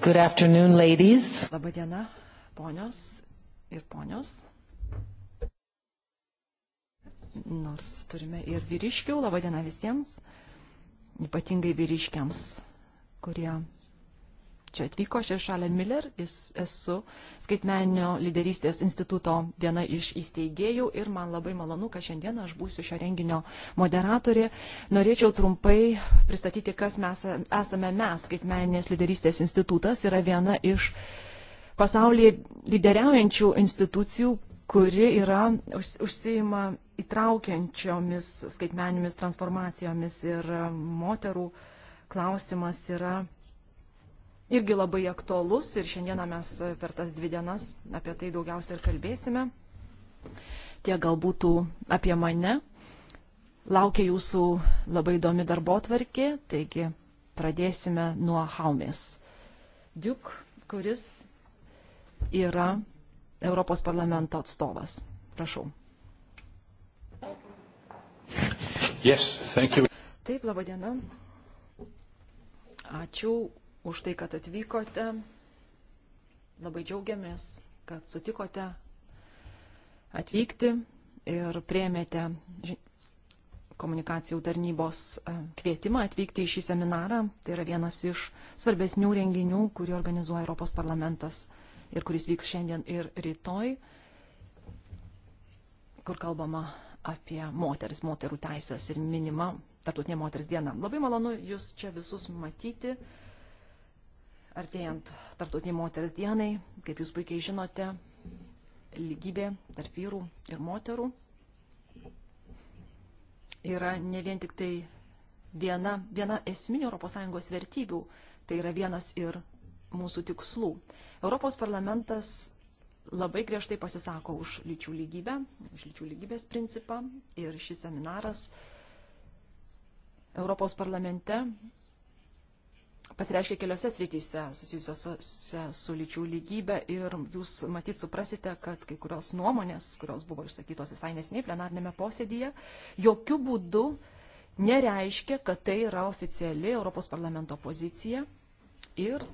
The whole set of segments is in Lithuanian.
Good afternoon, ladies. Labadiena, ponios ir ponios. Nors turime ir vyriškių, labadiena visiems, ypatingai vyriškiams, kurie čia atvyko Šešalė Miller, jis esu skaitmenio lyderystės instituto viena iš įsteigėjų ir man labai malonu, kad šiandien aš būsiu šio renginio moderatorė. Norėčiau trumpai pristatyti, kas mes esame mes. Skaitmeninės lyderystės institutas yra viena iš pasaulyje lyderiaujančių institucijų, kuri yra užsijima įtraukiančiomis skaitmeninėmis transformacijomis ir moterų klausimas yra irgi labai aktuolus ir šiandieną mes e, per tas dvi dienas apie tai daugiausia ir kalbėsime. Tie gal būtų apie mane. Laukia jūsų labai įdomi darbo tvarkė, taigi pradėsime nuo Haumės. Diuk, kuris yra Europos parlamento atstovas. Prašau. Yes, Taip, laba diena. Ačiū už tai, kad atvykote. Labai džiaugiamės, kad sutikote atvykti ir priemėte komunikacijų tarnybos e, kvietimą atvykti į šį seminarą. Tai yra vienas iš svarbesnių renginių, kurį organizuoja Europos parlamentas ir kuris vyks šiandien ir rytoj, kur kalbama apie moteris, moterų teisės ir minima Tartutinė moters diena. Labai malonu Jūs čia visus matyti artėjant Tartutiniai moters dienai, kaip jūs puikiai žinote, lygybė tarp vyrų ir moterų yra ne vien tik tai viena, viena esminė ES vertybių, tai yra vienas ir mūsų tikslų. Europos parlamentas labai griežtai pasisako už lyčių lygybę, už lyčių lygybės principą ir šis seminaras Europos parlamente pasireiškia keliose srityse susijusiose su lyčių lygybė ir jūs matyt suprasite, kad kai kurios nuomonės, kurios buvo išsakytos visai nesiniai plenarnėme posėdyje, jokių būdų nereiškia, kad tai yra oficiali Europos parlamento pozicija ir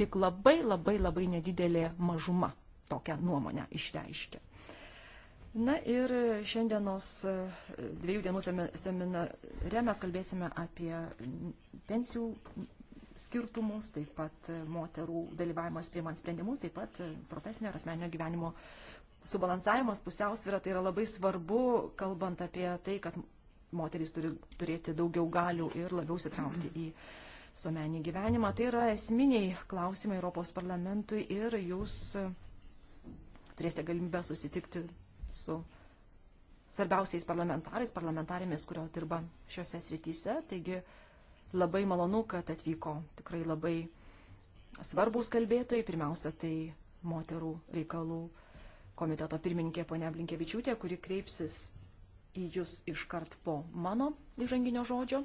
tik labai labai labai nedidelė mažuma tokią nuomonę išreiškia. Na ir šiandienos dviejų dienų seminare mes kalbėsime apie pensijų skirtumus, taip pat e, moterų dalyvavimas priimant sprendimus, taip pat e, profesinio ir asmeninio gyvenimo subalansavimas, pusiausvyrą. Tai yra labai svarbu, kalbant apie tai, kad moterys turi turėti daugiau galių ir labiau sitraukti į suomenį gyvenimą. Tai yra esminiai klausimai Europos parlamentui ir jūs e, turėsite galimybę susitikti su svarbiausiais parlamentarais, parlamentarėmis, kurios dirba šiuose srityse. Taigi, Labai malonu, kad atvyko tikrai labai svarbus kalbėtojai. Pirmiausia, tai moterų reikalų komiteto pirmininkė ponia Blinkevičiūtė, kuri kreipsis į jūs iškart po mano įžanginio žodžio.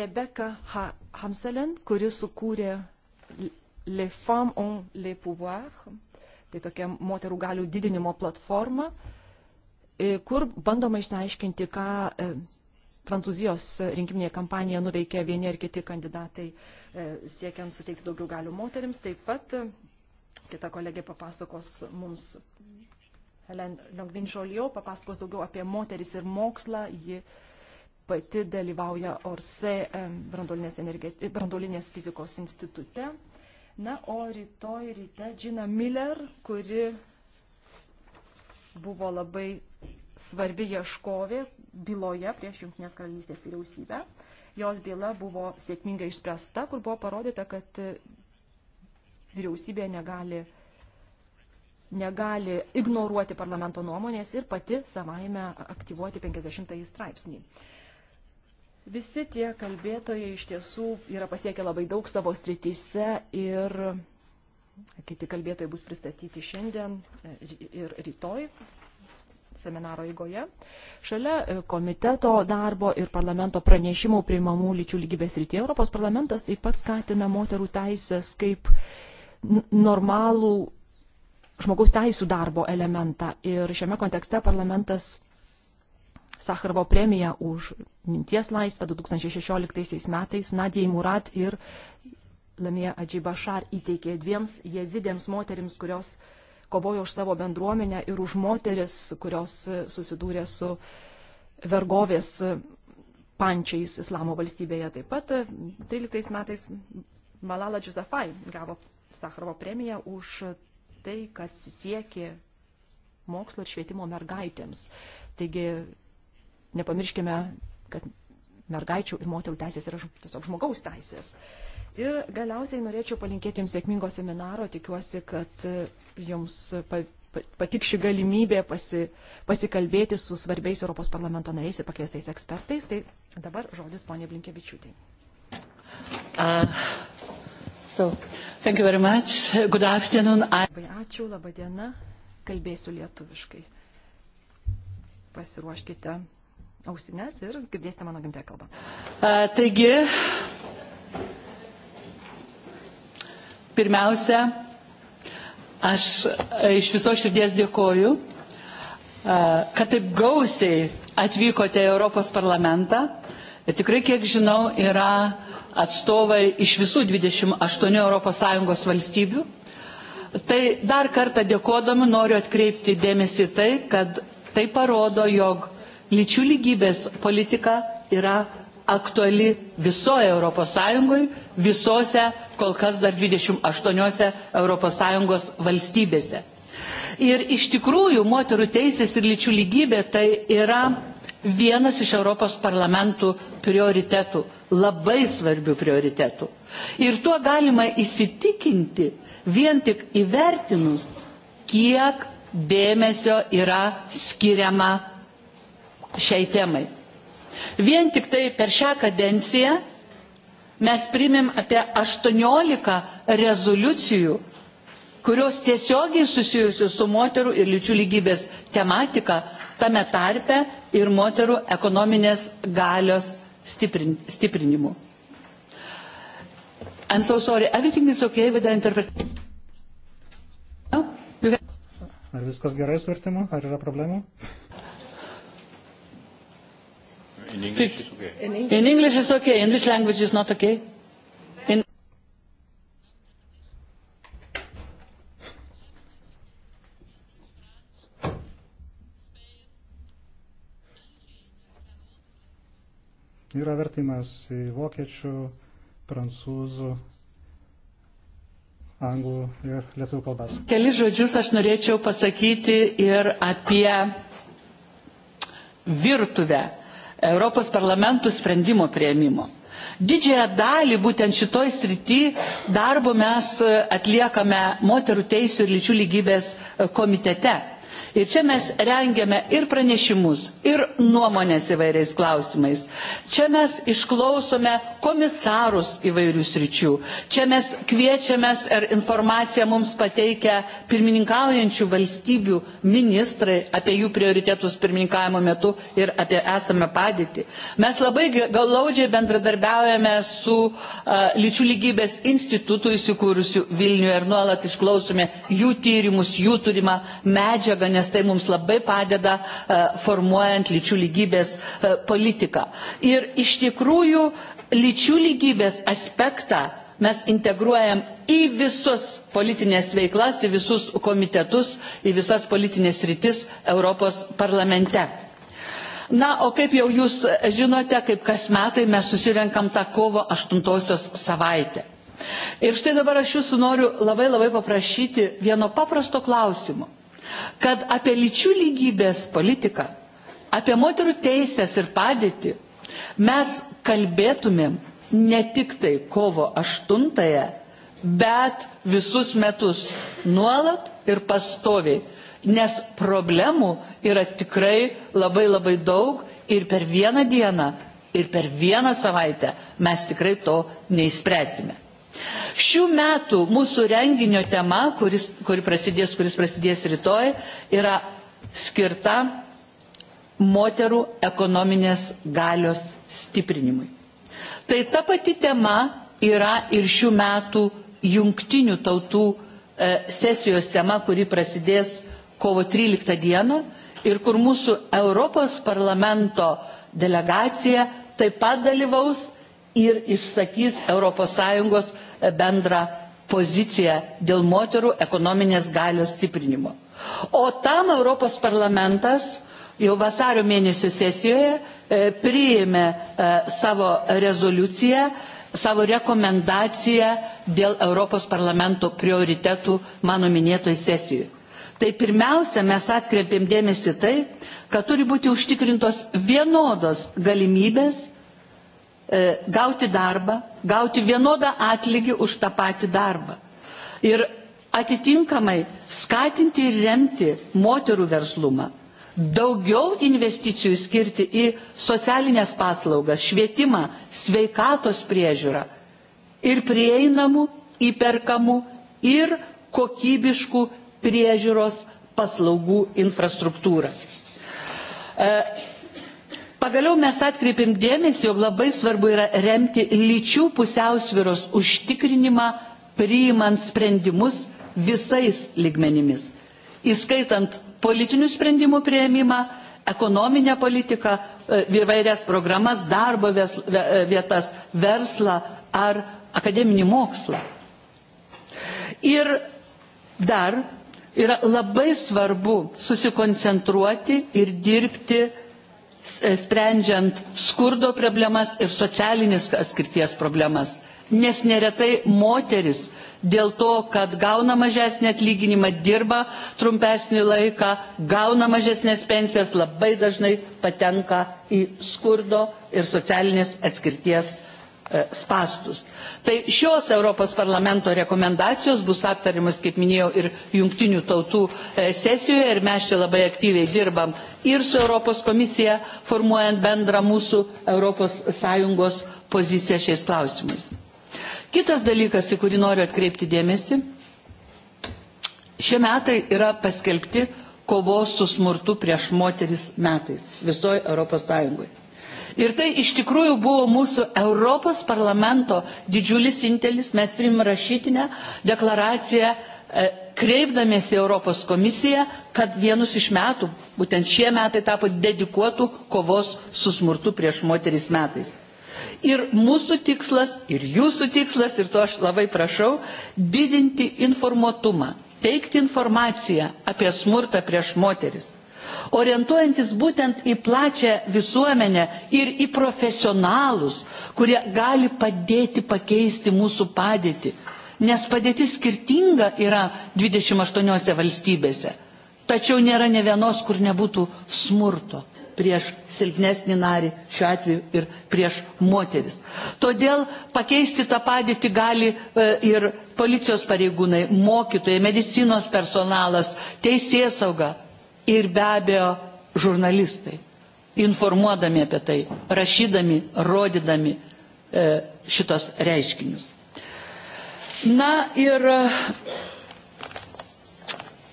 Rebeka ha Hamselend, kuri sukūrė Le Femmes on le Pouvoir, tai tokia moterų galių didinimo platforma, e, kur bandoma išsiaiškinti, ką e, Prancūzijos rinkiminėje kampanijoje nuveikė vieni ar kiti kandidatai e, siekiant suteikti daugiau galių moteriams. Taip pat e, kita kolegė papasakos mums, Helen Longvin Žolio, papasakos daugiau apie moteris ir mokslą. Ji pati dalyvauja Orse brandolinės, energeti... E, brandolinės fizikos institute. Na, o rytoj ryte Džina Miller, kuri buvo labai svarbi ieškovė, byloje prieš Junktinės karalystės vyriausybę. Jos byla buvo sėkmingai išspręsta, kur buvo parodyta, kad e, vyriausybė negali, negali ignoruoti parlamento nuomonės ir pati savaime aktyvuoti 50 straipsnį. Visi tie kalbėtojai iš tiesų yra pasiekę labai daug savo strityse ir kiti kalbėtojai bus pristatyti šiandien e, ir rytoj seminaro eigoje. Šalia e, komiteto darbo ir parlamento pranešimų priimamų lyčių lygybės rytyje Europos parlamentas taip pat skatina moterų teisės kaip normalų žmogaus teisų darbo elementą. Ir šiame kontekste parlamentas Sakarvo premiją už minties laisvę 2016 metais Nadijai Murat ir Lamija Adžibašar įteikė dviems jezidėms moterims, kurios uh, kovojo už savo bendruomenę ir už moteris, kurios susidūrė su vergovės pančiais islamo valstybėje. Taip pat 13 e, metais Malala Džuzafai gavo Sakarovo premiją už tai, kad siekė mokslo ir švietimo mergaitėms. Taigi nepamirškime, kad mergaičių ir moterų teisės yra tiesiog žmogaus teisės. Uh, Ir galiausiai norėčiau palinkėti Jums sėkmingo seminaro. Tikiuosi, kad e, Jums patik ši galimybė pasi, pasikalbėti su svarbiais Europos parlamento nariais ir pakviestais ekspertais. Tai dabar žodis ponė Blinkevičiūtė. Uh, so, thank you very much. Good afternoon. I... Labai ačiū, laba diena. Kalbėsiu lietuviškai. Pasiruoškite ausines ir girdėsite mano gimtąją kalbą. Uh, taigi, Pirmiausia, aš e, iš viso širdies dėkoju, e, kad taip gausiai atvykote į Europos parlamentą. Tikrai, kiek žinau, yra atstovai iš visų 28 ES valstybių. Tai dar kartą dėkodami noriu atkreipti dėmesį tai, kad tai parodo, jog lyčių lygybės politika yra aktuali visoje Europos Sąjungoje, visose kol kas dar 28 Europos Sąjungos valstybėse. Ir iš tikrųjų moterų teisės ir lyčių lygybė tai yra vienas iš Europos parlamentų prioritetų, labai svarbių prioritetų. Ir tuo galima įsitikinti vien tik įvertinus, kiek dėmesio yra skiriama šiai temai. Vien tik tai per šią kadenciją mes primim apie 18 rezoliucijų, kurios tiesiogiai susijusios su moterų ir lyčių lygybės tematika, tame tarpe ir moterų ekonominės galios stiprin, stiprinimu. I'm so sorry, everything is okay with the interpretation. No? Have... Ar viskas gerai su vertimu? Ar yra problemų? In English is okay. In English, in English is okay. English language is not okay. In Yra vertimas į vokiečių, prancūzų, anglų ir lietuvių kalbas. Keli žodžius aš norėčiau pasakyti ir apie virtuvę Europos parlamentų sprendimo prieimimo. Didžiąją dalį būtent šitoj srity darbo mes e, atliekame moterų teisų ir lyčių lygybės e, komitete. Ir čia mes rengiame ir pranešimus, ir nuomonės įvairiais klausimais. Čia mes išklausome komisarus įvairių sričių. Čia mes kviečiamės ir informaciją mums pateikia pirmininkaujančių valstybių ministrai apie jų prioritetus pirmininkavimo metu ir apie esamą padėtį. Mes labai galaudžiai bendradarbiaujame su uh, lyčių lygybės institutu įsikūrusiu Vilniuje ir nuolat išklausome jų tyrimus, jų turimą medžiagą svarbio, nes tai mums labai padeda e, formuojant lyčių lygybės e, politiką. Ir iš tikrųjų lyčių lygybės aspektą mes integruojam į visus politinės veiklas, į visus komitetus, į visas politinės rytis Europos parlamente. Na, o kaip jau jūs žinote, kaip kas metai mes susirenkam tą kovo 8 savaitę. Ir štai dabar aš jūsų noriu labai labai paprašyti vieno paprasto klausimo kad apie lyčių lygybės politiką, apie moterų teisės ir padėtį mes kalbėtumėm ne tik tai kovo 8-ąją, bet visus metus nuolat ir pastoviai, nes problemų yra tikrai labai labai daug ir per vieną dieną, ir per vieną savaitę mes tikrai to neįspręsime. Šių metų mūsų renginio tema, kuris, kuri prasidės, kuris prasidės rytoj, yra skirta moterų ekonominės galios stiprinimui. Tai ta pati tema yra ir šių metų jungtinių tautų e, sesijos tema, kuri prasidės kovo 13 dieną ir kur mūsų Europos parlamento delegacija taip pat dalyvaus ir išsakys ES e, bendrą poziciją dėl moterų ekonominės galios stiprinimo. O tam Europos parlamentas jau vasario mėnesio sesijoje e, priėmė e, savo rezoliuciją, savo rekomendaciją dėl Europos parlamento prioritetų mano minėtoj sesijoje. Tai pirmiausia, mes atkreipėm dėmesį tai, kad turi būti užtikrintos vienodos galimybės E, gauti darbą, gauti vienodą atlygį už tą patį darbą. Ir atitinkamai skatinti ir remti moterų verslumą, daugiau investicijų skirti į socialinės paslaugas, švietimą, sveikatos priežiūrą ir prieinamų, įperkamų ir kokybiškų priežiūros paslaugų infrastruktūrą. E, Pagaliau mes atkreipėm dėmesį, jog labai svarbu yra remti lyčių pusiausviros užtikrinimą, priimant sprendimus visais ligmenimis, įskaitant politinių sprendimų prieimimą, ekonominę politiką, e, įvairias programas, darbo e, vietas, verslą ar akademinį mokslą. Ir dar yra labai svarbu susikoncentruoti ir dirbti E, sprendžiant skurdo problemas ir socialinės atskirties problemas. Nes neretai moteris dėl to, kad gauna mažesnį atlyginimą, dirba trumpesnį laiką, gauna mažesnės pensijas, labai dažnai patenka į skurdo ir socialinės atskirties problemas E, spastus. Tai šios Europos parlamento rekomendacijos bus aptarimas, kaip minėjau, ir jungtinių tautų e, sesijoje ir mes čia labai aktyviai dirbam ir su Europos komisija, formuojant bendrą mūsų ES poziciją šiais klausimais. Kitas dalykas, į kurį noriu atkreipti dėmesį, šie metai yra paskelbti kovos su smurtu prieš moteris metais visoje Europos Sąjungoje. Ir tai iš tikrųjų buvo mūsų Europos parlamento didžiulis intelis, mes primim rašytinę deklaraciją e, kreipdamiesi Europos komisiją, kad vienus iš metų, būtent šie metai tapo dedikuotų kovos su smurtu prieš moteris metais. Ir mūsų tikslas, ir jūsų tikslas, ir to aš labai prašau, didinti informuotumą, teikti informaciją apie smurtą prieš moteris orientuojantis būtent į plačią visuomenę ir į profesionalus, kurie gali padėti pakeisti mūsų padėtį. Nes padėtis skirtinga yra 28 valstybėse. Tačiau nėra ne vienos, kur nebūtų smurto prieš silpnesnį narį, šiuo atveju ir prieš moteris. Todėl pakeisti tą padėtį gali e, ir policijos pareigūnai, mokytojai, medicinos personalas, teisėsauga, ir be abejo žurnalistai, informuodami apie tai, rašydami, rodydami e, šitos reiškinius. Na ir e,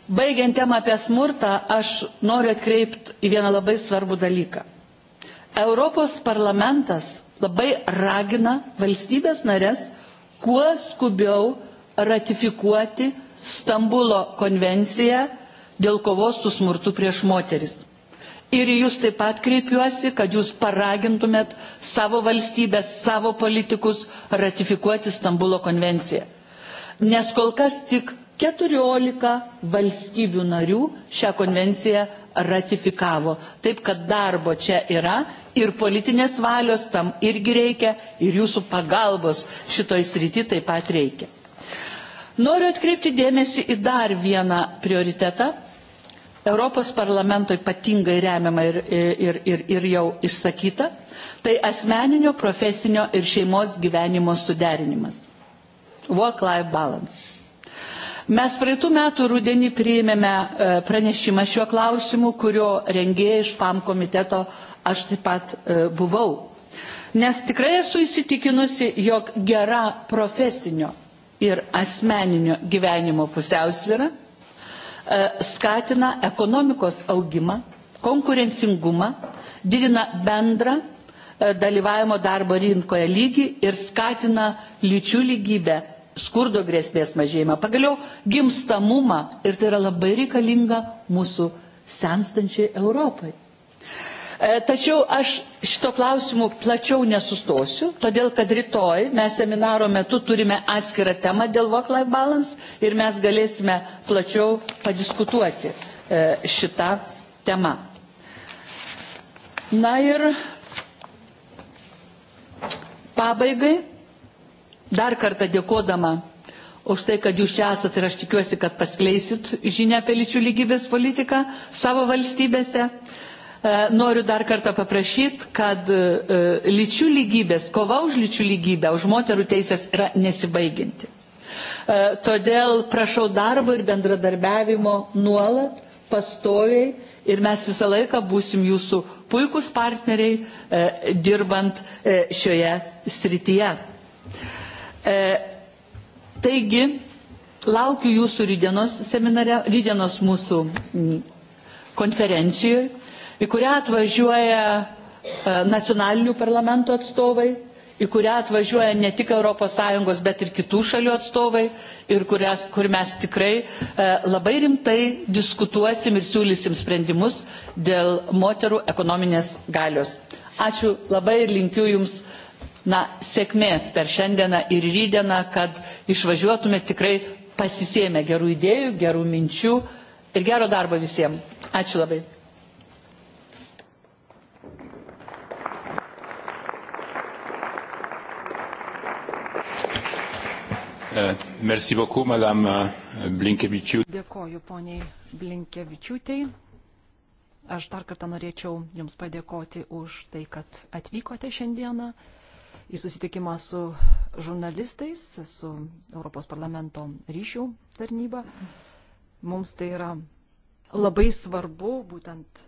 baigiant temą apie smurtą, aš noriu atkreipti į vieną labai svarbų dalyką. Europos parlamentas labai ragina valstybės narės kuo skubiau ratifikuoti Stambulo konvenciją dėl kovos su smurtu prieš moteris. Ir jūs taip pat kreipiuosi, kad jūs paragintumėt savo valstybės, savo politikus ratifikuoti Stambulo konvenciją. Nes kol kas tik 14 valstybių narių šią konvenciją ratifikavo. Taip, kad darbo čia yra ir politinės valios tam irgi reikia ir jūsų pagalbos šitoj srity taip pat reikia. Noriu atkreipti dėmesį į dar vieną prioritetą Europos parlamento ypatingai remiama ir, ir, ir, ir jau išsakyta, tai asmeninio, profesinio ir šeimos gyvenimo suderinimas. Work-life balance. Mes praeitų metų rudenį priėmėme e, pranešimą šiuo klausimu, kurio rengėjai iš FAM komiteto aš taip pat e, buvau. Nes tikrai esu įsitikinusi, jog gera profesinio ir asmeninio gyvenimo pusiausvyrą E, skatina ekonomikos augimą, konkurencingumą, didina bendrą e, dalyvavimo darbo rinkoje lygį ir skatina lyčių lygybę, skurdo grėsmės mažėjimą, pagaliau gimstamumą ir tai yra labai reikalinga mūsų senstančiai Europai. E, tačiau aš šito klausimu plačiau nesustosiu, todėl kad rytoj mes seminaro metu turime atskirą temą dėl work-life balance ir mes galėsime plačiau padiskutuoti e, šitą temą. Na ir pabaigai dar kartą dėkodama už tai, kad jūs čia esat ir aš tikiuosi, kad paskleisit žinę apie lyčių lygybės politiką savo valstybėse. E, noriu dar kartą paprašyti, kad e, e, lyčių lygybės, kova už lyčių lygybę, už moterų teisės yra nesibaiginti. Todėl prašau darbo ir bendradarbiavimo nuolat, pastoviai ir mes visą laiką būsim jūsų puikūs partneriai e, dirbant e, šioje srityje. E, taigi, laukiu jūsų rydienos seminare, rydienos mūsų konferencijoje į kurią atvažiuoja e, nacionalinių parlamentų atstovai, į kurią atvažiuoja ne tik ES, bet ir kitų šalių atstovai ir kurias, kur mes tikrai e, labai rimtai diskutuosim ir siūlysim sprendimus dėl moterų ekonominės galios. Ačiū labai ir linkiu Jums na, sėkmės per šiandieną ir rydieną, kad išvažiuotume tikrai pasisėmę gerų idėjų, gerų minčių ir gero darbo visiems. Ačiū labai. E, merci beaucoup, madame e, Blinkevičiūtė. Dėkoju poniai Blinkevičiūtėj. Aš dar kartą norėčiau Jums padėkoti už tai, kad atvykote šiandieną į susitikimą su žurnalistais, su Europos parlamento ryšių tarnyba. Mums tai yra labai svarbu, būtent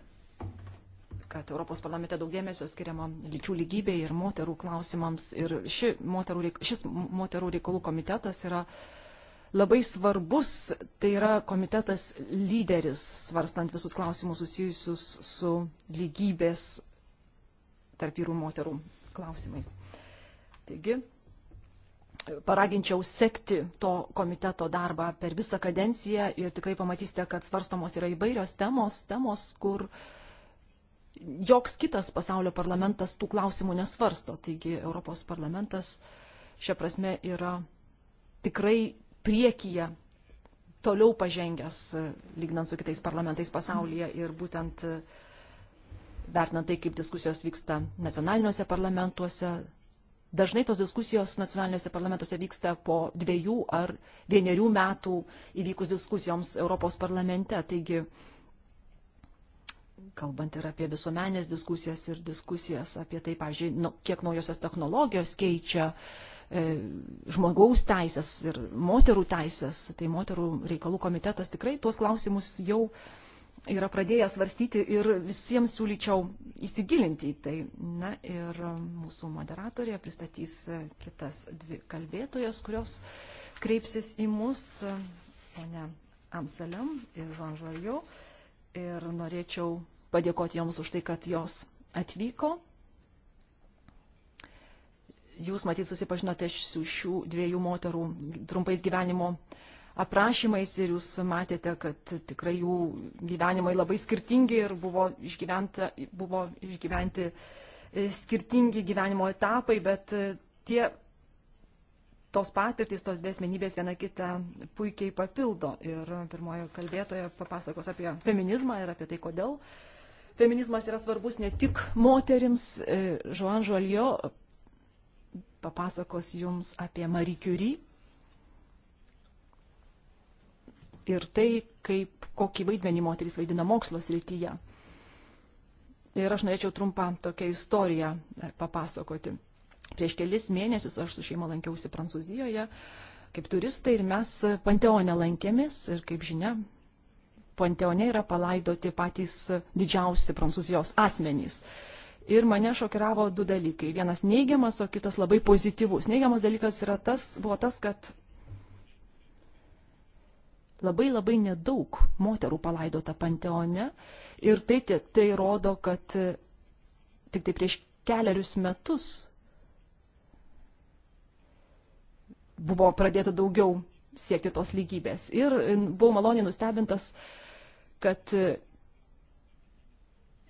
kad Europos parlamente daug dėmesio skiriama lyčių lygybei ir moterų klausimams. Ir ši moterų, šis moterų reikalų komitetas yra labai svarbus, tai yra komitetas lyderis, svarstant visus klausimus susijusius su lygybės tarp vyrų moterų klausimais. Taigi, paraginčiau sekti to komiteto darbą per visą kadenciją ir tikrai pamatysite, kad svarstomos yra įvairios temos, temos, kur uh, joks kitas pasaulio parlamentas tų klausimų nesvarsto. Taigi Europos parlamentas šia prasme yra tikrai priekyje toliau pažengęs, lygnant su kitais parlamentais pasaulyje ir būtent e, vertinant tai, kaip diskusijos vyksta nacionaliniuose parlamentuose. Dažnai tos diskusijos nacionaliniuose parlamentuose vyksta po dviejų ar vienerių metų įvykus diskusijoms Europos parlamente. Taigi uh, kalbant ir apie visuomenės diskusijas ir diskusijas apie tai, pavyzdžiui, nu, kiek naujosios technologijos keičia e, žmogaus teisės ir moterų teisės, tai moterų reikalų komitetas tikrai tuos klausimus jau yra pradėjęs svarstyti ir visiems siūlyčiau įsigilinti į tai. Na ir mūsų moderatorė pristatys kitas dvi kalbėtojas, kurios kreipsis į mus, ponia Amsalem ir Žanžvarjau ir norėčiau padėkoti joms už tai, kad jos atvyko. Jūs matyt susipažinote su šių dviejų moterų trumpais gyvenimo aprašymais ir jūs matėte, kad tikrai jų gyvenimai labai skirtingi ir buvo, buvo išgyventi e, skirtingi gyvenimo etapai, bet e, tie tos patirtys, tos dėsmenybės viena kitą puikiai papildo. Ir pirmoji kalbėtoja papasakos apie feminizmą ir apie tai, kodėl uh, feminizmas yra svarbus ne tik moterims. E, Joan Žolio papasakos jums apie Marie Curie ir tai, kaip, kokį vaidmenį moteris vaidina mokslo srityje. Ir aš norėčiau trumpą tokią istoriją e, papasakoti. Prieš kelis mėnesius aš su šeima lankiausi Prancūzijoje kaip turistai ir mes Panteone lankėmės ir kaip žinia, panteone yra palaidoti patys didžiausi prancūzijos asmenys. Ir mane šokiravo du dalykai. Vienas neigiamas, o kitas labai pozityvus. Neigiamas dalykas yra tas, buvo tas, kad labai labai nedaug moterų palaidota panteone. Ir tai, tai, tai rodo, kad tik tai prieš keliarius metus buvo pradėta daugiau siekti tos lygybės. Ir buvau maloniai nustebintas uh, kad e,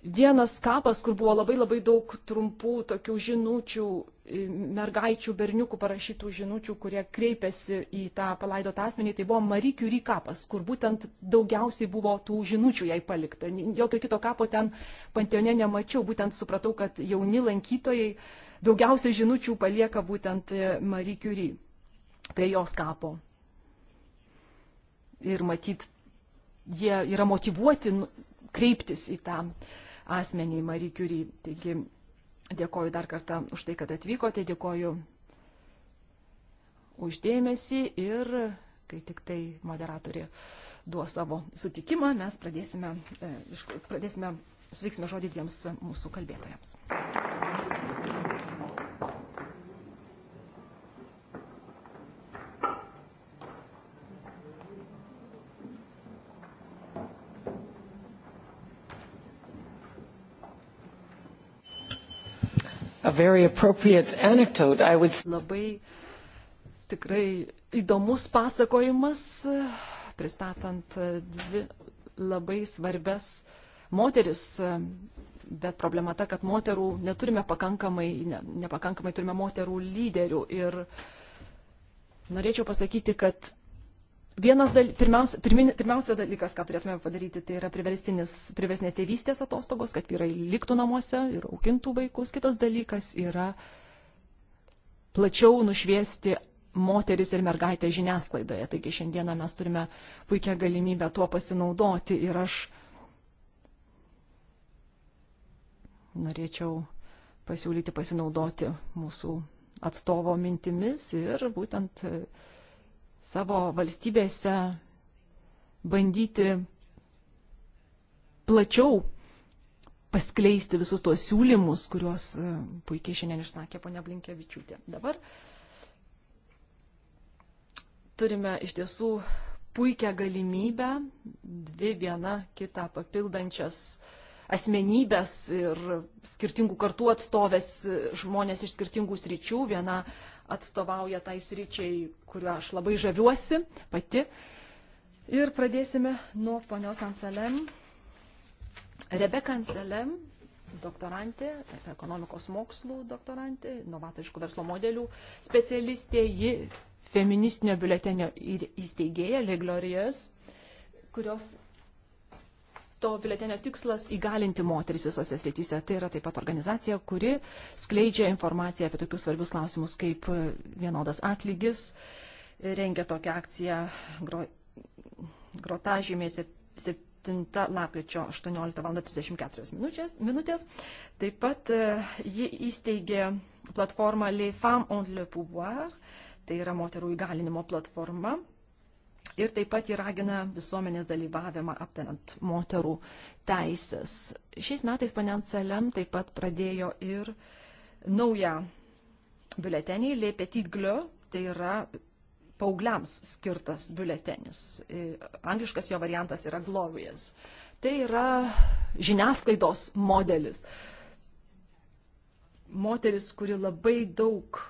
vienas kapas, kur buvo labai labai daug trumpų tokių žinučių, e, mergaičių, berniukų parašytų žinučių, kurie kreipėsi į tą palaidotą asmenį, tai buvo Marie Curie kapas, kur būtent daugiausiai buvo tų žinučių jai palikta. Jokio kito kapo ten panteone nemačiau, būtent supratau, kad jauni lankytojai daugiausiai žinučių palieka būtent e, Marie Curie prie jos kapo. Ir matyt, jie yra motivuoti kreiptis į tą asmenį Marie Curie. Taigi dėkoju dar kartą už tai, kad atvykote, dėkoju uždėmesi ir kai tik tai moderatorė duos savo sutikimą, mes pradėsime, e, pradėsime suteiksime žodį dviems mūsų kalbėtojams. a very appropriate anecdote, I would say. Labai tikrai įdomus pasakojimas, pristatant dvi labai svarbes moteris, bet problema ta, kad moterų neturime pakankamai, ne, nepakankamai turime moterų lyderių ir norėčiau pasakyti, kad Vienas dal, pirmiausia, pirmin, pirmiausia dalykas, ką turėtume padaryti, tai yra priverstinės tėvystės atostogos, kad vyrai liktų namuose ir augintų vaikus. Kitas dalykas yra plačiau nušviesti moteris ir mergaitė žiniasklaidoje. Taigi šiandieną mes turime puikią galimybę tuo pasinaudoti ir aš norėčiau pasiūlyti pasinaudoti mūsų atstovo mintimis ir būtent uh, savo valstybėse bandyti plačiau paskleisti visus tuos siūlymus, kuriuos e, puikiai šiandien išsakė ponia Blinkevičiūtė. Dabar turime iš tiesų puikią galimybę, dvi viena kitą papildančias asmenybės ir skirtingų kartų atstovės, žmonės iš skirtingų sričių, viena atstovauja tai sričiai, kuriuo aš labai žaviuosi pati. Ir pradėsime nuo ponios Anselem. Rebeka Anselem, doktorantė, ekonomikos mokslų doktorantė, novatoriškų verslo modelių specialistė, ji feministinio biuletenio įsteigėja Leglorijas, kurios to biletenio tikslas įgalinti moteris visose srityse. Tai yra taip pat organizacija, kuri skleidžia informaciją apie tokius svarbius klausimus kaip e, vienodas atlygis, rengia tokią akciją gro, grotažymė 7 lapkričio 18.34 minutės, minutės. Taip pat e, ji įsteigė platformą Les Femmes ont le pouvoir, tai yra moterų įgalinimo platforma Ir taip pat jį ragina visuomenės dalyvavimą aptarant moterų teisės. Šiais metais panent Salem taip pat pradėjo ir naują biuletenį Le Petit Gleu, tai yra paugliams skirtas biuletenis. E, angliškas jo variantas yra Glorious. Tai yra žiniasklaidos modelis. Moteris, kuri labai daug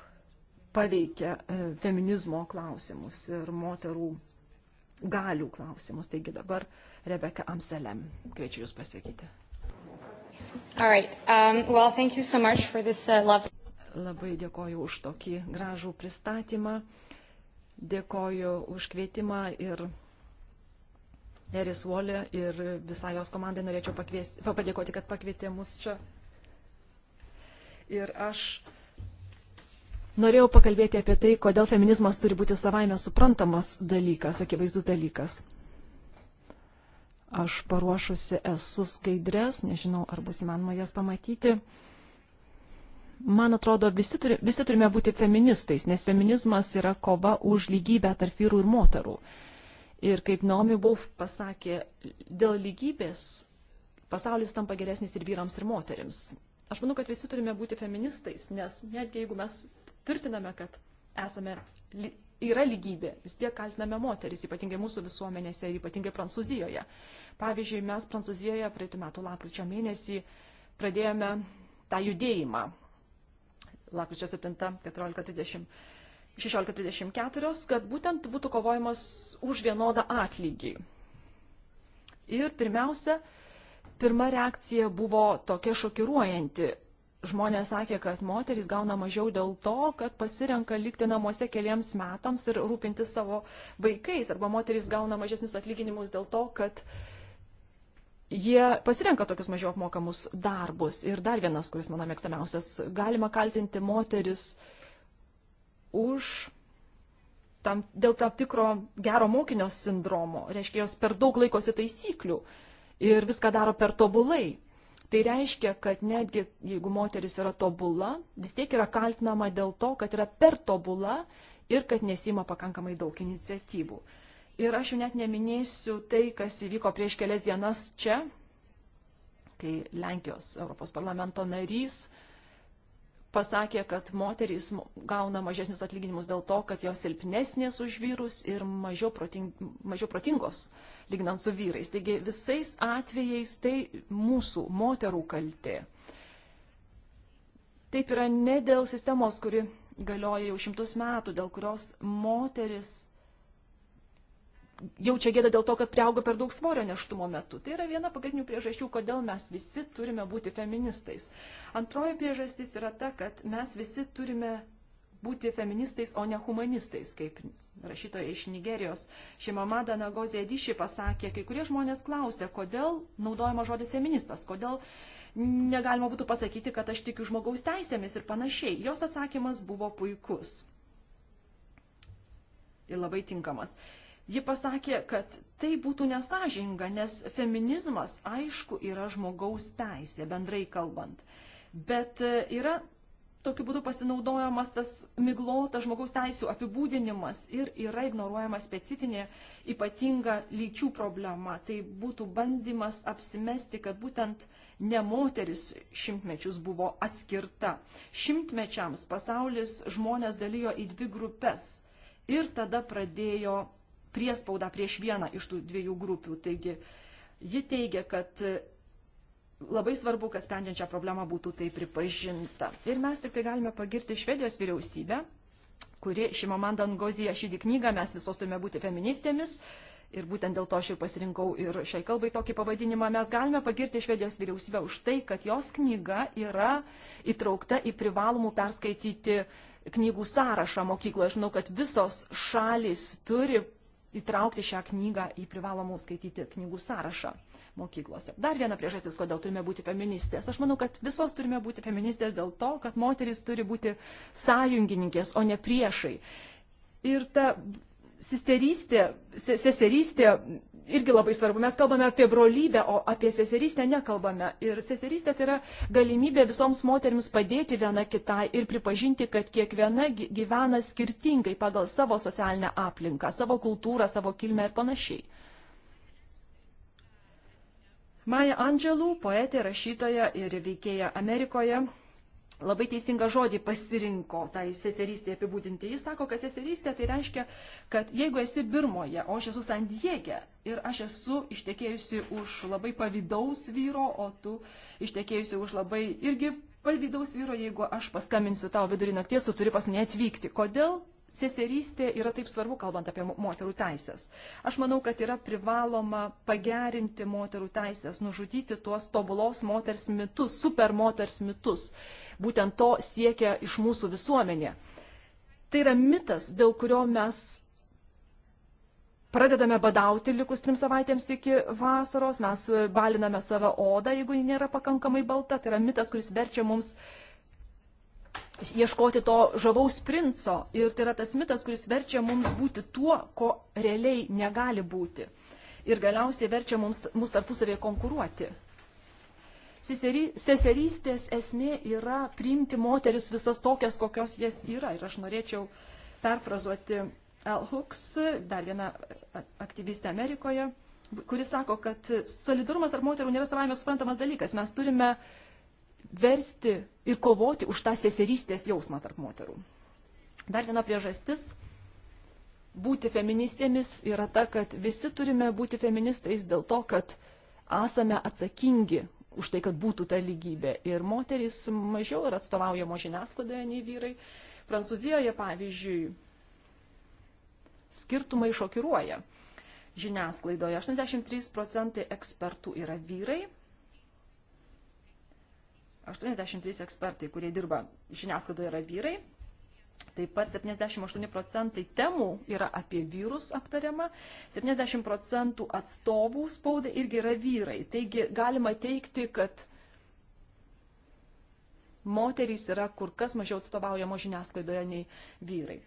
paveikia e, feminizmo klausimus ir moterų galių klausimus. Taigi dabar Rebeka Amselem, kviečiu Jūs pasakyti. Right. Um, well, so this, uh, love... Labai dėkoju už tokį gražų pristatymą, dėkoju už kvietimą ir Eris Volė ir visai jos komandai norėčiau pakviesti, padėkoti, kad pakvietė mus čia. Ir aš Norėjau pakalbėti apie tai, kodėl feminizmas turi būti savaime suprantamas dalykas, akivaizdus dalykas. Aš paruošusi esu skaidrės, nežinau, ar bus įmanoma jas pamatyti. Man atrodo, visi, turi, visi turime būti feministais, nes feminizmas yra kova už lygybę tarp vyrų ir moterų. Ir kaip Naomi Wolf pasakė, dėl lygybės pasaulis tampa geresnis ir vyrams, ir moterims. Aš manau, kad visi turime būti feministais, nes netgi jeigu mes tvirtiname, kad esame, yra lygybė, vis tiek kaltiname moteris, ypatingai mūsų visuomenėse ir ypatingai Prancūzijoje. Pavyzdžiui, mes Prancūzijoje praeitų metų lapkričio mėnesį pradėjome tą judėjimą. Lapkričio 7, 14.30. 16.34, kad būtent būtų kovojamas už vienodą atlygį. Ir pirmiausia, pirma reakcija buvo tokia šokiruojanti žmonės sakė, kad moterys gauna mažiau dėl to, kad pasirenka likti namuose keliems metams ir rūpintis savo vaikais, arba moterys gauna mažesnius atlyginimus dėl to, kad jie pasirenka tokius mažiau apmokamus darbus. Ir dar vienas, kuris mano mėgstamiausias, galima kaltinti moteris už. Tam, dėl tam tikro gero mokinio sindromo, reiškia, jos per daug laikosi taisyklių ir viską daro per tobulai Tai reiškia, kad netgi jeigu moteris yra tobula, vis tiek yra kaltinama dėl to, kad yra per tobula ir kad nesima pakankamai daug iniciatyvų. Ir aš jau net neminėsiu tai, kas įvyko prieš kelias dienas čia, kai Lenkijos Europos parlamento narys uh, pasakė, kad moterys gauna mažesnius atlyginimus dėl to, kad jos silpnesnės už vyrus ir mažiau, proting, mažiau protingos lyginant su vyrais. Taigi visais atvejais tai mūsų moterų kaltė. Taip yra ne dėl sistemos, kuri galioja jau šimtus metų, dėl kurios moteris jaučia gėdą dėl to, kad priauga per daug svorio neštumo metu. Tai yra viena pagrindinių priežasčių, kodėl mes visi turime būti feministais. Antroji priežastis yra ta, kad mes visi turime būti feministais, o ne humanistais, kaip rašytoja iš Nigerijos. Šimamada Nagozė Ediši pasakė, kai kurie žmonės klausė, kodėl naudojama žodis feministas, kodėl negalima būtų pasakyti, kad aš tikiu žmogaus teisėmis ir panašiai. Jos atsakymas buvo puikus ir labai tinkamas. Ji pasakė, kad tai būtų nesažinga, nes feminizmas, aišku, yra žmogaus teisė, bendrai kalbant. Bet e, yra tokiu būdu pasinaudojamas tas miglotas žmogaus teisų apibūdinimas ir yra ignoruojama specifinė ypatinga lyčių problema. Tai būtų bandymas apsimesti, kad būtent ne moteris šimtmečius buvo atskirta. Šimtmečiams pasaulis žmonės dalijo į dvi grupės ir tada pradėjo priespaudą prieš vieną iš tų dviejų grupių. Taigi ji teigia, kad e, labai svarbu, kad sprendžiant šią problemą būtų tai pripažinta. Ir mes tik tai galime pagirti Švedijos vyriausybę, kuri Šimamanda Ngozija šį knygą mes visos turime būti feministėmis. Ir būtent dėl to aš ir pasirinkau ir šiai kalbai tokį pavadinimą. Mes galime pagirti Švedijos vyriausybę už tai, kad jos knyga yra įtraukta į privalomų perskaityti knygų sąrašą mokykloje. Aš žinau, kad visos šalis turi įtraukti šią knygą į privalomų skaityti knygų sąrašą mokyklose. Dar viena priežastis, kodėl turime būti feministės. Aš manau, kad visos turime būti feministės dėl to, kad moteris turi būti sąjungininkės, o ne priešai. Ir ta sisterystė, seserystė irgi labai svarbu. Mes kalbame apie brolybę, o apie seserystę nekalbame. Ir seserystė tai yra galimybė visoms moteriams padėti viena kitai ir pripažinti, kad kiekviena gyvena skirtingai pagal savo socialinę aplinką, savo kultūrą, savo kilmę ir panašiai. Maja Angelų, poetė, rašytoja ir veikėja Amerikoje, labai teisingą žodį pasirinko tai seserystė apibūdinti. Jis sako, kad seserystė tai reiškia, kad jeigu esi Birmoje, o aš esu Sandiege ir aš esu ištekėjusi už labai pavydaus vyro, o tu ištekėjusi už labai irgi pavydaus vyro, jeigu aš paskambinsiu tau vidurį nakties, tu turi pas mane atvykti. Kodėl seserystė yra taip svarbu, kalbant apie moterų teisės. Aš manau, kad yra privaloma pagerinti moterų teisės, nužudyti tuos tobulos moters mitus, super moters mitus. Būtent to siekia iš mūsų visuomenė. Tai yra mitas, dėl kurio mes pradedame badauti likus trim savaitėms iki vasaros, mes baliname savo odą, jeigu ji nėra pakankamai balta. Tai yra mitas, kuris verčia mums uh, ieškoti to žavaus princo. Ir tai yra tas mitas, kuris verčia mums būti tuo, ko realiai negali būti. Ir galiausiai verčia mums, mus tarpusavėje konkuruoti. Seseri, seserystės esmė yra priimti moteris visas tokias, kokios jas yra. Ir aš norėčiau perfrazuoti L. Hooks, dar viena aktyvistė Amerikoje, kuris sako, kad solidarumas tarp moterų nėra savame suprantamas dalykas. Mes turime uh, versti ir kovoti už tą seserystės jausmą tarp moterų. Dar viena priežastis būti feministėmis yra ta, kad visi turime būti feministais dėl to, kad esame atsakingi už tai, kad būtų ta lygybė. Ir moterys mažiau yra atstovaujamo žiniasklaidoje nei vyrai. Prancūzijoje, pavyzdžiui, skirtumai šokiruoja žiniasklaidoje. 83 procentai ekspertų yra vyrai, 83 ekspertai, kurie dirba žiniasklaidoje, yra vyrai. Taip pat 78 procentai temų yra apie vyrus aptariama, 70 procentų atstovų spaudai irgi yra vyrai. Taigi galima teikti, kad moterys yra kur kas mažiau atstovaujamo žiniasklaidoje nei vyrai.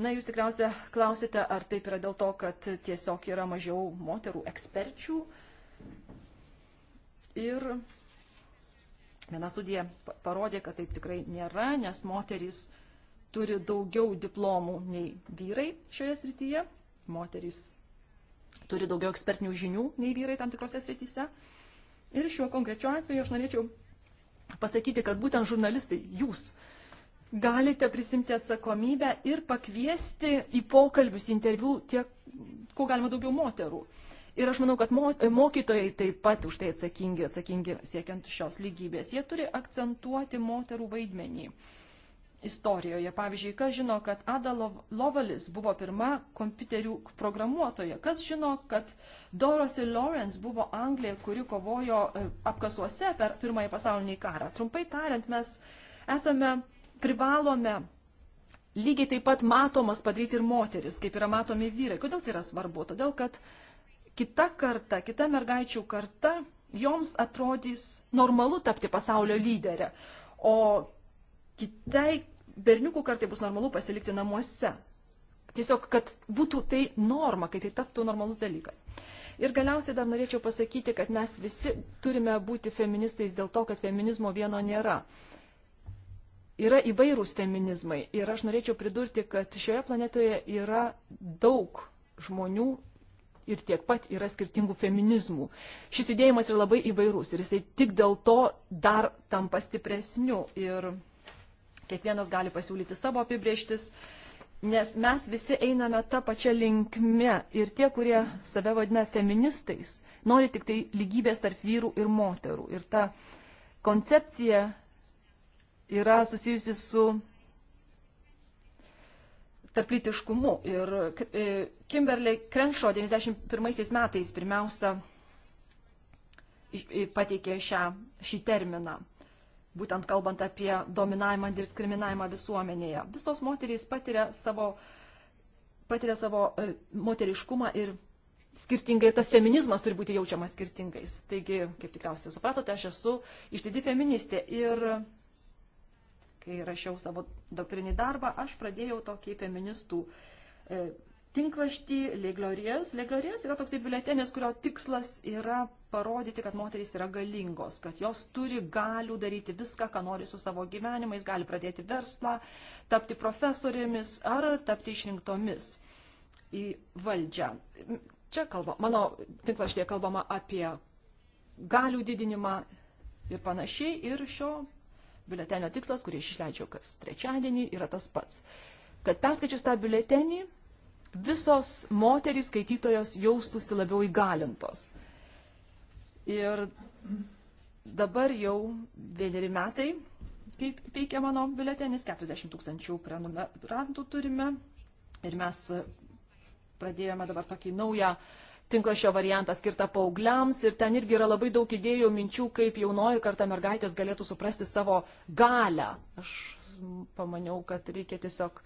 Na, jūs tikriausia klausite, ar taip yra dėl to, kad tiesiog yra mažiau moterų eksperčių. Ir Viena studija parodė, kad taip tikrai nėra, nes moterys turi daugiau diplomų nei vyrai šioje srityje. Moterys turi daugiau ekspertinių žinių nei vyrai tam tikrose srityse. Ir šiuo konkrečiu atveju aš norėčiau pasakyti, kad būtent žurnalistai, jūs galite prisimti atsakomybę ir pakviesti į pokalbius, interviu tiek, kuo galima daugiau moterų. Uh, Ir aš manau, kad e, mokytojai taip pat už tai atsakingi, atsakingi siekiant šios lygybės. Jie turi akcentuoti moterų vaidmenį istorijoje. Pavyzdžiui, kas žino, kad Ada Lovalis buvo pirma kompiuterių programuotoja? Kas žino, kad Dorothy Lawrence buvo Anglija, kuri kovojo e, apkasuose per Pirmąjį pasaulinį karą? Trumpai tariant, mes esame privalome lygiai taip pat matomas padaryti ir moteris, kaip yra matomi vyrai. Kodėl tai yra svarbu? Todėl, kad uh, kita karta, kita mergaičių karta, joms atrodys normalu tapti pasaulio lyderę, o kitai berniukų kartai bus normalu pasilikti namuose. Tiesiog, kad būtų tai norma, kad tai taptų normalus dalykas. Ir galiausiai dar norėčiau pasakyti, kad mes visi turime būti feministais dėl to, kad feminizmo vieno nėra. Yra įvairūs feminizmai ir aš norėčiau pridurti, kad šioje planetoje yra daug žmonių ir tiek pat yra skirtingų feminizmų. Šis judėjimas yra labai įvairus ir jisai tik dėl to dar tampa stipresniu ir kiekvienas gali pasiūlyti savo apibrieštis, nes mes visi einame tą pačią linkmę ir tie, kurie save vadina feministais, nori tik tai lygybės tarp vyrų ir moterų. Ir ta koncepcija yra susijusi su tarplytiškumu. Ir e, Kimberley Krenšo 91 metais pirmiausia pateikė šią, šį terminą, būtent kalbant apie dominavimą ir diskriminavimą visuomenėje. Visos moterys patiria savo, patiria savo e, moteriškumą ir skirtingai, tas feminizmas turi būti jaučiamas skirtingais. Taigi, kaip tikriausiai supratote, aš esu išdidi feministė ir kai rašiau savo doktorinį darbą, aš pradėjau tokį feministų e, tinklaštį Leglorijas. Leglorijas yra toksai biuletenis, kurio tikslas yra parodyti, kad moterys yra galingos, kad jos turi galių daryti viską, ką nori su savo gyvenimais, gali pradėti verslą, tapti profesorėmis ar tapti išrinktomis į valdžią. Čia kalba, mano tinklaštėje kalbama apie galių didinimą ir panašiai. Ir šio biuletenio tikslas, kurį aš išleidžiau kas trečiadienį, yra tas pats. Kad perskaičius tą biuletenį, visos moterys skaitytojos jaustųsi labiau įgalintos. Ir dabar jau vieneri metai, kaip veikia mano biuletenis, 40 tūkstančių prenumerantų turime. Ir mes pradėjome dabar tokį naują uh, tinklašio variantą skirtą paaugliams ir ten irgi yra labai daug idėjų, minčių, kaip jaunoji karta mergaitės galėtų suprasti savo galę. Aš pamaniau, kad reikia tiesiog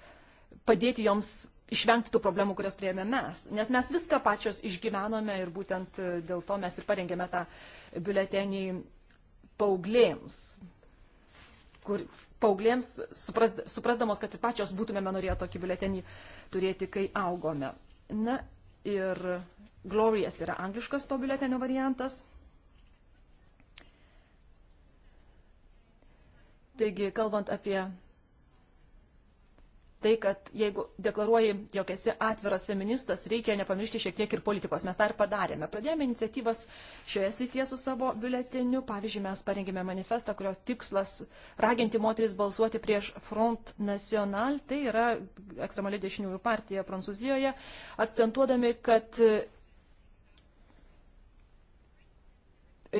padėti joms išvengti tų problemų, kurias turėjome mes. Nes mes viską pačios išgyvenome ir būtent e, dėl to mes ir parengėme tą biuletenį paauglėms, kur paauglėms supras, suprasdamos, kad ir pačios būtumėme norėję tokį biuletenį turėti, kai augome. Na ir Glorious yra angliškas to biuletenio variantas. Taigi, kalbant apie tai, kad jeigu deklaruoji, jog esi atviras feministas, reikia nepamiršti šiek tiek ir politikos. Mes tą ir padarėme. Pradėjome iniciatyvas šioje srityje su savo biuletiniu. Pavyzdžiui, mes parengėme manifestą, kurios tikslas raginti moteris balsuoti prieš Front National, tai yra ekstremali dešiniųjų partija Prancūzijoje, akcentuodami, kad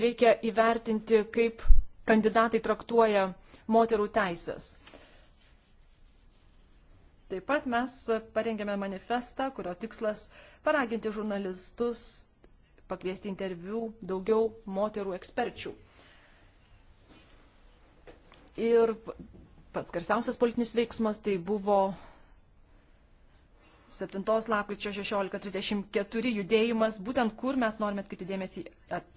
reikia įvertinti, kaip kandidatai traktuoja moterų teisės. Taip pat mes parengėme manifestą, kurio tikslas paraginti žurnalistus, pakviesti interviu daugiau moterų eksperčių. Ir pats garsiausias politinis veiksmas tai buvo 7 lapkričio 16.34 judėjimas, būtent kur mes norime atkreipti dėmesį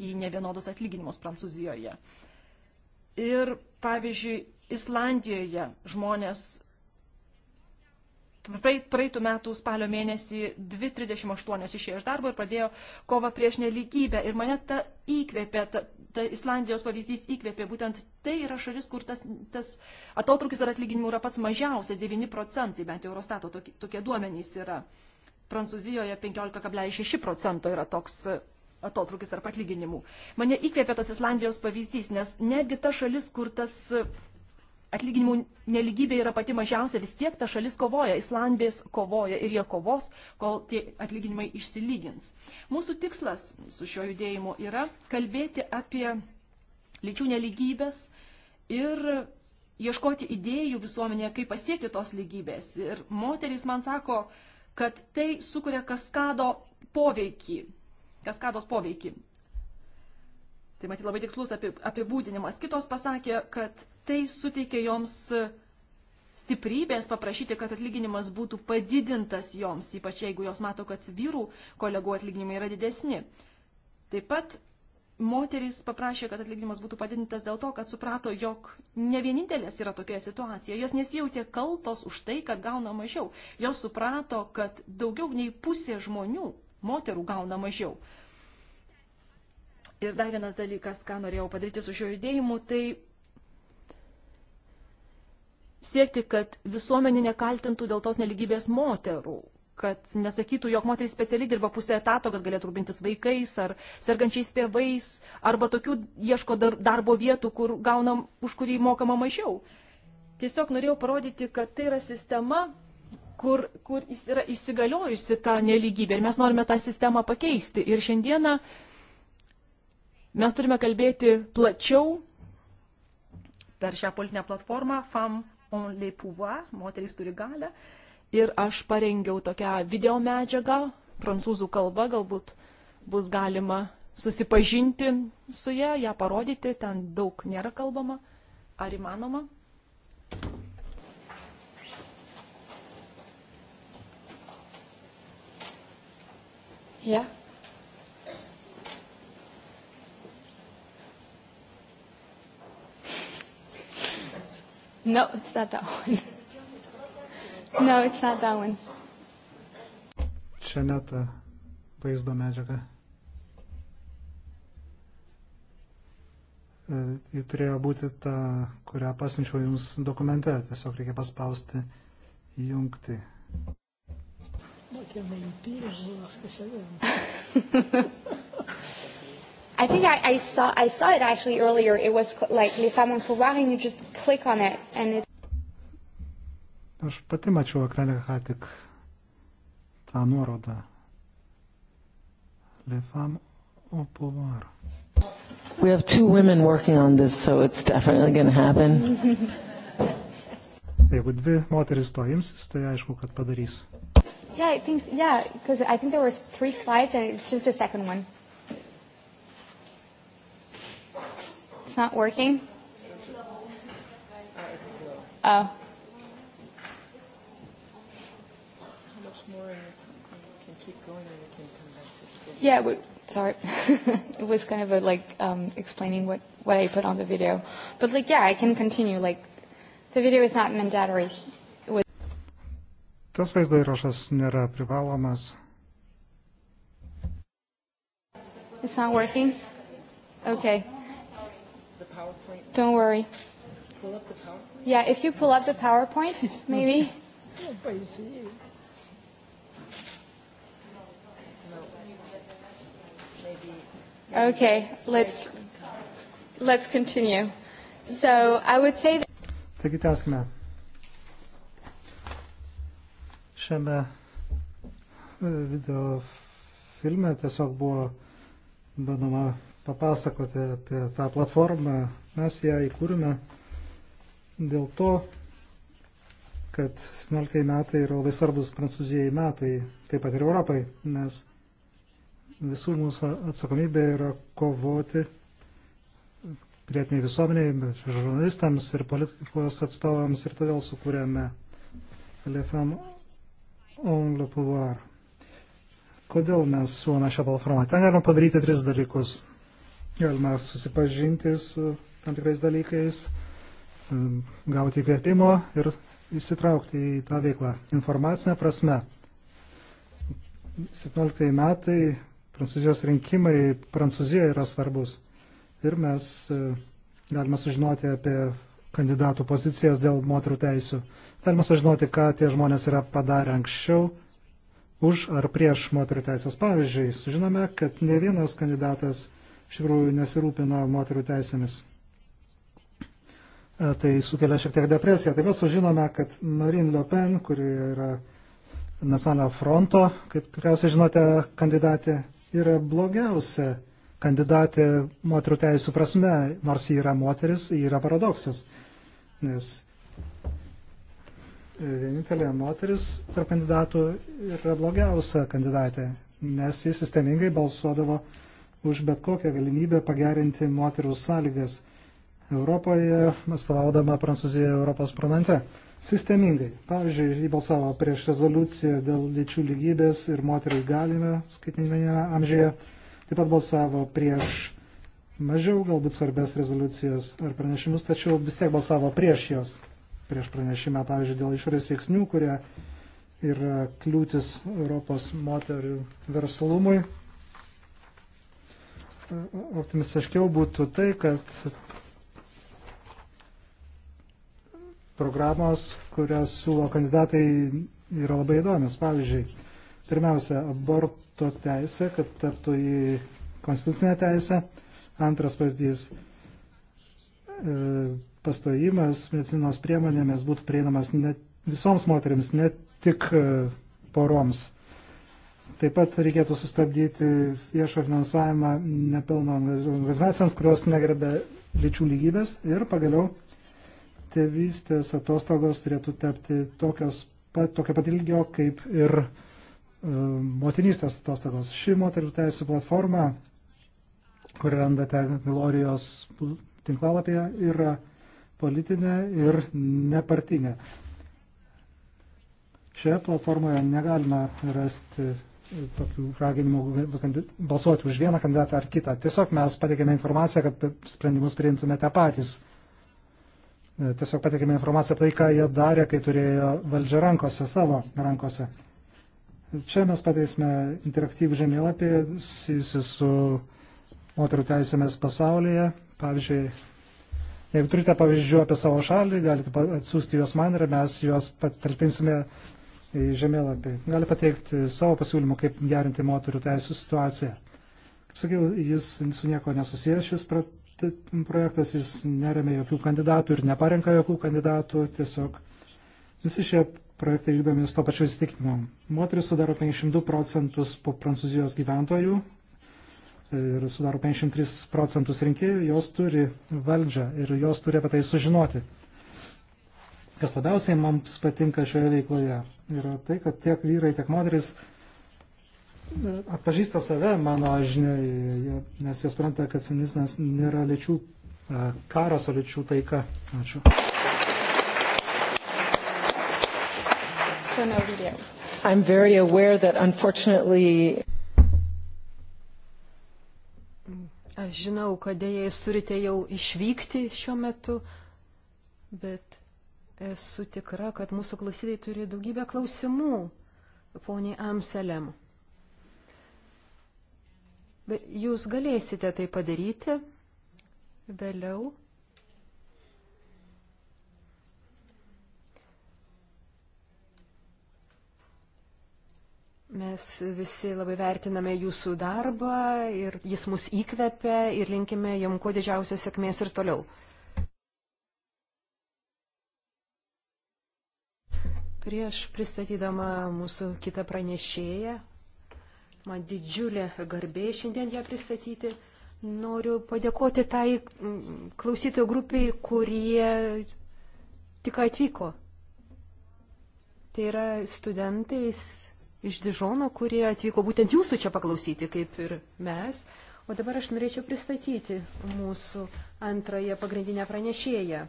į nevienodus atlyginimus Prancūzijoje. Ir pavyzdžiui, Islandijoje žmonės praeitų metų spalio mėnesį 2.38 išėjo iš darbo ir pradėjo kovą prieš neligybę. Ir mane ta įkvėpė ta ta Islandijos pavyzdys įkvėpė, būtent tai yra šalis, kur tas, tas atotrukis ar atlyginimų yra pats mažiausias, 9 procentai, bent jau Eurostato tokie, tokie duomenys yra. Prancūzijoje 15,6 procento yra toks e, atotrukis tarp atlyginimų. Mane įkvėpė tas Islandijos pavyzdys, nes netgi ta šalis, kur tas atlyginimų neligybė yra pati mažiausia, vis tiek ta šalis kovoja, Islandės kovoja ir jie kovos, kol tie atlyginimai išsilygins. Mūsų tikslas su šiuo judėjimu yra kalbėti apie lyčių neligybės ir ieškoti idėjų visuomenėje, kaip pasiekti tos lygybės. Ir moterys man sako, kad tai sukuria kaskado poveikį, kaskados poveikį. Tai matyti labai tikslus apibūdinimas. Kitos pasakė, kad tai suteikė joms stiprybės paprašyti, kad atlyginimas būtų padidintas joms, ypač jeigu jos mato, kad vyrų kolegų atlyginimai yra didesni. Taip pat moterys paprašė, kad atlyginimas būtų padidintas dėl to, kad suprato, jog ne vienintelės yra tokia situacija. Jos nesijautė kaltos už tai, kad gauna mažiau. Jos suprato, kad daugiau nei pusė žmonių, moterų, gauna mažiau. Ir dar vienas dalykas, ką norėjau padaryti su šiuo judėjimu, tai siekti, kad visuomenė nekaltintų dėl tos neligybės moterų, kad nesakytų, jog moteris specialiai dirba pusę etato, kad galėtų rūpintis vaikais ar sergančiais tėvais, arba tokių ieško dar, darbo vietų, kur gaunam, už kurį mokama mažiau. Tiesiog norėjau parodyti, kad tai yra sistema, kur, kur yra įsigaliojusi ta neligybė ir mes norime tą sistemą pakeisti. Ir šiandieną uh, Mes turime kalbėti plačiau per šią politinę platformą FAM on les pouvoir, moterys turi galę. Ir aš parengiau tokią video medžiagą, prancūzų kalba, galbūt bus galima susipažinti su ją, ją parodyti, ten daug nėra kalbama. Ar įmanoma? Yeah. No, it's not that one. No, it's not that one. Čia ne ta vaizdo medžiaga. E, ji turėjo būti ta, kurią pasinčiau jums dokumente. Tiesiog reikia paspausti jungti. No, I think I, I saw I saw it actually earlier. It was like Les Femmes en Pouvoir, and you just click on it, and it. Aš pati mačiau ekrane ką tik tą nuorodą. Les Femmes au Pouvoir. We have two women working on this, so it's definitely going to happen. Jeigu dvi moteris to imsis, tai aišku, kad padarys. Yeah, I think, yeah, because I think there were three slides and it's just a second one. It's not working? Oh. Yeah, we, sorry. it was kind of a, like um, explaining what, what I put on the video. But like, yeah, I can continue. Like, the video is not mandatory. Was... Tas vaizdo įrašas nėra privalomas. It's not working? Okay. Oh. Don't worry. Pull up the PowerPoint? Yeah, if you pull up the PowerPoint, maybe. okay, let's, let's continue. So I would say that... Taigi tęskime. Šiame e, video filme tiesiog buvo bandoma papasakoti apie tą platformą, Mes ją įkūrėme dėl to, kad 17 metai yra labai svarbus Prancūzijai metai, taip pat ir Europai, nes visų mūsų atsakomybė yra kovoti pilietiniai visuomeniai, bet žurnalistams ir politikos atstovams ir todėl sukūrėme LFM On Le Pouvoir. Kodėl mes suome šią platformą? Ten galima padaryti tris dalykus. Galima susipažinti su tam tikrais dalykais, gauti įkvėpimo ir įsitraukti į tą veiklą. Informacinė prasme. 17 metai Prancūzijos rinkimai Prancūzijoje yra svarbus. Ir mes e, galime sužinoti apie kandidatų pozicijas dėl moterų teisų. Galima sužinoti, ką tie žmonės yra padarę anksčiau, už ar prieš moterų teisės. Pavyzdžiui, sužinome, kad ne vienas kandidatas iš tikrųjų nesirūpino moterų teisėmis. E, tai sukelia šiek tiek depresiją. Taip pat sužinome, kad Marine Le Pen, kuri yra Nacionalinio fronto, kaip tikriausiai žinote, kandidatė yra blogiausia kandidatė moterų teisų prasme, nors ji yra moteris, ji yra paradoksas. Nes e, vienintelė moteris tarp kandidatų yra blogiausia kandidatė, nes jis sistemingai balsuodavo už bet kokią galimybę pagerinti moterų sąlygas. Europoje, atstovaudama Prancūziją Europos parlamente. Sistemingai. Pavyzdžiui, jį balsavo prieš rezoliuciją dėl lyčių lygybės ir moterų įgalime skaitmeninėme amžiuje. Taip pat balsavo prieš mažiau galbūt svarbės rezoliucijas ar pranešimus, tačiau vis tiek balsavo prieš jos. Prieš pranešimą, pavyzdžiui, dėl išorės veiksnių, kurie yra kliūtis Europos moterių verslumui. Optimistiškiau būtų tai, kad programos, kurias siūlo kandidatai, yra labai įdomios. Pavyzdžiui, pirmiausia, aborto teisė, kad taptų į konstitucinę teisę. Antras pavyzdys, e, pastojimas medicinos priemonėmis būtų prieinamas ne, visoms moteriams, ne tik e, poroms. Taip pat reikėtų sustabdyti viešo finansavimą nepelno organizacijoms, kurios negerbė lyčių lygybės ir pagaliau tėvystės atostogos turėtų tapti tokios pat, tokio pat ilgio kaip ir e, motinystės atostogos. Ši moterų teisų platforma, kur randate Glorijos tinklalapyje, yra politinė ir nepartinė. Šioje platformoje negalima rasti tokių raginimų balsuoti už vieną kandidatą ar kitą. Tiesiog mes pateikėme informaciją, kad sprendimus priimtumėte patys. E, tiesiog patikime informaciją apie tai, ką jie darė, kai turėjo valdžią rankose, savo rankose. Čia mes pateisime interaktyvų žemėlapį susijusi su moterų teisėmis pasaulyje. Pavyzdžiui, jeigu turite pavyzdžių apie savo šalį, galite atsiųsti juos man ir mes juos patalpinsime į žemėlapį. Gali pateikti savo pasiūlymų, kaip gerinti moterų teisų situaciją. Kaip sakiau, jis su nieko nesusijęs šis Tai projektas, jis neremia jokių kandidatų ir neparenka jokių kandidatų, tiesiog visi šie projektai vykdomi su to pačiu įstikinimu. Moteris sudaro 52 procentus po prancūzijos gyventojų ir sudaro 53 procentus rinkėjų, jos turi valdžią ir jos turi apie tai sužinoti. Kas labiausiai mums patinka šioje veikloje yra tai, kad tiek vyrai, tiek moteris atpažįsta save mano žiniai, nes jie supranta, kad feminizmas nėra lyčių e, karas, o lyčių taika. Ačiū. I'm very aware that unfortunately. Aš žinau, kad dėja jūs turite jau išvykti šiuo metu, bet esu tikra, kad mūsų klausytojai turi daugybę klausimų poniai Amselem. Bet jūs galėsite tai padaryti vėliau. Mes visi labai vertiname jūsų darbą ir jis mus įkvepia ir linkime jam kuo didžiausios sėkmės ir toliau. Prieš pristatydama mūsų kitą pranešėją, Man didžiulė garbė šiandien ją pristatyti. Noriu padėkoti tai mm, klausytojų grupiai, kurie tik atvyko. Tai yra studentais iš Dižono, kurie atvyko būtent jūsų čia paklausyti, kaip ir mes. O dabar aš norėčiau pristatyti mūsų antrąją pagrindinę pranešėją.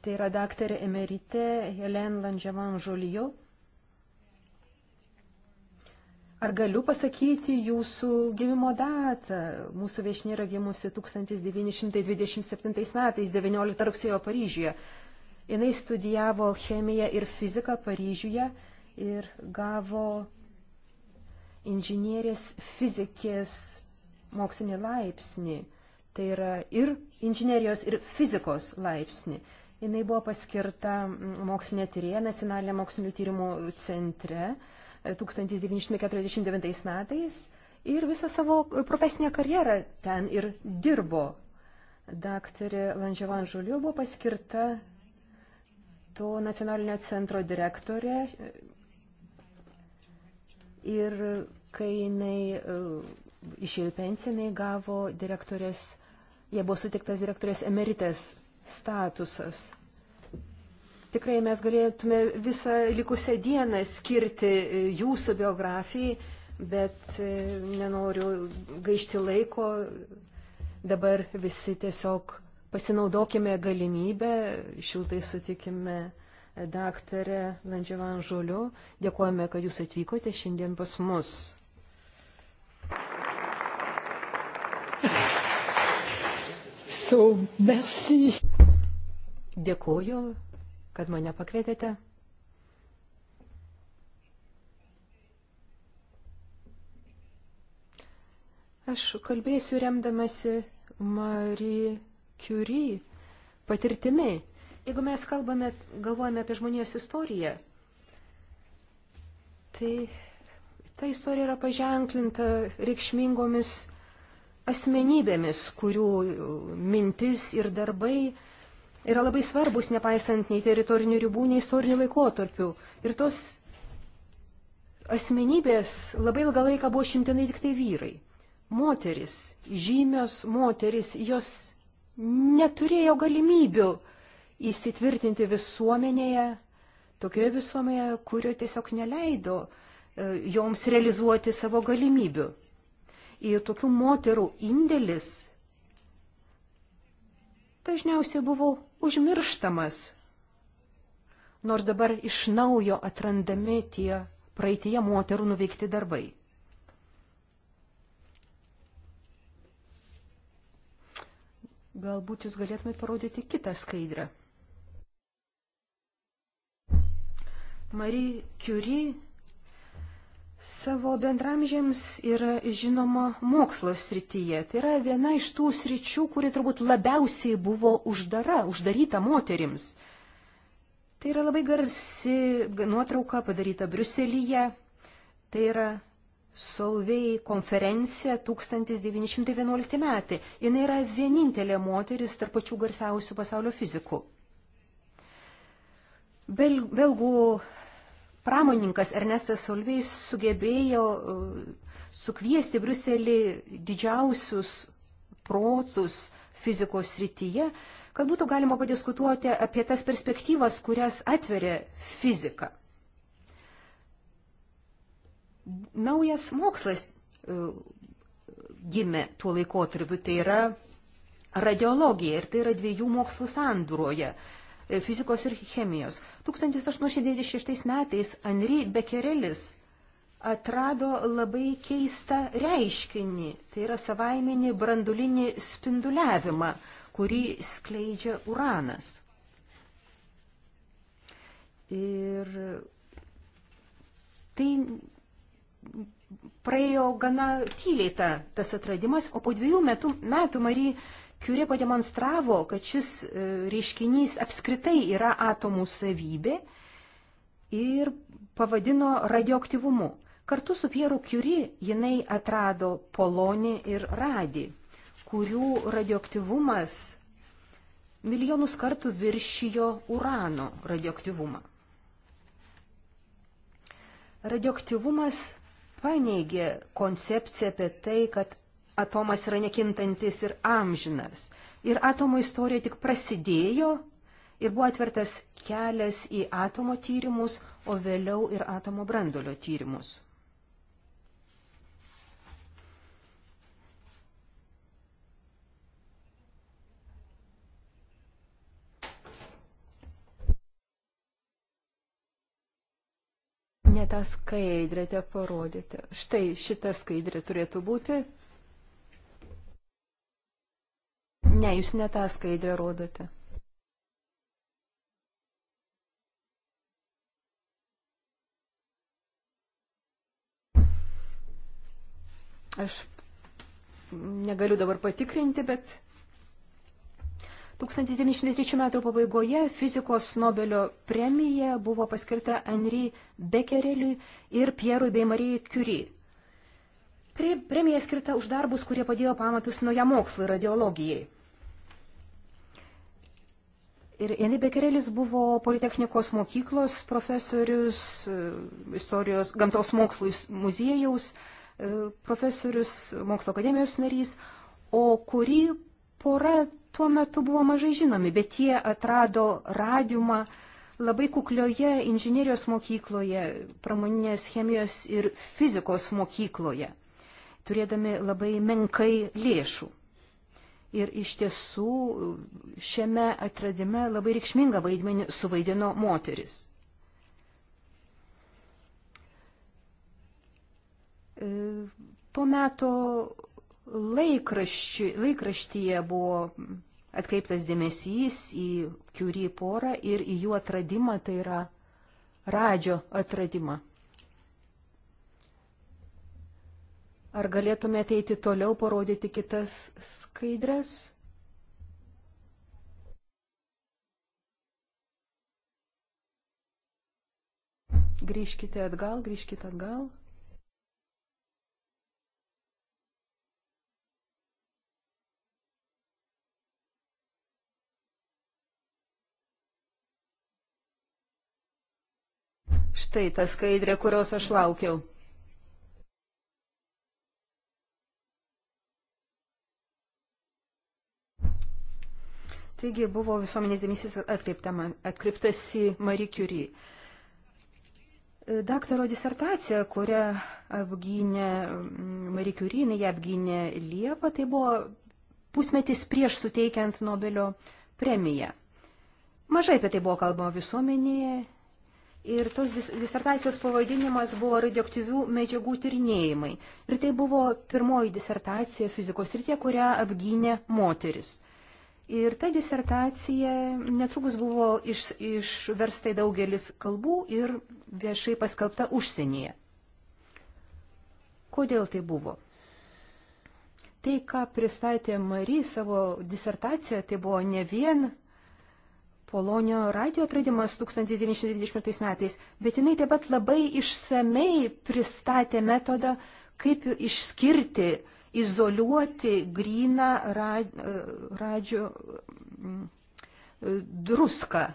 Tai yra daktarė emerite Helen Landžiaman Žolijo. Ar galiu pasakyti jūsų gimimo datą? Mūsų viešinė yra gimusi 1927 metais, 19 rugsėjo Paryžiuje. Jis studijavo chemiją ir fiziką Paryžiuje ir gavo inžinierės fizikės mokslinį laipsnį. Tai yra ir inžinierijos, ir fizikos laipsnį. Jis buvo paskirta mokslinė tyrėja nacionalinė mokslinių tyrimų centre 1949 metais ir visą savo profesinę karjerą ten ir dirbo. Daktarė Landževan Žuliu buvo paskirta to nacionalinio centro direktorė ir kai jinai e, išėjo pensiją, jinai gavo direktorės, jie buvo sutiktas direktorės emeritės statusas. Tikrai mes galėtume visą likusią dieną skirti e, jūsų biografijai, bet e, nenoriu gaišti laiko. Dabar visi tiesiog pasinaudokime galimybę, šiltai sutikime e, daktarę Landžiavan Žoliu. Dėkojame, kad jūs atvykote šiandien pas mus. So, merci. Dėkuoju kad mane pakvietėte. Aš kalbėsiu remdamasi Marie Curie patirtimi. Jeigu mes kalbame, galvojame apie žmonijos istoriją, tai ta istorija yra paženklinta reikšmingomis asmenybėmis, kurių mintis ir darbai yra labai svarbus, nepaisant nei teritorinių ribų, nei istorinių laikotarpių. Ir tos asmenybės labai ilgą laiką buvo šimtinai tik tai vyrai. Moteris, žymios moteris, jos neturėjo galimybių įsitvirtinti visuomenėje, tokioje visuomenėje, kurio tiesiog neleido e, joms realizuoti savo galimybių. Ir tokių moterų indėlis dažniausiai buvo užmirštamas, nors dabar iš naujo atrandami tie praeitie moterų nuveikti darbai. Galbūt jūs galėtumėt parodyti kitą skaidrę. Marie Curie savo bendramžiams yra žinoma mokslo srityje. Tai yra viena iš tų sričių, kuri turbūt labiausiai buvo uždara, uždaryta moterims. Tai yra labai garsi nuotrauka padaryta Briuselyje. Tai yra Solvei konferencija 1911 metai. Jis yra vienintelė moteris tarp pačių garsiausių pasaulio fizikų. Bel, belgų pramoninkas Ernestas Solvėjs sugebėjo uh, sukviesti Bruselį didžiausius protus fizikos srityje, kad būtų galima padiskutuoti apie tas perspektyvas, kurias atveria fizika. Naujas mokslas uh, gimė tuo laikotarpiu, tai yra radiologija ir tai yra dviejų mokslų sandūroje fizikos ir chemijos. 1896 metais Henri Bekerelis atrado labai keistą reiškinį, tai yra savaiminį brandulinį spinduliavimą, kurį skleidžia uranas. Ir tai praėjo gana tyliai ta, tas atradimas, o po dviejų metų, metų Marija Kiurė pademonstravo, kad šis e, reiškinys apskritai yra atomų savybė ir pavadino radioaktyvumu. Kartu su Pieru Kiuri jinai atrado polonį ir radį, kurių radioaktyvumas milijonus kartų viršijo urano radioaktyvumą. Radioaktyvumas paneigė koncepciją apie tai, kad atomas yra nekintantis ir amžinas. Ir atomo istorija tik prasidėjo ir buvo atvertas kelias į atomo tyrimus, o vėliau ir atomo brandolio tyrimus. Ne tą skaidrę te parodėte. Štai šita skaidrė turėtų būti Ne, jūs ne tą skaidrę rodote. Aš negaliu dabar patikrinti, bet 1903 metų pabaigoje fizikos Nobelio premija buvo paskirta Henri Becquereliui ir Pierui bei Marijai Curie. Premija skirta už darbus, kurie padėjo pamatus naujam mokslui radiologijai. Ir Eli Bekerelis buvo Politechnikos mokyklos profesorius, e, istorijos, gamtos mokslų muziejaus e, profesorius, mokslo akademijos narys, o kuri pora tuo metu buvo mažai žinomi, bet jie atrado radiumą labai kuklioje inžinierijos mokykloje, pramoninės chemijos ir fizikos mokykloje, turėdami labai menkai lėšų. Ir iš tiesų šiame atradime labai reikšmingą vaidmenį suvaidino moteris. E, tuo metu laikraštyje buvo atkreiptas dėmesys į kiurį porą ir į jų atradimą, tai yra radžio atradimą. Ar galėtumėte eiti toliau, parodyti kitas skaidrės? Grįžkite atgal, grįžkite atgal. Štai ta skaidrė, kurios aš laukiau. Taigi buvo visuomenės dėmesys atkreiptas į Marie Curie. Daktaro disertacija, kurią apgynė mm, Marie Curie, jinai ją apgynė Liepą, tai buvo pusmetis prieš suteikiant Nobelio premiją. Mažai apie tai buvo kalbama visuomenėje ir tos dis disertacijos pavadinimas buvo radioaktyvių medžiagų tyrinėjimai. Ir tai buvo pirmoji disertacija fizikos rytie, kurią apgynė moteris. Ir ta disertacija netrukus buvo iš, išversta į daugelis kalbų ir viešai paskelbta užsienyje. Kodėl tai buvo? Tai, ką pristatė Mari savo disertaciją, tai buvo ne vien Polonio radio atradimas 1920 metais, bet jinai taip pat labai išsamei pristatė metodą, kaip išskirti uh, izoliuoti gryną radžio mm, druską.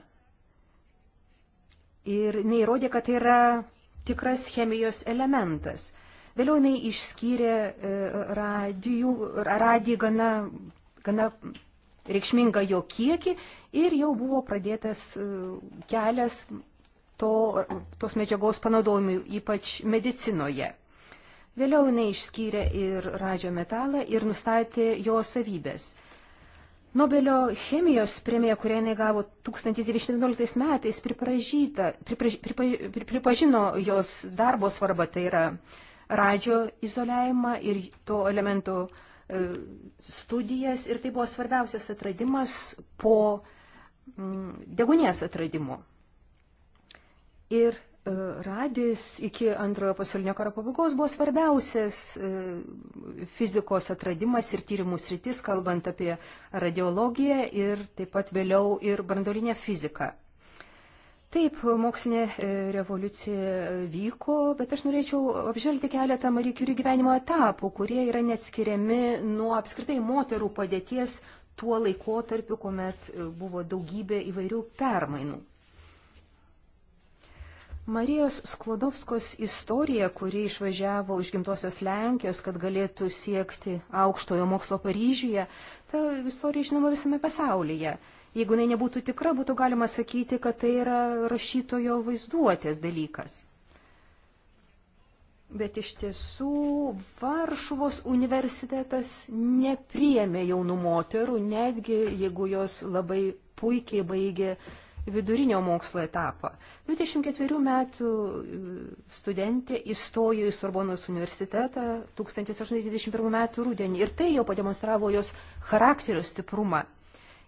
Ir neįrodė, kad tai yra tikras chemijos elementas. Vėliau jinai išskyrė e, radijų, radijų gana, gana reikšmingą jo kiekį ir jau buvo pradėtas e, kelias to, tos medžiagos panaudojimui, ypač medicinoje. Vėliau jinai išskyrė ir radžio metalą ir nustatė jo savybės. Nobelio chemijos premija, kurią jinai gavo 1919 metais, pripaž, pripa, pripažino jos darbo svarbą, tai yra radžio izoliavimą ir to elementų e, studijas ir tai buvo svarbiausias atradimas po degunės atradimo. Ir E, radis iki antrojo pasaulinio karo pabaigos buvo svarbiausias e, fizikos atradimas ir tyrimų sritis, kalbant apie radiologiją ir taip pat vėliau ir brandolinę fiziką. Taip, mokslinė e, revoliucija vyko, bet aš norėčiau apžvelgti keletą Marikiurių gyvenimo etapų, kurie yra neatskiriami nuo apskritai moterų padėties tuo laikotarpiu, kuomet buvo daugybė įvairių permainų. Marijos Sklodovskos istorija, kuri išvažiavo iš gimtosios Lenkijos, kad galėtų siekti aukštojo mokslo Paryžiuje, ta istorija žinoma visame pasaulyje. Jeigu jinai nebūtų tikra, būtų galima sakyti, kad tai yra rašytojo vaizduotės dalykas. Bet iš tiesų Varšuvos universitetas nepriemė jaunų moterų, netgi jeigu jos labai puikiai baigė uh, vidurinio mokslo etapą. 24 metų e, studentė įstojo į Sorbonos universitetą 1821 metų rūdienį ir tai jau pademonstravo jos charakterio stiprumą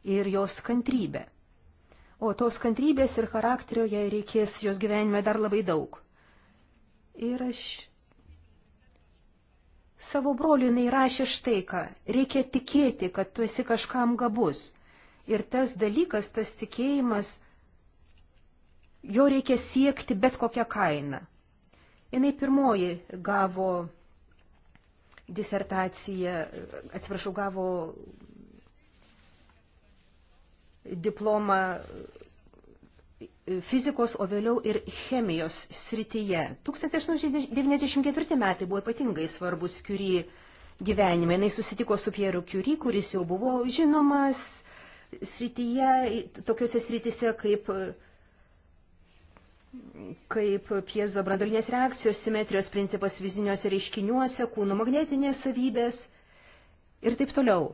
ir jos kantrybę. O tos kantrybės ir charakterio jai reikės jos gyvenime dar labai daug. Ir aš savo broliu jinai rašė štai ką, reikia tikėti, kad tu esi kažkam gabus. Ir tas dalykas, tas tikėjimas jo reikia siekti bet kokią kainą. Jinai pirmoji gavo disertaciją, atsiprašau, gavo diplomą fizikos, o vėliau ir chemijos srityje. 1894 metai buvo ypatingai svarbus Kiury gyvenime. Jis susitiko su Pieru Kiury, kuris jau buvo žinomas srityje, tokiuose srityse kaip uh, kaip piezo brandolinės reakcijos simetrijos principas fiziniuose reiškiniuose, kūno magnetinės savybės ir taip toliau.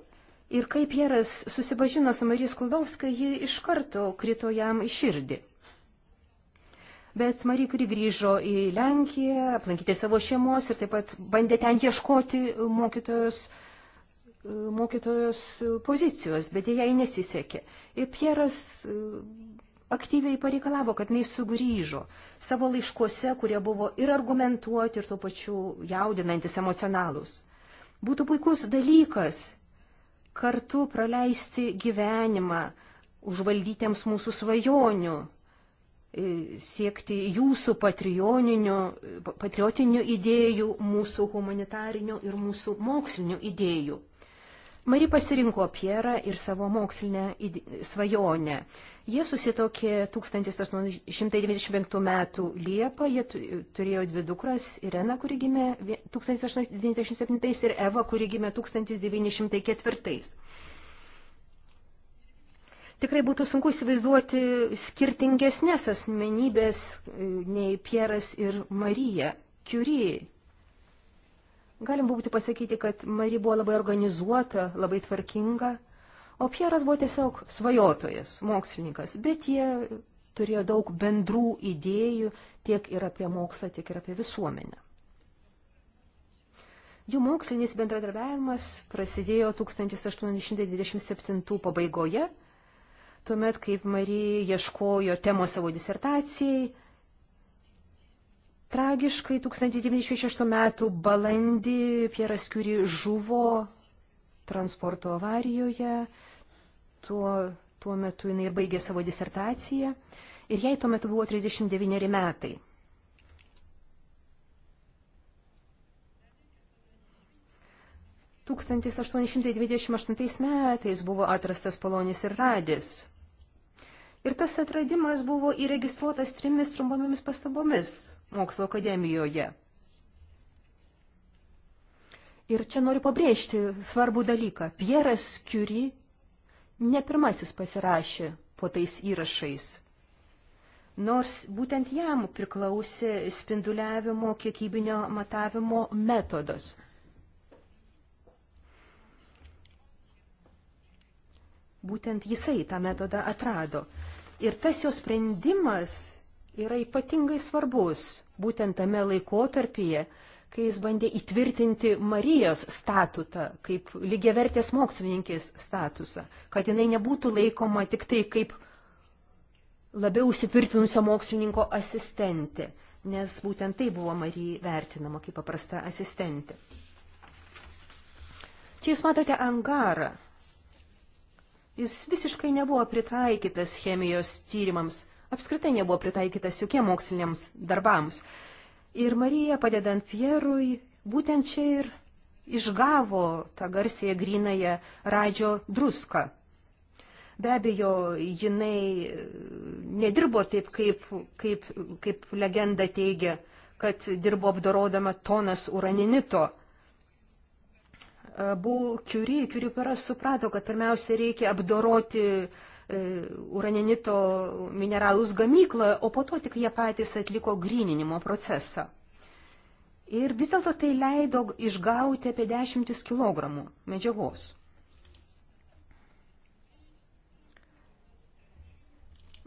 Ir kai Pieras susipažino su Marija Skuldovska, ji iš karto krito jam į širdį. Bet Marija, kuri grįžo į Lenkiją, aplankyti savo šeimos ir taip pat bandė ten ieškoti mokytojos, mokytojos pozicijos, bet jai nesisekė. Ir Pieras aktyviai pareikalavo, kad jinai sugrįžo savo laiškuose, kurie buvo ir argumentuoti, ir tuo pačiu jaudinantis emocionalus. Būtų puikus dalykas kartu praleisti gyvenimą užvaldytiems mūsų svajonių, e, siekti jūsų patriotinių idėjų, mūsų humanitarinių ir mūsų mokslinių idėjų. Mari pasirinko Pierą ir savo mokslinę svajonę. Jie susitokė 1895 m. Liepą, jie turėjo dvi dukras - Ireną, kuri gimė 1897 ir Eva, kuri gimė 1904. Tikrai būtų sunku įsivaizduoti skirtingesnės asmenybės e, nei Pieras ir Marija Curie Galim būti pasakyti, kad Mari buvo labai organizuota, labai tvarkinga, o Pieras buvo tiesiog svajotojas, mokslininkas, bet jie turėjo daug bendrų idėjų tiek ir apie mokslą, tiek ir apie visuomenę. Jų mokslinis bendradarbiavimas prasidėjo 1827 pabaigoje, tuomet kaip Marija ieškojo temos savo disertacijai, Tragiškai 1926 m. balandį Pieras Kiuri žuvo transporto avarijoje. Tuo, tuo metu jinai ir baigė savo disertaciją. Ir jai tuo metu buvo 39 metai. Tūkstantis 1828 metais buvo atrastas polonis ir radis. Ir tas atradimas buvo įregistruotas trimis trumpomis pastabomis mokslo akademijoje. Ir čia noriu pabrėžti svarbų dalyką. Pieras Kiuri ne pirmasis pasirašė po tais įrašais. Nors būtent jam priklausė spinduliavimo kiekybinio matavimo metodas. Būtent jisai tą metodą atrado. Ir tas jo sprendimas yra ypatingai svarbus būtent tame laikotarpyje, kai jis bandė įtvirtinti Marijos statutą kaip lygiavertės mokslininkės statusą, kad jinai nebūtų laikoma tik tai kaip labiau užsitvirtinusio mokslininko asistentė, nes būtent tai buvo Marija vertinama kaip paprasta asistentė. Čia jūs matote angarą, Jis visiškai nebuvo pritaikytas chemijos tyrimams, apskritai nebuvo pritaikytas jokie moksliniams darbams. Ir Marija, padedant Pierui, būtent čia ir išgavo tą garsėje grinąją radžio druską. Be abejo, jinai e, nedirbo taip, kaip, kaip, kaip legenda teigia, kad dirbo apdorodama tonas uraninito. E, buvo Kiuri, Kiuri Peras suprato, kad pirmiausia reikia apdoroti e, uraninito mineralus gamykloje, o po to tik jie patys atliko grininimo procesą. Ir vis dėlto tai leido išgauti apie dešimtis kilogramų medžiagos.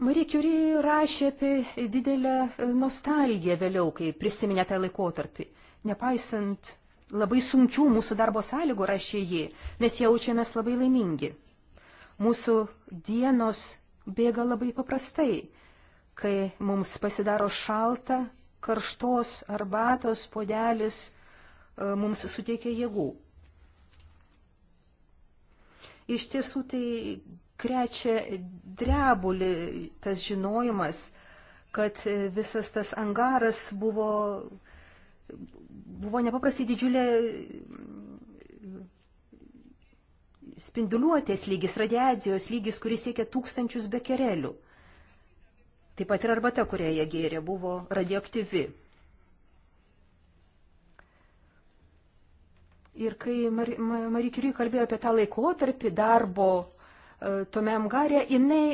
Marie Curie rašė apie didelę nostalgiją vėliau, kai prisiminė tą laikotarpį. Nepaisant labai sunkių mūsų darbo sąlygų rašė ji, mes jaučiamės labai laimingi. Mūsų dienos bėga labai paprastai, kai mums pasidaro šalta, karštos arbatos podelis e, mums suteikia jėgų. Iš tiesų tai krečia drebulį tas žinojimas, kad visas tas angaras buvo buvo nepaprastai didžiulė e, spinduliuotės lygis, radiacijos lygis, kuris siekia tūkstančius bekerelių. Taip pat ir arbata, kurią jie gėrė, buvo radioaktyvi. Ir kai Marie Curie kalbėjo apie tą laikotarpį darbo e, tome Amgarė, jinai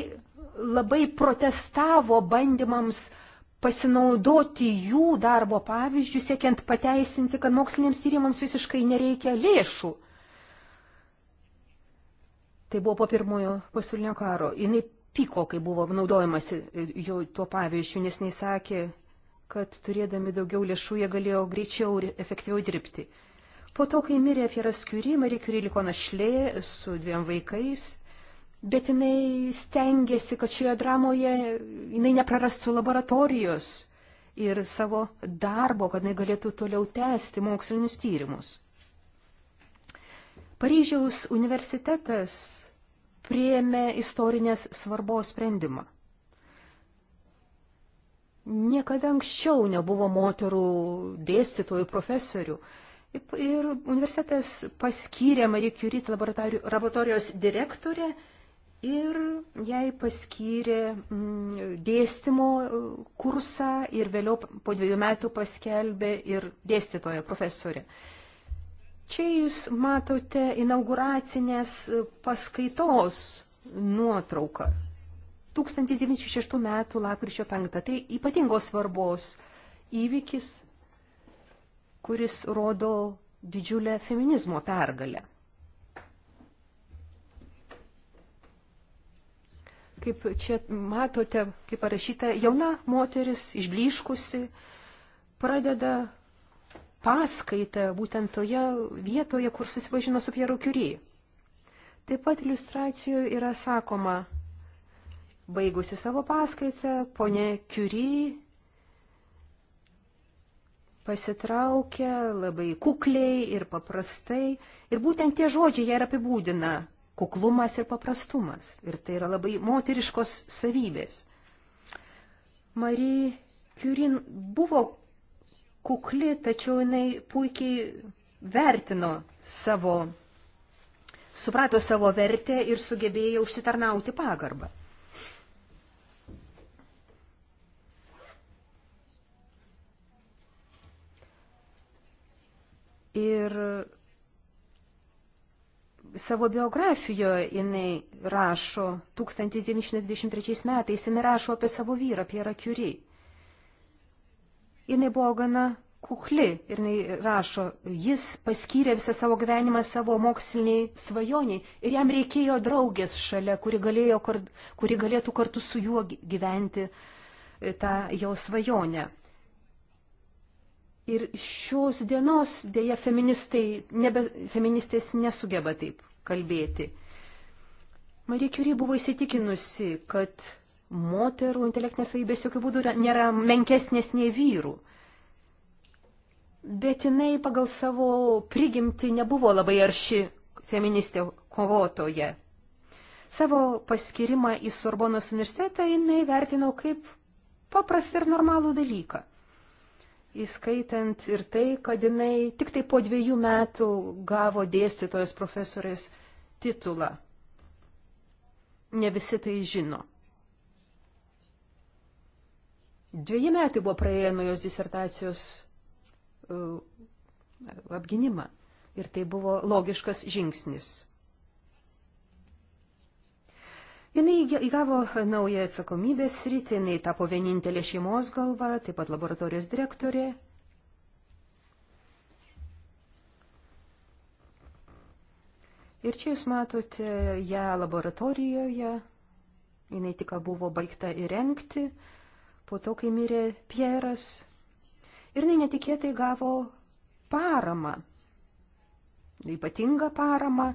labai protestavo bandymams uh, pasinaudoti jų darbo pavyzdžių, siekiant pateisinti, kad moksliniams tyrimams visiškai nereikia lėšų. Tai buvo po pirmojo pasaulinio karo. Jis pyko, kai buvo naudojamasi e, jo tuo pavyzdžiu, nes jis sakė, kad turėdami daugiau lėšų jie galėjo greičiau ir efektyviau dirbti. Po to, kai mirė Pieras Kiuri, Marija Kiuri liko našlė su dviem vaikais bet jinai stengiasi, kad šioje dramoje jinai neprarastų laboratorijos ir savo darbo, kad jinai galėtų toliau tęsti mokslinius tyrimus. Paryžiaus universitetas prieėmė istorinės svarbos sprendimą. Niekada anksčiau nebuvo moterų dėstytojų, profesorių. Ir universitetas paskyrė Marie Curie laboratorijos direktorę ir jai paskyrė mm, dėstymo e, kursą ir vėliau po dviejų metų paskelbė ir dėstytoja profesorė. Čia jūs matote inauguracinės e, paskaitos nuotrauką. 1906 m. lapkričio 5. Tai ypatingos svarbos įvykis, kuris rodo didžiulę feminizmo pergalę. Kaip čia matote, kaip parašyta, jauna moteris, išbliškusi, pradeda paskaitą būtent toje vietoje, kur susipažino su Pieru Kiury. Taip pat iliustracijų yra sakoma, baigusi savo paskaitą, ponė Kiury pasitraukia labai kukliai ir paprastai. Ir būtent tie žodžiai ją ir apibūdina kuklumas ir paprastumas. Ir tai yra labai moteriškos savybės. Marija Kiurin buvo kukli, tačiau jinai puikiai vertino savo, suprato savo vertę ir sugebėjo užsitarnauti pagarbą. Ir savo biografijoje jinai rašo 1923 metais, jinai rašo apie savo vyrą, Pierre Curie. Jinai buvo gana kukli ir jinai rašo, jis paskyrė visą savo gyvenimą savo moksliniai svajoniai ir jam reikėjo draugės šalia, kuri, galėjo, kuri galėtų kartu su juo gyventi e, tą jo svajonę. Ir šios dienos dėja feministai, nebe, feministės nesugeba taip kalbėti. Marija Kiuri buvo įsitikinusi, kad moterų intelektinės savybės jokių būdų nėra menkesnės nei vyrų. Bet jinai pagal savo prigimti nebuvo labai arši feministė kovotoje. Savo paskirimą į Sorbonos universitetą jinai vertino kaip paprastą ir normalų dalyką įskaitant ir tai, kad jinai tik tai po dviejų metų gavo dėstytojos profesorės titulą. Ne visi tai žino. Dvieji metai buvo praėję nuo jos disertacijos uh, apginimą ir tai buvo logiškas žingsnis. Jinai įgavo naują atsakomybės sritį, jinai tapo vienintelė šeimos galva, taip pat laboratorijos direktorė. Ir čia jūs matote ją laboratorijoje, jinai tik buvo baigta įrengti, po to, kai mirė Pieras. Ir jinai netikėtai gavo paramą, ypatingą paramą,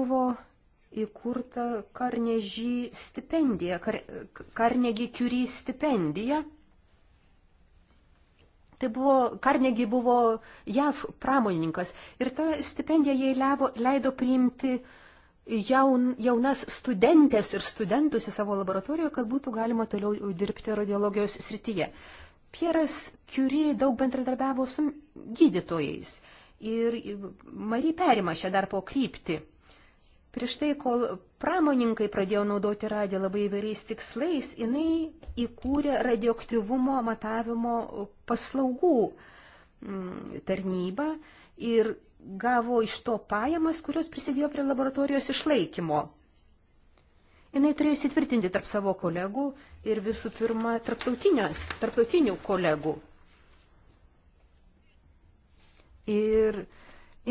buvo įkurta Karnežį stipendija, Kar, Karnegi Kiury stipendija. Tai buvo, Karnegi buvo JAV pramonininkas ir ta stipendija jai levo, leido priimti jaun, jaunas studentės ir studentus į savo laboratoriją, kad būtų galima toliau dirbti radiologijos srityje. Pieras Kiury daug bendradarbiavo su gydytojais ir Marija perima šią darbo kryptį. Prieš tai, kol pramoninkai pradėjo naudoti radiją labai įvairiais tikslais, jinai įkūrė radioaktyvumo matavimo paslaugų mm, tarnybą ir gavo iš to pajamas, kurios prisidėjo prie laboratorijos išlaikymo. Jinai turėjo įsitvirtinti tarp savo kolegų ir visų pirma tarptautinių kolegų. Ir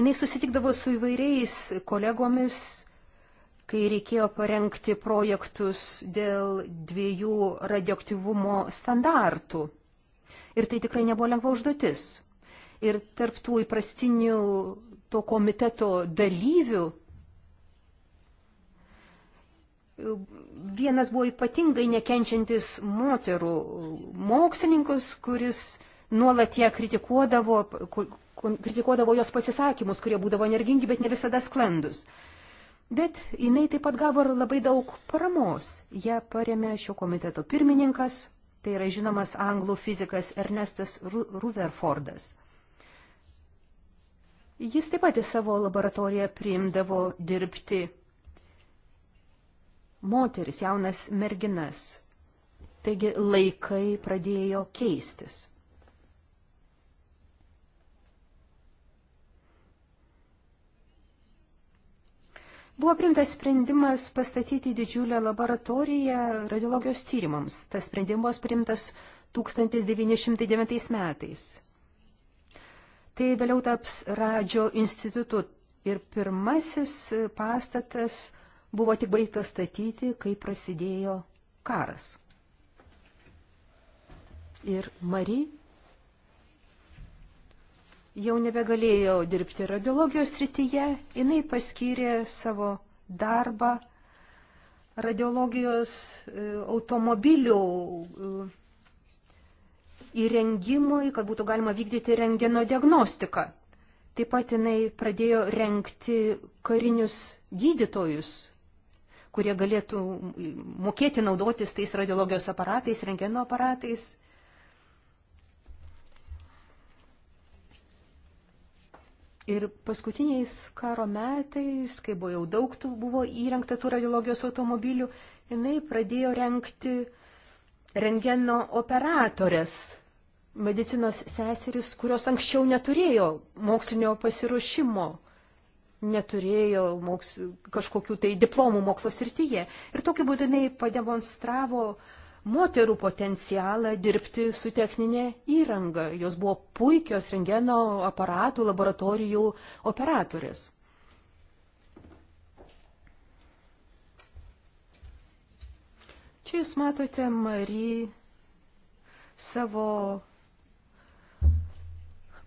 jinai susitikdavo su įvairiais kolegomis kai reikėjo parengti projektus dėl dviejų radioaktyvumo standartų. Ir tai tikrai nebuvo lengva užduotis. Ir tarp tų įprastinių to komiteto dalyvių vienas buvo ypatingai nekenčiantis moterų mokslininkus, kuris nuolat ją kritikuodavo, kritikuodavo jos pasisakymus, kurie būdavo energingi, bet ne visada sklandus. Bet jinai taip pat gavo ir labai daug paramos. Ją paremė šio komiteto pirmininkas, tai yra žinomas anglų fizikas Ernestas Rutherfordas. Jis taip pat į savo laboratoriją priimdavo dirbti moteris, jaunas merginas. Taigi laikai pradėjo keistis. Buvo priimtas sprendimas pastatyti didžiulę laboratoriją radiologijos tyrimams. Tas sprendimas priimtas 1909 metais. Tai vėliau taps Radžio institutu ir pirmasis pastatas buvo tik baigtas statyti, kai prasidėjo karas. Ir Marie jau nebegalėjo dirbti radiologijos srityje, jinai paskyrė savo darbą radiologijos e, automobilių e, įrengimui, kad būtų galima vykdyti rengeno diagnostiką. Taip pat jinai pradėjo renkti karinius gydytojus, kurie galėtų mokėti naudotis tais radiologijos aparatais, rengeno aparatais Ir paskutiniais karo metais, kai buvo jau daug tų, buvo įrengta tų radiologijos automobilių, jinai pradėjo renkti rengeno operatorės, medicinos seseris, kurios anksčiau neturėjo mokslinio pasiruošimo, neturėjo moks, kažkokių tai diplomų mokslo srityje. Ir tokiu būdu jinai pademonstravo uh, moterų potencialą dirbti su techninė įranga. Jos buvo puikios rengeno aparatų laboratorijų operatorės. Čia jūs matote Mary savo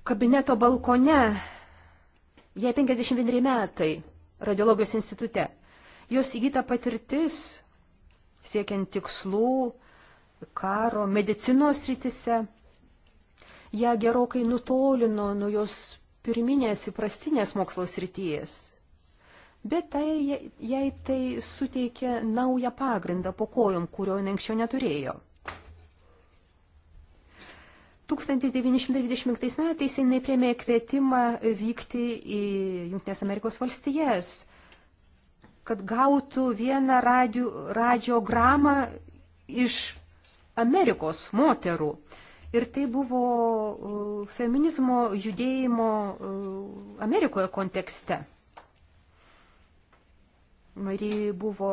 kabineto balkone. Jai 51 metai radiologijos institute. Jos įgyta patirtis siekiant tikslų, karo, medicinos rytise, ją gerokai nutolino nuo jos pirminės įprastinės mokslos ryties. Bet tai, jai tai suteikė naują pagrindą po kojom, kurio anksčiau neturėjo. 1925 metais jinai priemė kvietimą vykti į Junktinės Amerikos valstijas, kad gautų vieną radio, radiogramą iš Amerikos moterų. Ir tai buvo e, feminizmo judėjimo e, Amerikoje kontekste. Marija buvo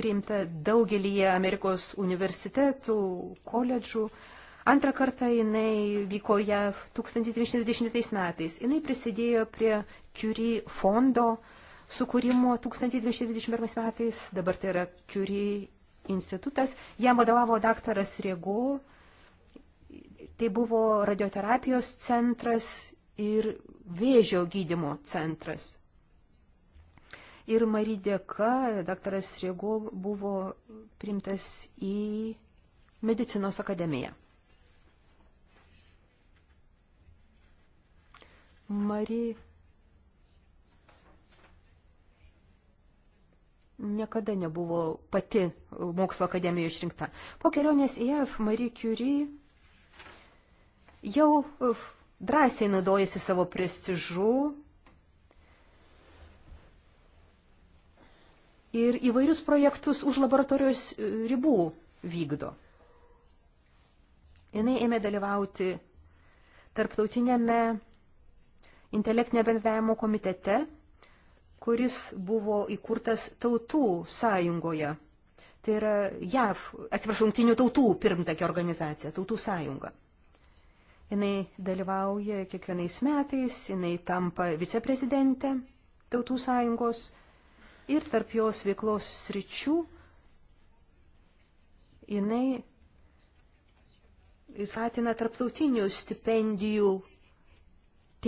priimta daugelyje Amerikos universitetų, koledžų. Antrą kartą jinai vyko JAV 1920 metais. Jinai prisidėjo prie Curie fondo sukūrimo 1921 metais. Dabar tai yra Curie institutas. Jam vadovavo daktaras Riegu, tai buvo radioterapijos centras ir vėžio gydimo centras. Ir Mary dėka daktaras Riegu buvo primtas į medicinos akademiją. Mary niekada nebuvo pati mokslo akademijoje išrinkta. Po kelionės į JAV Marie Curie jau uf, drąsiai naudojasi savo prestižu ir įvairius projektus už laboratorijos e, ribų vykdo. Jis ėmė dalyvauti tarptautinėme intelektinio bendravimo komitete kuris buvo įkurtas tautų sąjungoje. Tai yra JAV, atsiprašau, jungtinių tautų pirmtakė organizacija, tautų sąjunga. Jis dalyvauja kiekvienais metais, jinai tampa viceprezidentė tautų sąjungos ir tarp jos veiklos sričių jinai įsatina tarptautinių stipendijų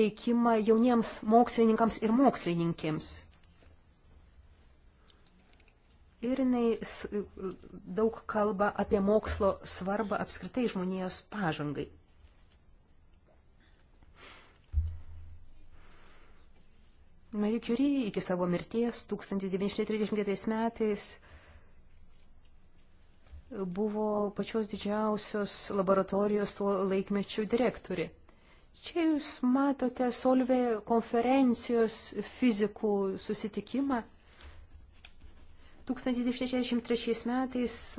teikimą jauniems mokslininkams ir mokslininkėms. Ir jinai daug kalba apie mokslo svarbą apskritai žmonijos pažangai. Marie Curie iki savo mirties 1934 metais buvo pačios didžiausios laboratorijos tuo laikmečiu direktori. Čia jūs matote Solvė konferencijos fizikų susitikimą 1963 metais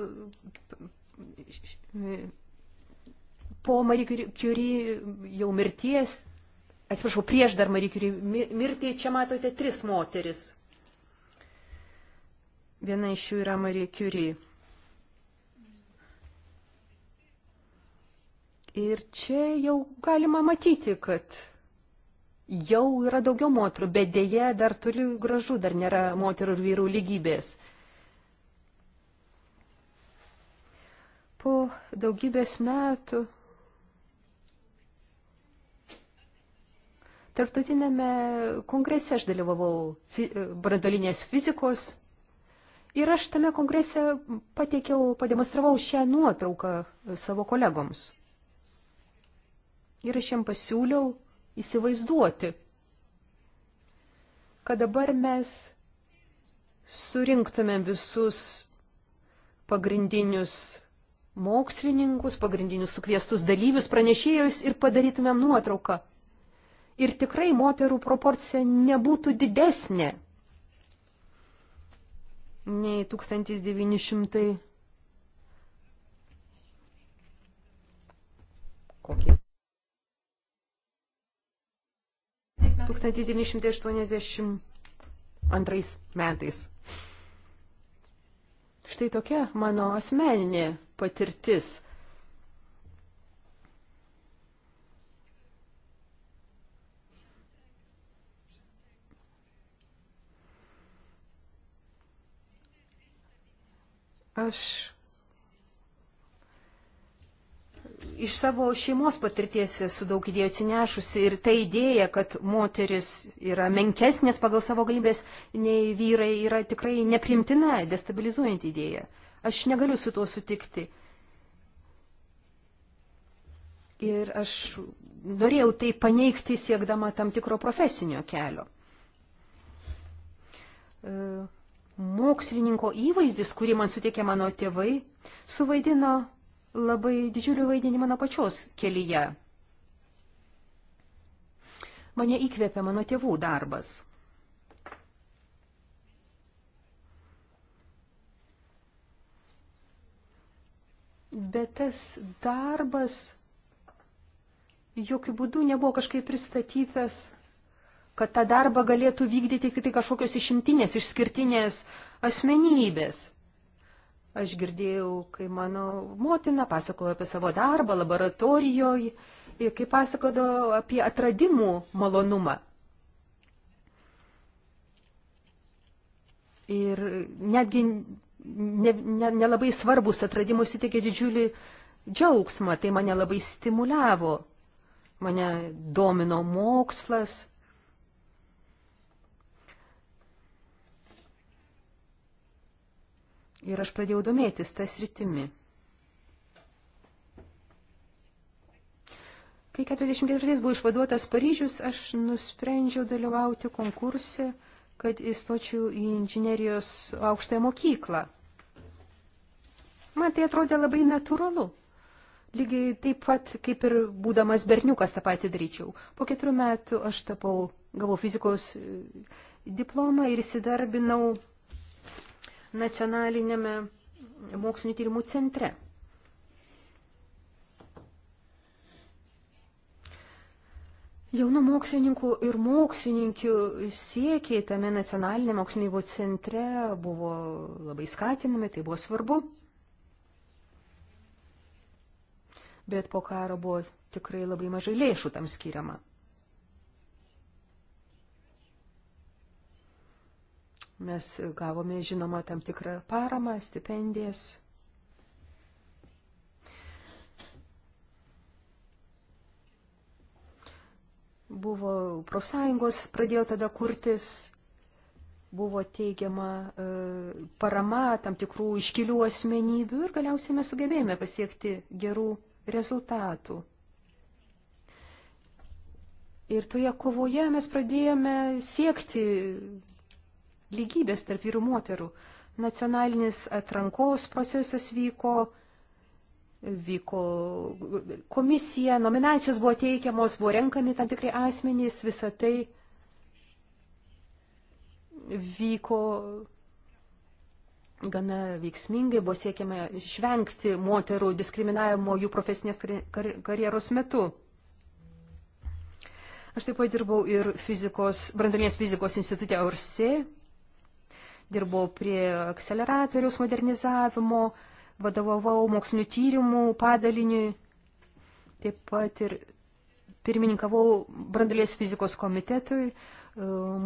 po Marie Curie jau mirties, atsiprašau, prieš dar Marie Curie mirtį, čia matote tris moteris. Viena iš jų yra Marie Curie. Ir čia jau galima matyti, kad jau yra daugiau moterų, bet dėje dar toli gražu, dar nėra moterų ir vyrų lygybės. Po daugybės metų tarptautinėme kongrese aš dalyvavau fi, brandolinės fizikos ir aš tame kongrese pateikiau, pademonstravau šią nuotrauką savo kolegoms. Ir aš jam pasiūliau įsivaizduoti, kad dabar mes surinktumėm visus pagrindinius mokslininkus, pagrindinius sukviestus dalyvius, pranešėjus ir padarytumėm nuotrauką. Ir tikrai moterų proporcija nebūtų didesnė nei 1900. Kokie? 1982 metais. Štai tokia mano asmeninė patirtis. Aš iš savo šeimos patirties esu daug idėjų atsinešusi ir ta idėja, kad moteris yra menkesnės pagal savo galimybės nei vyrai, yra tikrai neprimtina, destabilizuojanti idėja. Aš negaliu su tuo sutikti. Ir aš norėjau tai paneigti siekdama tam tikro profesinio kelio. E, mokslininko įvaizdis, kurį man sutikė mano tėvai, suvaidino labai didžiulį vaidinį mano pačios kelyje. Mane įkvėpė mano tėvų darbas. bet tas darbas jokių būdų nebuvo kažkaip pristatytas, kad tą darbą galėtų vykdyti tik tai kažkokios išimtinės, išskirtinės asmenybės. Aš girdėjau, kai mano motina pasakojo apie savo darbą laboratorijoje ir kai pasakojo apie atradimų malonumą. Ir netgi nelabai ne, ne svarbus atradimai suteikė didžiulį džiaugsmą, tai mane labai stimuliavo, mane domino mokslas. Ir aš pradėjau domėtis tas rytimi. Kai 44 buvo išvaduotas Paryžius, aš nusprendžiau dalyvauti konkurse kad įstočiau į inžinerijos aukštąją mokyklą. Man tai atrodė labai natūralu. Lygiai taip pat, kaip ir būdamas berniukas, tą patį daryčiau. Po keturių metų aš tapau, gavau fizikos e, diplomą ir įsidarbinau nacionalinėme mokslinio tyrimų centre. Jaunų mokslininkų ir mokslininkių siekiai tame nacionalinėme mokslinio centre buvo labai skatinami, tai buvo svarbu. Bet po karo buvo tikrai labai mažai lėšų tam skiriama. Mes gavome, žinoma, tam tikrą paramą, stipendijas. Buvo profsąjungos pradėjo tada kurtis, buvo teigiama e, parama tam tikrų iškilių asmenybių ir galiausiai mes sugebėjome pasiekti gerų rezultatų. Ir toje kovoje mes pradėjome siekti lygybės tarp vyrų moterų. Nacionalinis atrankos procesas vyko, vyko komisija, nominacijos buvo teikiamos, buvo renkami tam tikri asmenys, visa tai vyko gana veiksmingai, buvo siekiama išvengti moterų diskriminavimo jų profesinės karjeros metu. Aš taip pat dirbau ir fizikos, brandomės fizikos institutė Orsė, dirbau prie akceleratoriaus modernizavimo, vadovavau mokslinių tyrimų padaliniui, taip pat ir pirmininkavau brandulės fizikos komitetui, e,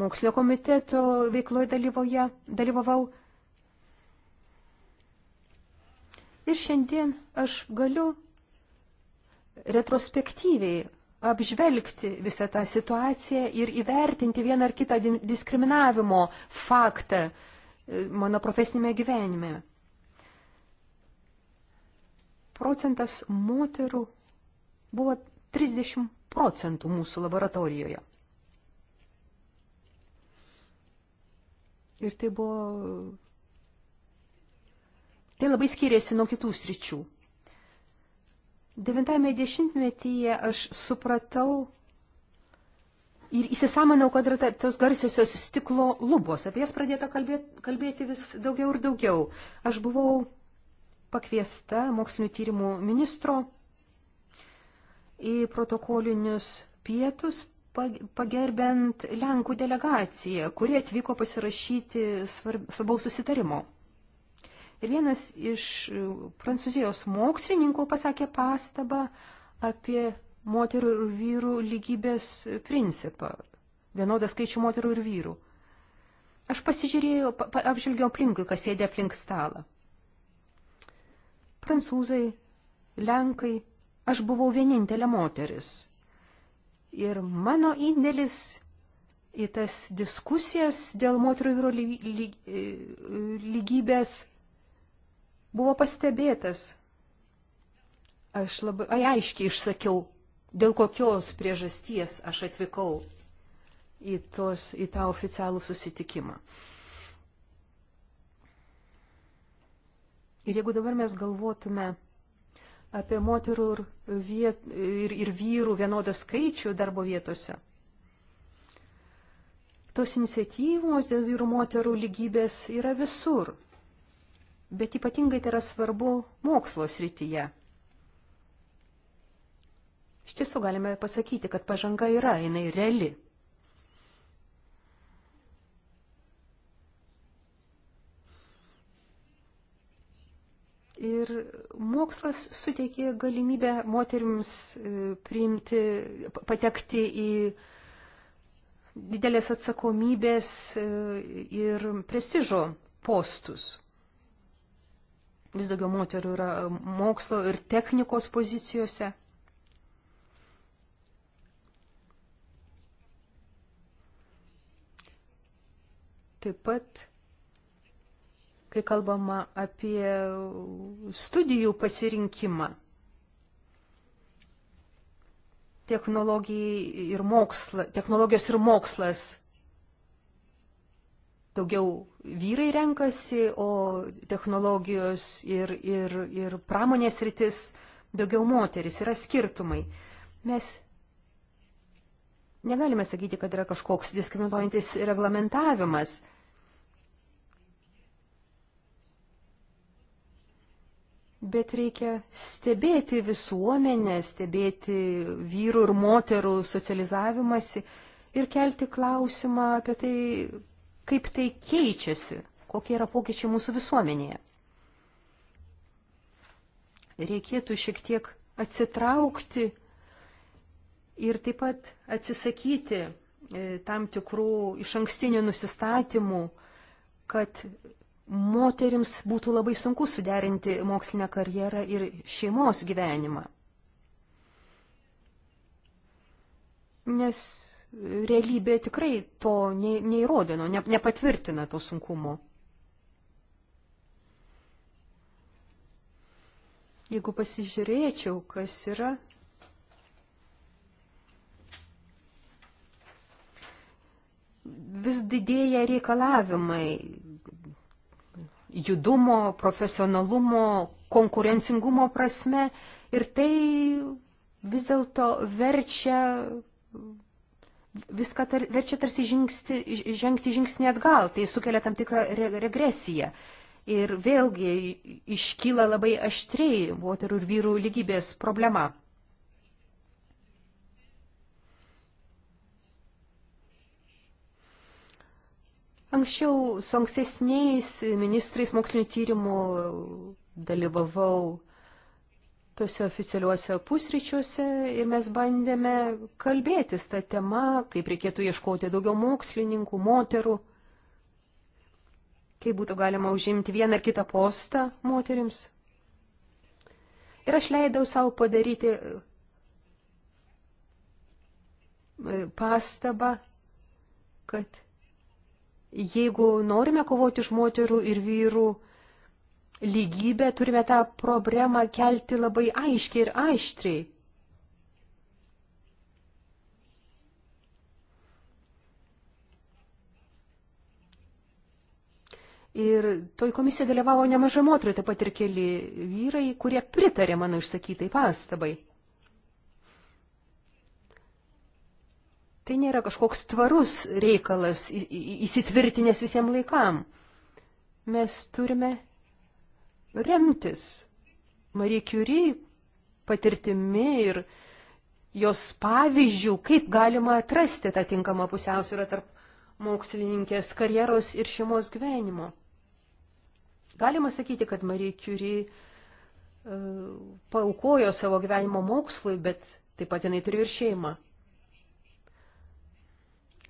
mokslinio komiteto veikloje dalyvoje, dalyvavau. Ir šiandien aš galiu retrospektyviai apžvelgti visą tą situaciją ir įvertinti vieną ar kitą diskriminavimo faktą e, mano profesinėme gyvenime procentas moterų buvo 30 procentų mūsų laboratorijoje. Ir tai buvo... Tai labai skiriasi nuo kitų sričių. Devintame dešimtmetyje aš supratau ir įsisamanau, kad yra tos garsiosios stiklo lubos. Apie jas pradėta kalbėti, kalbėti vis daugiau ir daugiau. Aš buvau pakviesta mokslinio tyrimų ministro į protokolinius pietus pagerbent Lenkų delegaciją, kurie atvyko pasirašyti svarbaus susitarimo. Ir vienas iš prancūzijos mokslininkų pasakė pastabą apie moterų ir vyrų lygybės principą. Vienodą skaičių moterų ir vyrų. Aš pasižiūrėjau, apžvelgiau aplinkui, kas sėdė aplink stalą prancūzai, lenkai, aš buvau vienintelė moteris. Ir mano indėlis į tas diskusijas dėl moterų vyro e, lygybės buvo pastebėtas. Aš labai ai, aiškiai išsakiau, dėl kokios priežasties aš atvykau į, tos, į tą oficialų susitikimą. Ir jeigu dabar mes galvotume apie moterų ir, viet, ir, ir vyrų vienodą skaičių darbo vietose, tos iniciatyvos dėl vyrų moterų lygybės yra visur. Bet ypatingai tai yra svarbu mokslo srityje. Iš tiesų galime pasakyti, kad pažanga yra, jinai reali. Ir mokslas suteikė galimybę moterims e, priimti, patekti į didelės atsakomybės e, ir prestižo postus. Vis daugiau moterų yra mokslo ir technikos pozicijose. Taip pat kai kalbama apie studijų pasirinkimą. Ir moksla, technologijos ir mokslas. Daugiau vyrai renkasi, o technologijos ir, ir, ir pramonės rytis daugiau moteris. Yra skirtumai. Mes negalime sakyti, kad yra kažkoks diskriminuojantis reglamentavimas – Bet reikia stebėti visuomenę, stebėti vyrų ir moterų socializavimąsi ir kelti klausimą apie tai, kaip tai keičiasi, kokie yra pokyčiai mūsų visuomenėje. Reikėtų šiek tiek atsitraukti ir taip pat atsisakyti e, tam tikrų iš ankstinių nusistatymų, kad moterims būtų labai sunku suderinti mokslinę karjerą ir šeimos gyvenimą. Nes realybė tikrai to neįrodino, ne, nepatvirtina to sunkumo. Jeigu pasižiūrėčiau, kas yra vis didėja reikalavimai judumo, profesionalumo, konkurencingumo prasme ir tai vis dėlto verčia viską tar, verčia tarsi žingsti, žengti žingsnį atgal, tai sukelia tam tikrą re, regresiją. Ir vėlgi iškyla labai aštriai moterų ir vyrų lygybės problema. Anksčiau su ankstesniais ministrais mokslinio tyrimų dalyvavau tuose oficialiuose pusryčiuose ir mes bandėme kalbėtis tą temą, kaip reikėtų ieškoti daugiau mokslininkų, moterų, kaip būtų galima užimti vieną ar kitą postą moterims. Ir aš leidau savo padaryti e, pastabą, kad Jeigu norime kovoti už moterų ir vyrų lygybę, turime tą problemą kelti labai aiškiai ir aštriai. Ir toj komisijai dalyvavo nemažai moterų, taip pat ir keli vyrai, kurie pritarė mano išsakytai pastabai. Tai nėra kažkoks tvarus reikalas įsitvirtinęs visiems laikam. Mes turime remtis Marie Curie patirtimi ir jos pavyzdžių, kaip galima atrasti tą tinkamą pusiausvyrą tarp mokslininkės karjeros ir šeimos gyvenimo. Galima sakyti, kad Marie Curie uh, e, paukojo savo gyvenimo mokslui, bet taip pat jinai turi ir šeimą.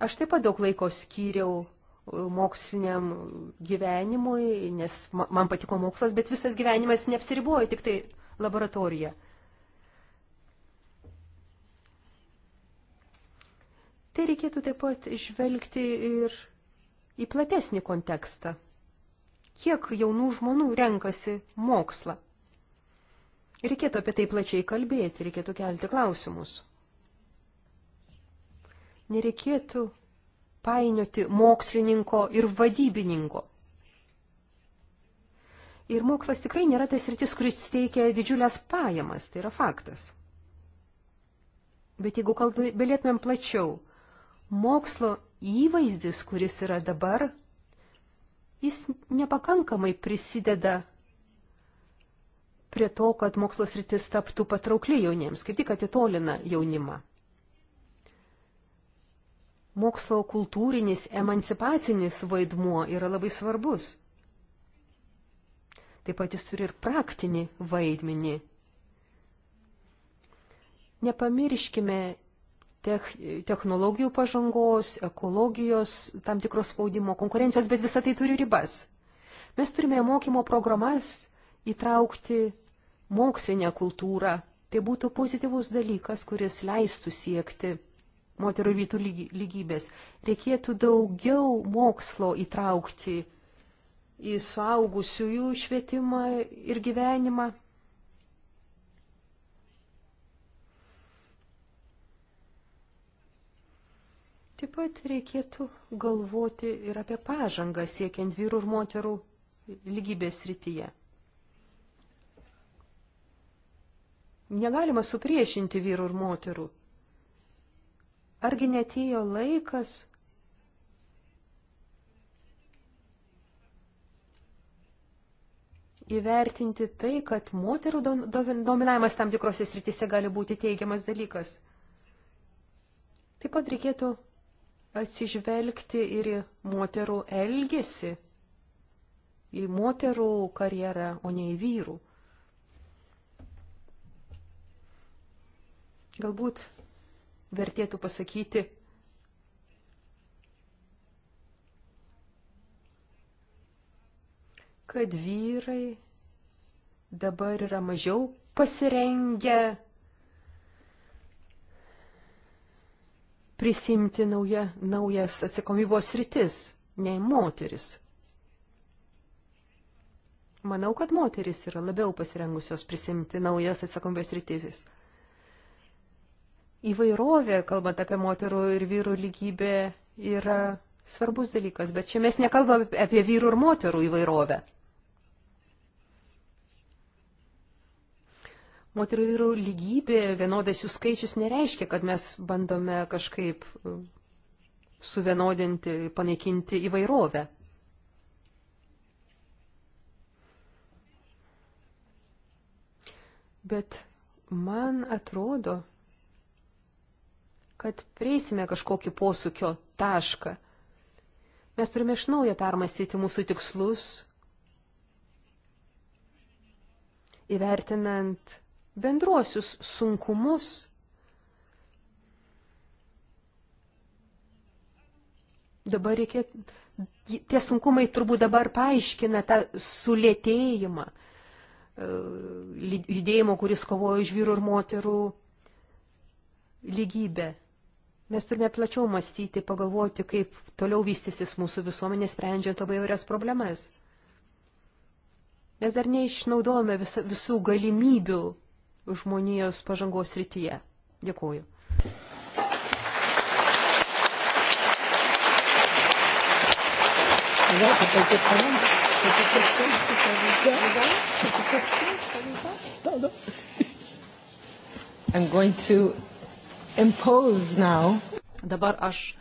Aš taip pat daug laiko skyriau e, moksliniam gyvenimui, nes man patiko mokslas, bet visas gyvenimas neapsiribojo tik tai laboratorija. Tai reikėtų taip pat žvelgti ir į platesnį kontekstą. Kiek jaunų žmonių renkasi mokslą? Reikėtų apie tai plačiai kalbėti, reikėtų kelti klausimus. Nereikėtų painioti mokslininko ir vadybininko. Ir mokslas tikrai nėra tas rytis, kuris teikia didžiulės pajamas, tai yra faktas. Bet jeigu kalbėtumėm plačiau, mokslo įvaizdis, kuris yra dabar, jis nepakankamai prisideda prie to, kad mokslos rytis taptų patraukliai jauniems, kaip tik atitolina jaunimą mokslo kultūrinis, emancipacinis vaidmuo yra labai svarbus. Taip pat jis turi ir praktinį vaidmenį. Nepamirškime tech, technologijų pažangos, ekologijos, tam tikros spaudimo, konkurencijos, bet visą tai turi ribas. Mes turime mokymo programas įtraukti mokslinę kultūrą. Tai būtų pozityvus dalykas, kuris leistų siekti moterų ir vytų lygybės. Reikėtų daugiau mokslo įtraukti į suaugusiųjų švietimą ir gyvenimą. Taip pat reikėtų galvoti ir apie pažangą siekiant vyrų ir moterų lygybės rytyje. Negalima supriešinti vyrų ir moterų. Argi netėjo laikas? Įvertinti tai, kad moterų dominavimas tam tikrose srityse gali būti teigiamas dalykas. Taip pat reikėtų atsižvelgti ir į moterų elgesį, į moterų karjerą, o ne į vyrų. Galbūt vertėtų pasakyti, kad vyrai dabar yra mažiau pasirengę prisimti nauja, naujas atsakomybos rytis, nei moteris. Manau, kad moteris yra labiau pasirengusios prisimti naujas atsakomybės rytis įvairovė, kalbant apie moterų ir vyrų lygybę, yra svarbus dalykas, bet čia mes nekalbame apie vyrų ir moterų įvairovę. Moterų ir vyrų lygybė, vienodas jų skaičius nereiškia, kad mes bandome kažkaip um, suvienodinti, panaikinti įvairovę. Bet man atrodo, kad prieisime kažkokį posūkio tašką. Mes turime iš naujo permastyti mūsų tikslus, įvertinant bendruosius sunkumus. Dabar reikia, tie sunkumai turbūt dabar paaiškina tą sulėtėjimą, e, judėjimo, kuris kovojo už vyrų ir moterų lygybę. Mes turime plačiau mąstyti, pagalvoti, kaip toliau vystysis mūsų visuomenė, sprendžiant labai vairias problemas. Mes dar neišnaudojame vis, visų galimybių žmonijos pažangos rytyje. Dėkuoju. I'm going to Dabar aš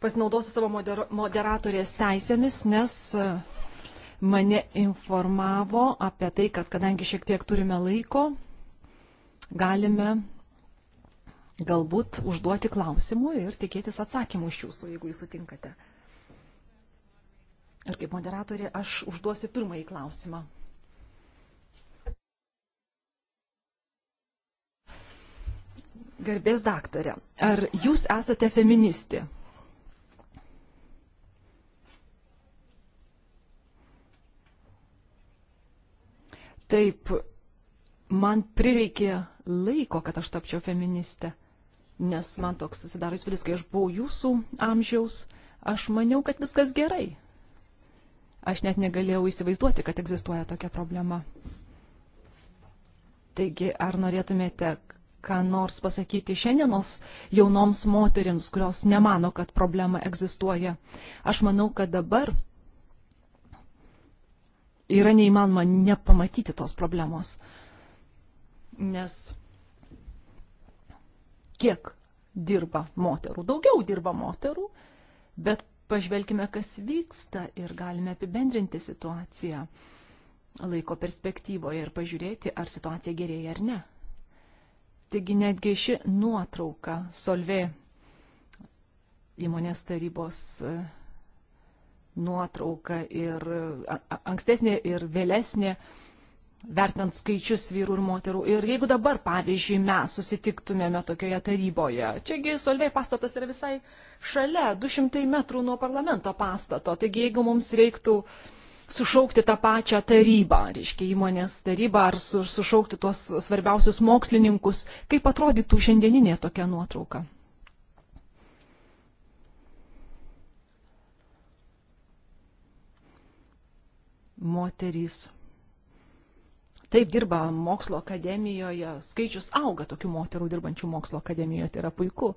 pasinaudosiu savo moder moderatorės teisėmis, nes e, mane informavo apie tai, kad kadangi šiek tiek turime laiko, galime galbūt užduoti klausimų ir tikėtis atsakymų iš jūsų, jeigu jūs sutinkate. Ir kaip moderatorė, aš užduosiu pirmąjį klausimą. Garbės daktarė, ar jūs esate feministė? Taip, man prireikė laiko, kad aš tapčiau feministė, nes man toks susidaro įspūdis, kai aš buvau jūsų amžiaus, aš maniau, kad viskas gerai. Aš net negalėjau įsivaizduoti, kad egzistuoja tokia problema. Taigi, ar norėtumėte, ką nors pasakyti šiandienos jaunoms moterims, kurios nemano, kad problema egzistuoja. Aš manau, kad dabar yra neįmanoma nepamatyti tos problemos. Nes kiek dirba moterų? Daugiau dirba moterų, bet pažvelkime, kas vyksta ir galime apibendrinti situaciją laiko perspektyvoje ir pažiūrėti, ar situacija gerėja ar ne. Taigi netgi ši nuotrauka Solvė įmonės tarybos e, nuotrauka ir ankstesnė ir vėlesnė, vertinant skaičius vyrų ir moterų. Ir jeigu dabar, pavyzdžiui, mes susitiktumėme tokioje taryboje, čiagi Solvė pastatas yra visai šalia, 200 metrų nuo parlamento pastato, taigi jeigu mums reiktų uh, sušaukti tą pačią tarybą, reiškia įmonės tarybą, ar su, sušaukti tuos svarbiausius mokslininkus. Kaip atrodytų šiandieninė tokia nuotrauka? Moterys. Taip dirba mokslo akademijoje, skaičius auga tokių moterų dirbančių mokslo akademijoje, tai yra puiku.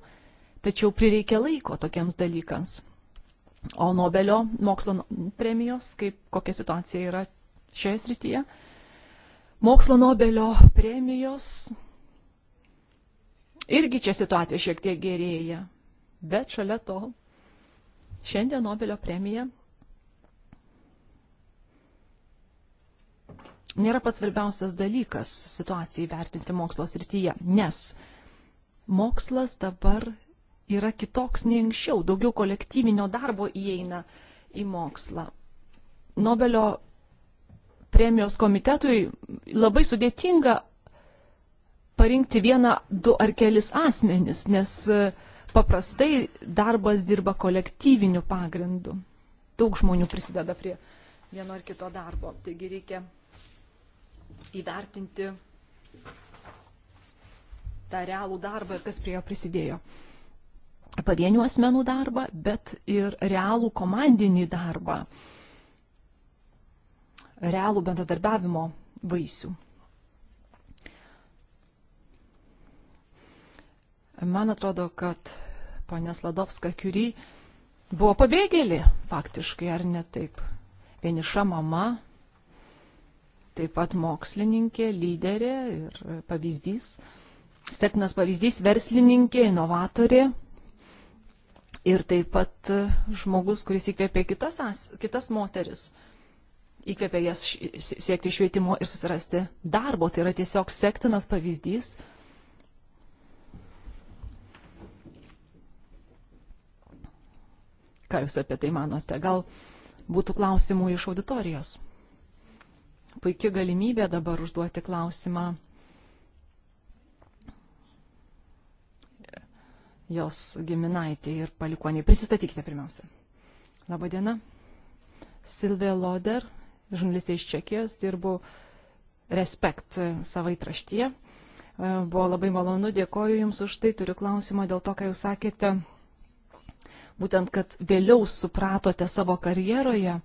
Tačiau prireikia laiko tokiems dalykams o Nobelio mokslo premijos, kaip kokia situacija yra šioje srityje. Mokslo Nobelio premijos irgi čia situacija šiek tiek gerėja, bet šalia to šiandien Nobelio premija nėra pats svarbiausias dalykas situacijai vertinti mokslo srityje, nes mokslas dabar yra kitoks nei anksčiau, daugiau kolektyvinio darbo įeina į mokslą. Nobelio premijos komitetui labai sudėtinga parinkti vieną, du ar kelis asmenis, nes e, paprastai darbas dirba kolektyviniu pagrindu. Daug žmonių prisideda prie vieno ar kito darbo. Taigi reikia įvertinti tą realų darbą ir kas prie jo prisidėjo pavienių asmenų darbą, bet ir realų komandinį darbą, realų bendradarbiavimo vaisių. Man atrodo, kad ponė Sladovska Kiury buvo pabėgėlė faktiškai, ar ne taip. Vieniša mama, taip pat mokslininkė, lyderė ir pavyzdys, sėkmės pavyzdys, verslininkė, inovatorė ir taip pat e, žmogus, kuris įkvėpė kitas, kitas moteris, įkvėpė jas siekti švietimo ir susirasti darbo. Tai yra tiesiog sektinas pavyzdys. Ką Jūs apie tai manote? Gal būtų klausimų iš auditorijos? Puikia galimybė dabar užduoti klausimą jos giminaitį ir palikoniai. Prisistatykite pirmiausia. Labadiena. Silvija Loder, žurnalistė iš Čekijos, dirbu Respekt savaitraštyje. E, buvo labai malonu, dėkoju Jums už tai, turiu klausimą dėl to, ką Jūs sakėte, būtent, kad vėliau supratote savo karjeroje,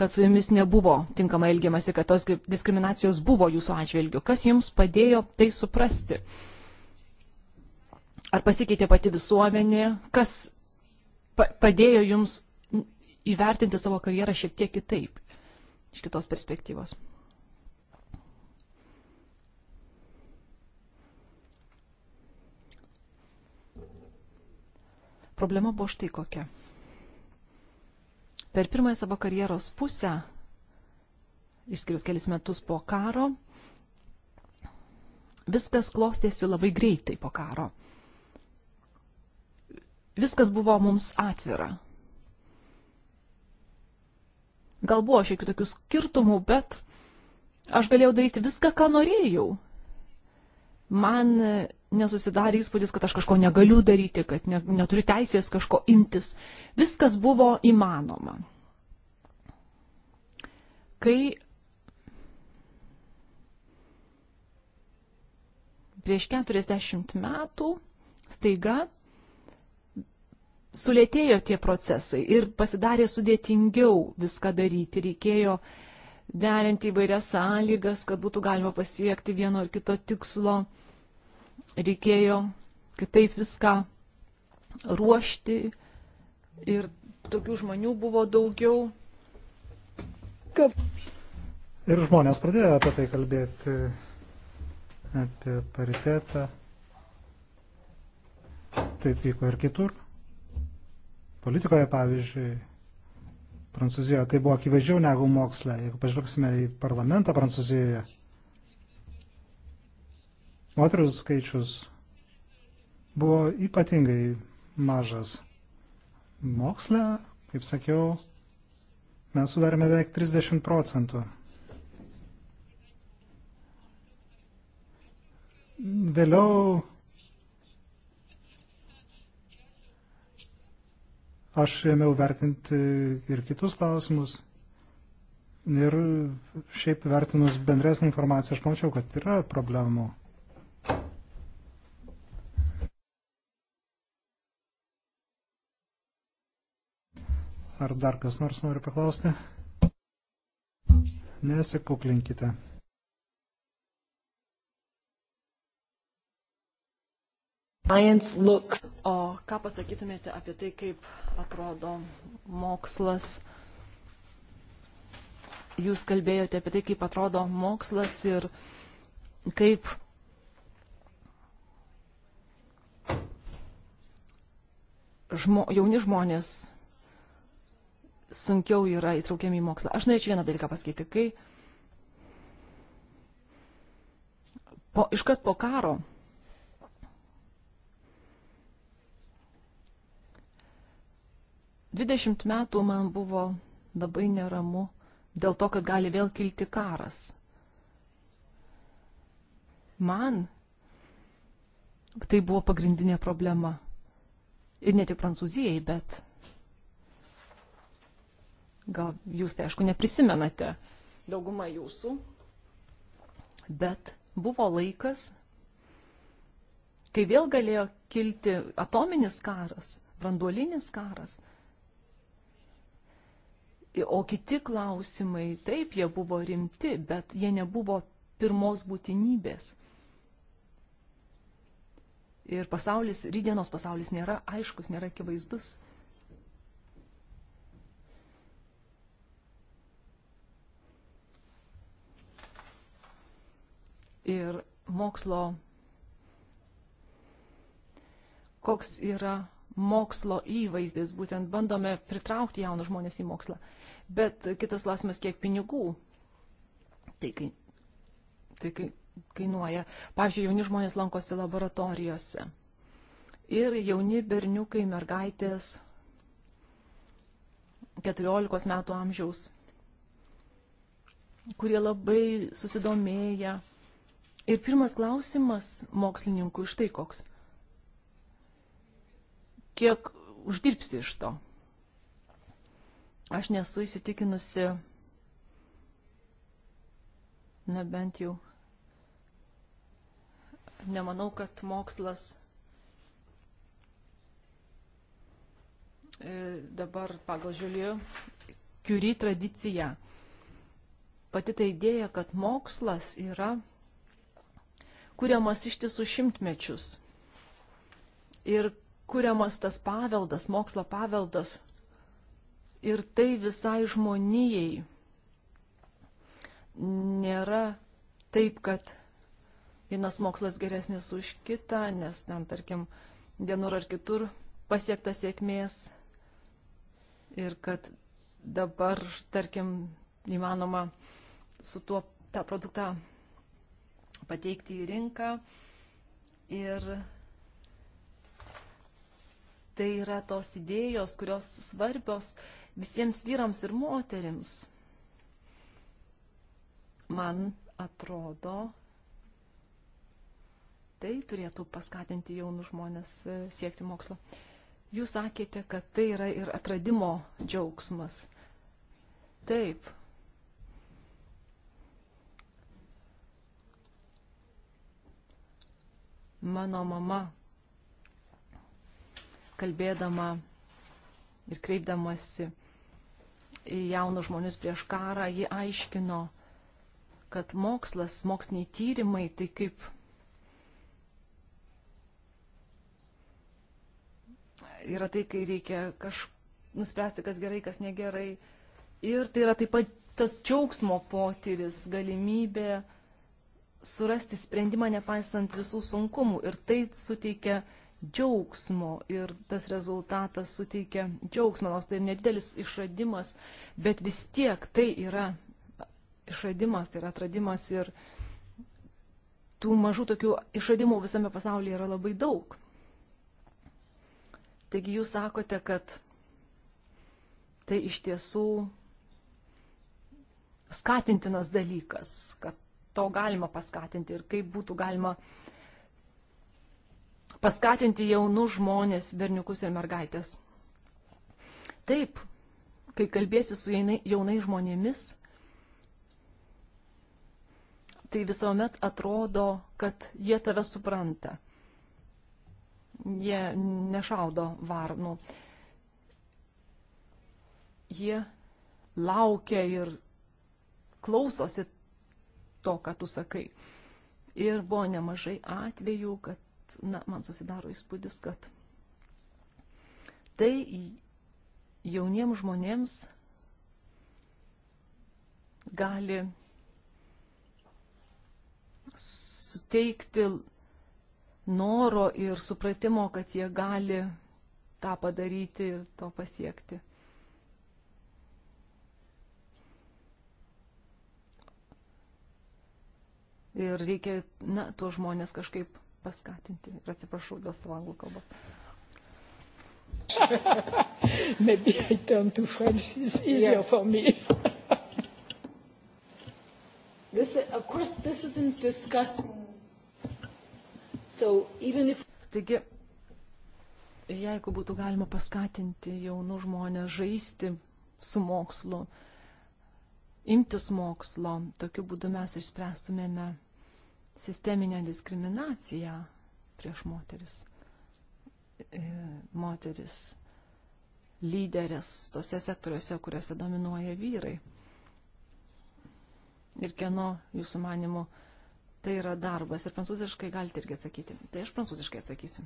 kad su Jumis nebuvo tinkamai elgiamasi, kad tos diskriminacijos buvo Jūsų atžvilgiu. Kas Jums padėjo tai suprasti? Uh, ar pasikeitė pati visuomenė, kas padėjo jums įvertinti savo karjerą šiek tiek kitaip, iš kitos perspektyvos. Problema buvo štai kokia. Per pirmąją savo karjeros pusę, išskirius kelis metus po karo, viskas klostėsi labai greitai po karo viskas buvo mums atvira. Gal buvo šiek tiek tokių skirtumų, bet aš galėjau daryti viską, ką norėjau. Man nesusidarė įspūdis, kad aš kažko negaliu daryti, kad ne, neturiu teisės kažko imtis. Viskas buvo įmanoma. Kai prieš 40 metų staiga sulėtėjo tie procesai ir pasidarė sudėtingiau viską daryti. Reikėjo derinti įvairias sąlygas, kad būtų galima pasiekti vieno ar kito tikslo. Reikėjo kitaip viską ruošti ir tokių žmonių buvo daugiau. Kaip? Ir žmonės pradėjo apie tai kalbėti, apie paritetą. Taip vyko ir kitur politikoje, pavyzdžiui, Prancūzijoje tai buvo akivaizdžiau negu moksle. Jeigu pažvelgsime į parlamentą Prancūzijoje, moterų skaičius buvo ypatingai mažas. Moksle, kaip sakiau, mes sudarėme beveik 30 procentų. Vėliau Aš ėmiau vertinti ir kitus klausimus. Ir šiaip vertinus bendresnį informaciją, aš pamačiau, kad yra problemų. Ar dar kas nors nori paklausti? Nesikuklinkite. O ką pasakytumėte apie tai, kaip atrodo mokslas? Jūs kalbėjote apie tai, kaip atrodo mokslas ir kaip žmo, jauni žmonės sunkiau yra įtraukiami į mokslą. Aš norėčiau vieną dalyką pasakyti. Kai po, iškart po karo 20 metų man buvo labai neramu dėl to, kad gali vėl kilti karas. Man tai buvo pagrindinė problema. Ir ne tik Prancūzijai, bet gal jūs tai aišku neprisimenate, dauguma jūsų, bet buvo laikas, kai vėl galėjo kilti atominis karas, branduolinis karas – O kiti klausimai, taip, jie buvo rimti, bet jie nebuvo pirmos būtinybės. Ir pasaulis, rydienos pasaulis nėra aiškus, nėra akivaizdus. Ir mokslo, koks yra mokslo įvaizdis, būtent bandome pritraukti jaunus žmonės į mokslą. Bet kitas klausimas, kiek pinigų tai, kai, tai kai, kainuoja. Pavyzdžiui, jauni žmonės lankosi laboratorijose. Ir jauni berniukai, mergaitės 14 metų amžiaus, kurie labai susidomėja. Ir pirmas klausimas mokslininkų štai koks. Kiek uždirbsi iš to? Aš nesu įsitikinusi, na bent jau, nemanau, kad mokslas e, dabar pagal žiūrėjau kiuri tradiciją. Pati ta idėja, kad mokslas yra kuriamas ištisų šimtmečius ir kuriamas tas paveldas, mokslo paveldas – Ir tai visai žmonijai nėra taip, kad vienas mokslas geresnis už kitą, nes ten, tarkim, vienur ar kitur pasiekta sėkmės ir kad dabar, tarkim, įmanoma su tuo tą produktą pateikti į rinką. Ir tai yra tos idėjos, kurios svarbios visiems vyrams ir moterims. Man atrodo, tai turėtų paskatinti jaunus žmonės e, siekti mokslo. Jūs sakėte, kad tai yra ir atradimo džiaugsmas. Taip. Mano mama, kalbėdama ir kreipdamasi jaunus žmonės prieš karą, ji aiškino, kad mokslas, moksliniai tyrimai, tai kaip yra tai, kai reikia kaž... nuspręsti, kas gerai, kas negerai. Ir tai yra taip pat tas džiaugsmo potyris, galimybė surasti sprendimą nepaisant visų sunkumų. Ir tai suteikia džiaugsmo ir tas rezultatas suteikia džiaugsmo, nors tai nedidelis išradimas, bet vis tiek tai yra išradimas, tai yra atradimas ir tų mažų tokių išradimų visame pasaulyje yra labai daug. Taigi jūs sakote, kad tai iš tiesų skatintinas dalykas, kad to galima paskatinti ir kaip būtų galima uh, paskatinti jaunus žmonės, berniukus ir mergaitės. Taip, kai kalbėsi su jaunais žmonėmis, tai visuomet atrodo, kad jie tave supranta. Jie nešaudo varnų. Jie laukia ir klausosi to, ką tu sakai. Ir buvo nemažai atvejų, kad bet na, man susidaro įspūdis, kad tai jauniems žmonėms gali suteikti noro ir supratimo, kad jie gali tą padaryti ir to pasiekti. Ir reikia, na, tuos žmonės kažkaip paskatinti. Ir atsiprašau dėl savo anglų kalbos. Maybe I turn to French. It's easier yes. for me. this, of course, this isn't discussing. So even if. Taigi, jeigu būtų galima paskatinti jaunų žmonę žaisti su mokslu, imtis mokslo, tokiu būdu mes išspręstumėme sisteminę diskriminaciją prieš moteris. E, moteris lyderės tose sektoriuose, kuriuose dominuoja vyrai. Ir kieno jūsų manimu tai yra darbas. Ir prancūziškai galite irgi atsakyti. Tai aš prancūziškai atsakysiu.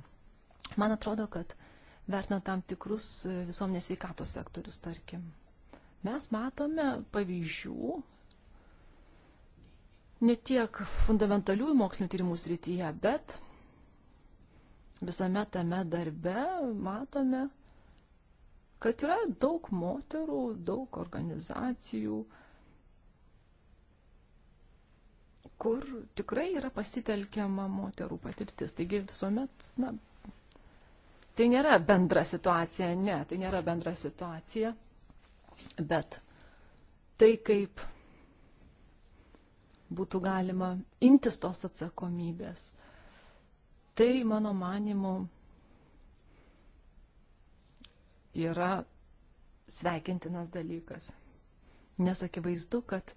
Man atrodo, kad vertinant tam tikrus visuomenės veikatos sektorius, tarkim, mes matome pavyzdžių ne tiek fundamentalių mokslinių tyrimų srityje, bet visame tame darbe matome, kad yra daug moterų, daug organizacijų, kur tikrai yra pasitelkiama moterų patirtis. Taigi visuomet, na, tai nėra bendra situacija, ne, tai nėra bendra situacija, bet tai kaip būtų galima imtis tos atsakomybės. Tai, mano manimu, yra sveikintinas dalykas. Nes akivaizdu, kad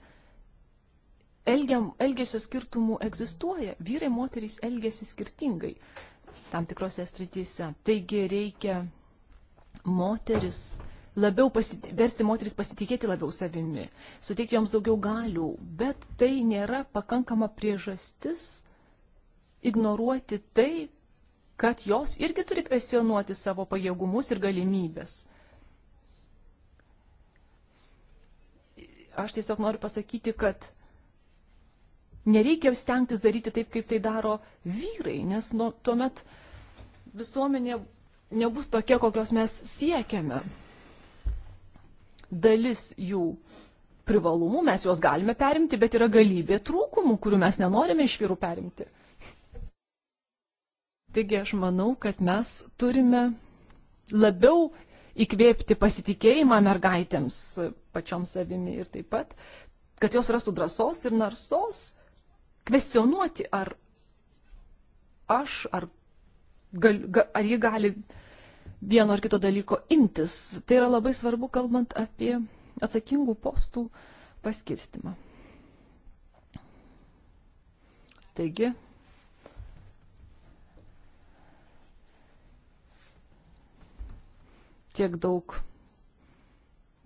elgiam, elgesio skirtumų egzistuoja. Vyrai moterys elgesi skirtingai tam tikrose strityse. Taigi reikia moteris labiau pasiti, versti moteris pasitikėti labiau savimi, suteikti joms daugiau galių, bet tai nėra pakankama priežastis ignoruoti tai, kad jos irgi turi kvesionuoti savo pajėgumus ir galimybės. Aš tiesiog noriu pasakyti, kad nereikia stengtis daryti taip, kaip tai daro vyrai, nes nu, tuomet visuomenė nebus tokia, kokios mes siekiame dalis jų privalumų, mes juos galime perimti, bet yra galybė trūkumų, kurių mes nenorime iš vyrų perimti. Taigi aš manau, kad mes turime labiau įkvėpti pasitikėjimą mergaitėms pačiom savimi ir taip pat, kad jos rastų drąsos ir narsos kvestionuoti, ar aš, ar, gal, ar ji gali vieno ar kito dalyko imtis. Tai yra labai svarbu, kalbant apie atsakingų postų paskirstimą. Taigi, tiek daug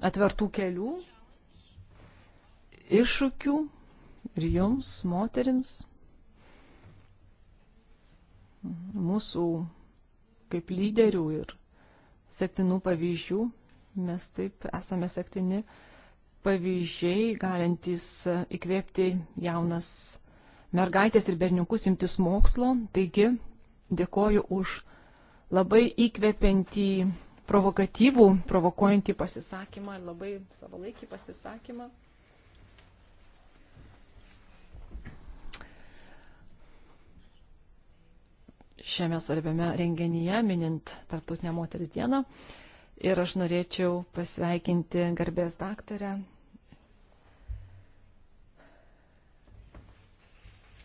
atvertų kelių, iššūkių ir jums, moterims, mūsų kaip lyderių ir sektinų pavyzdžių. Mes taip esame sektini pavyzdžiai, galintys įkvėpti jaunas mergaitės ir berniukus imtis mokslo. Taigi dėkoju už labai įkvepiantį, provokatyvų, provokuojantį pasisakymą ir labai savalaikį pasisakymą. šiame svarbiame renginyje, minint Tarptautinę moters dieną. Ir aš norėčiau pasveikinti garbės daktarę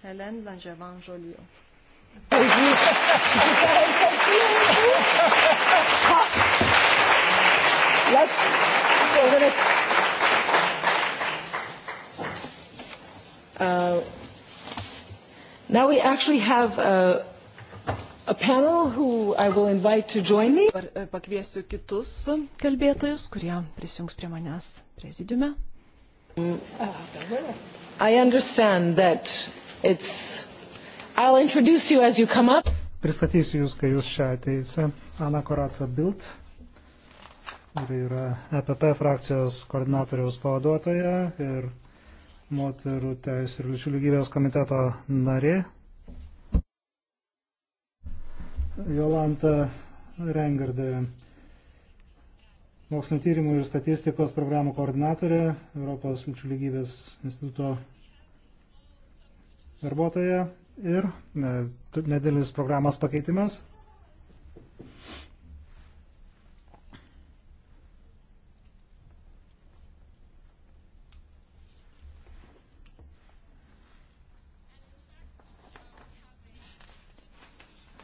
Hélène Langevin Joliot. Uh, now we actually have uh, panel, who I will invite to join me. E, pakviesiu kitus kalbėtojus, kurie prisijungs prie manęs prezidiume. I understand that it's... I'll introduce you as you come up. Pristatysiu jūs, kai jūs čia ateisite. Ana Koraca Bild, kuri yra EPP frakcijos koordinatoriaus pavaduotoja ir moterų teisų ir lyčių lygybės komiteto narė Jolanta Rengardė, mokslinio tyrimų ir statistikos programų koordinatorė, Europos lyčių lygybės instituto darbuotoja ir e, nedėlis programos pakeitimas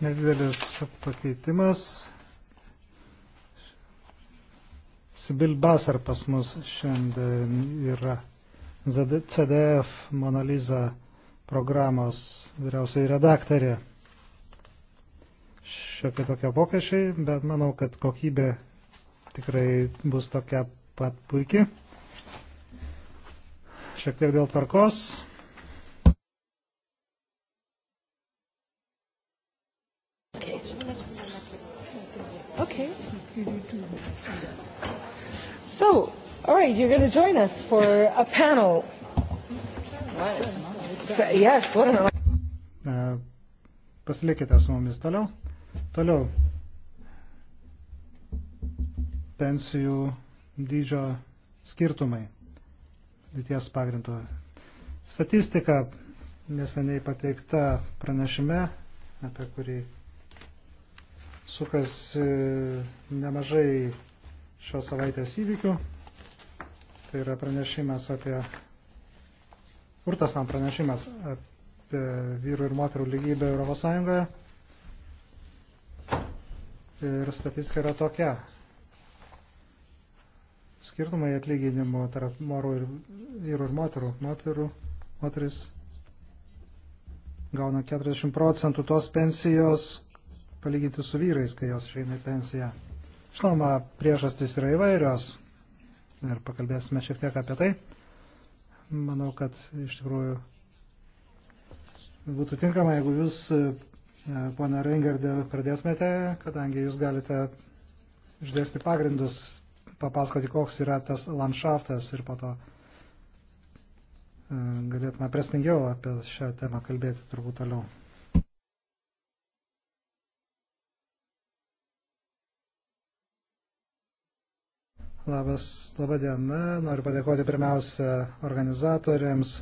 nedidelis pakeitimas. Sibil Basar pas mus šiandien yra CDF Monaliza programos vyriausiai redaktorė. Šiokie tokie pokyčiai, bet manau, kad kokybė tikrai bus tokia pat puikiai. Šiek tiek dėl tvarkos. So, all right, you're going to join us for a panel. Yes, what an honor. Pasilikite su mumis toliau. Toliau. Pensijų dydžio skirtumai. Lyties pagrindo. Statistika neseniai pateikta pranešime, apie kurį sukasi nemažai šios savaitės įvykių. Tai yra pranešimas apie, urtasam pranešimas apie vyrų ir moterų lygybę Europos Sąjungoje. Ir statistika yra tokia. Skirtumai atlyginimų tarp morų ir vyrų ir moterų. Moterų, moteris gauna 40 procentų tos pensijos palyginti su vyrais, kai jos išeina į pensiją. Žinoma, priežastys yra įvairios ir pakalbėsime šiek tiek apie tai. Manau, kad iš tikrųjų būtų tinkama, jeigu jūs, e, ponia Reingardė, pradėtumėte, kadangi jūs galite išdėsti pagrindus, papasakoti, koks yra tas landšaftas ir po to e, galėtume prasmingiau apie šią temą kalbėti turbūt toliau. Labas, laba diena. Noriu padėkoti pirmiausia organizatoriams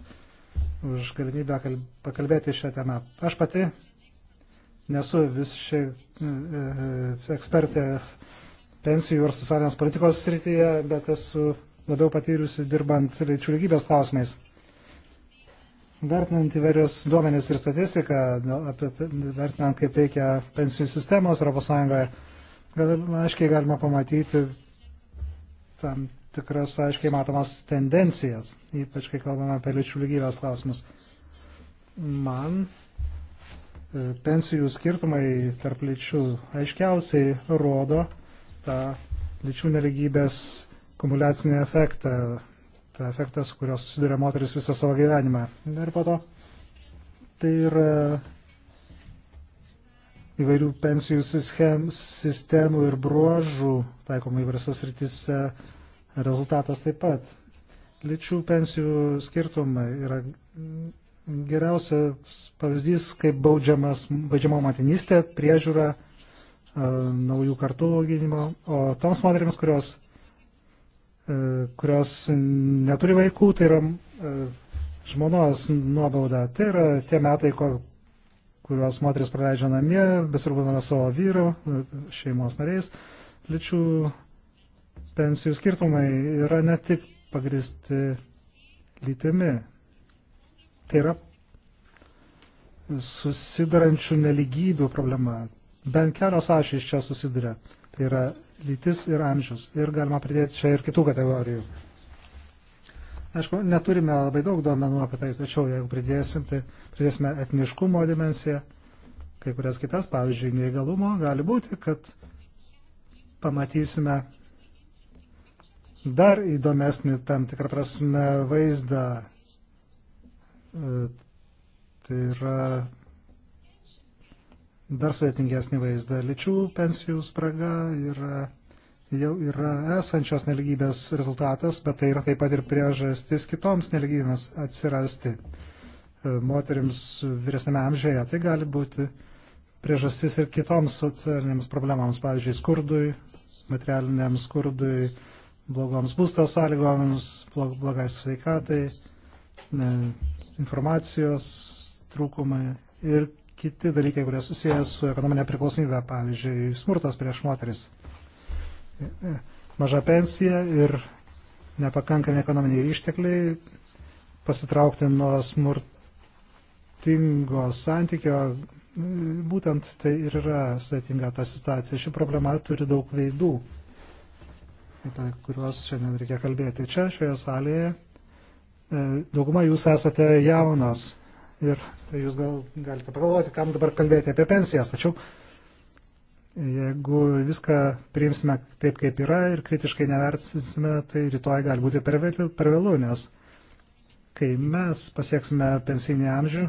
už galimybę kalb... pakalbėti šią temą. Aš pati nesu visiškai e, e, ekspertė pensijų ir socialinės politikos srityje, bet esu labiau patyrusi dirbant lyčių lygybės klausimais. Vertinant įvairius duomenis ir statistiką, apie, vertinant kaip veikia pensijų sistemos ES, aiškiai galima pamatyti tam tikras aiškiai matomas tendencijas, ypač kai kalbame apie lyčių lygybės klausimus. Man e, pensijų skirtumai tarp lyčių aiškiausiai rodo tą lyčių neligybės kumulacinį efektą, tą efektą, su kurio susiduria moteris visą savo gyvenimą. Ir po to tai yra įvairių pensijų sistem, sistemų ir bruožų taikomų įvairiose srityse rezultatas taip pat. Lyčių pensijų skirtumai yra geriausias pavyzdys, kaip baudžiamas, baudžiama matinystė, priežiūra naujų kartų auginimo, o toms moteriams, kurios, kurios neturi vaikų, tai yra žmonos nuobauda. Tai yra tie metai, kuriuos moteris praleidžia namie, besirūpinama savo vyru, šeimos nariais. Lyčių pensijų skirtumai yra ne tik pagristi lytimi. Tai yra susidarančių neligybių problema. Bent kelios ašys čia susiduria. Tai yra lytis ir amžius. Ir galima pridėti čia ir kitų kategorijų. Aišku, neturime labai daug duomenų apie tai, tačiau jeigu pridėsim, tai pridėsime etniškumo dimensiją, kai kurias kitas, pavyzdžiui, neįgalumo, gali būti, kad pamatysime dar įdomesnį tam tikrą prasme vaizdą. E, tai yra dar sudėtingesnį vaizdą. Lyčių pensijų spraga yra. Ir jau yra esančios neligybės rezultatas, bet tai yra taip pat ir priežastis kitoms neligybėms atsirasti e, moteriams vyresnėme amžiuje. Tai gali būti priežastis ir kitoms socialinėms problemams, pavyzdžiui, skurdui, materialiniam skurdui, blogoms būsto sąlygoms, blogai sveikatai, informacijos trūkumai ir kiti dalykai, kurie susijęs su ekonominė priklausomybė, pavyzdžiui, smurtas prieš moteris maža pensija ir nepakankami ekonominiai ištekliai pasitraukti nuo smurtingo santykio. Būtent tai ir yra sudėtinga ta situacija. Ši problema turi daug veidų, apie kuriuos šiandien reikia kalbėti. Čia, šioje salėje, e, dauguma jūs esate jaunos ir jūs gal galite pagalvoti, kam dabar kalbėti apie pensijas. Tačiau Jeigu viską priimsime taip, kaip yra ir kritiškai nevertinsime, tai rytoj gali būti per vėlų, nes kai mes pasieksime pensinį amžių,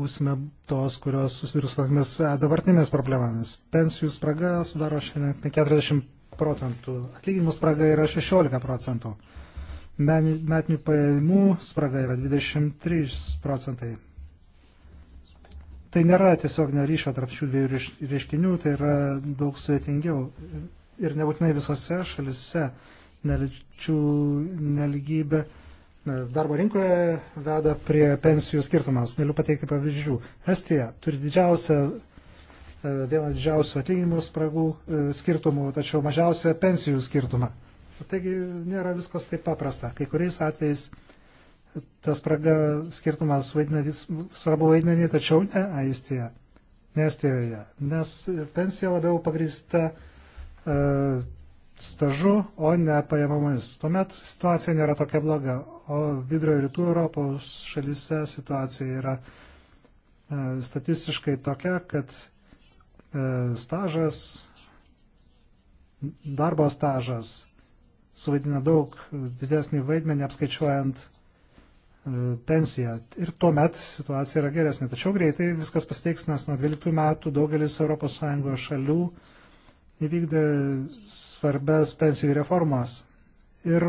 būsime tos, kurios susidurs tokiamis e, dabartinėmis problemomis. Pensijų spraga sudaro šiandien 40 procentų, atlyginimų spraga yra 16 procentų, metinių pajamų spraga yra 23 procentai tai nėra tiesiog neryšio tarp šių dviejų reiškinių, tai yra daug sudėtingiau. Ir nebūtinai visose šalise neličių neligybė darbo rinkoje veda prie pensijų skirtumams. Galiu pateikti pavyzdžių. Estija turi didžiausią, e, vieną didžiausių atlyginimų spragų e, skirtumų, tačiau mažiausią pensijų skirtumą. Taigi nėra viskas taip paprasta. Kai kuriais atvejais tas spraga skirtumas vaidina vis svarbu vaidmenį, tačiau ne Aistija, ne Estijoje, nes pensija labiau pagrįsta e, stažu, o ne pajamomis. Tuomet situacija nėra tokia bloga, o vidurio rytų Europos šalise situacija yra e, statistiškai tokia, kad e, stažas, darbo stažas suvaidina daug didesnį vaidmenį apskaičiuojant pensiją. Ir tuomet situacija yra geresnė. Tačiau greitai viskas pasiteiks, nes nuo 12 metų daugelis ES šalių įvykdė svarbes pensijų reformas. Ir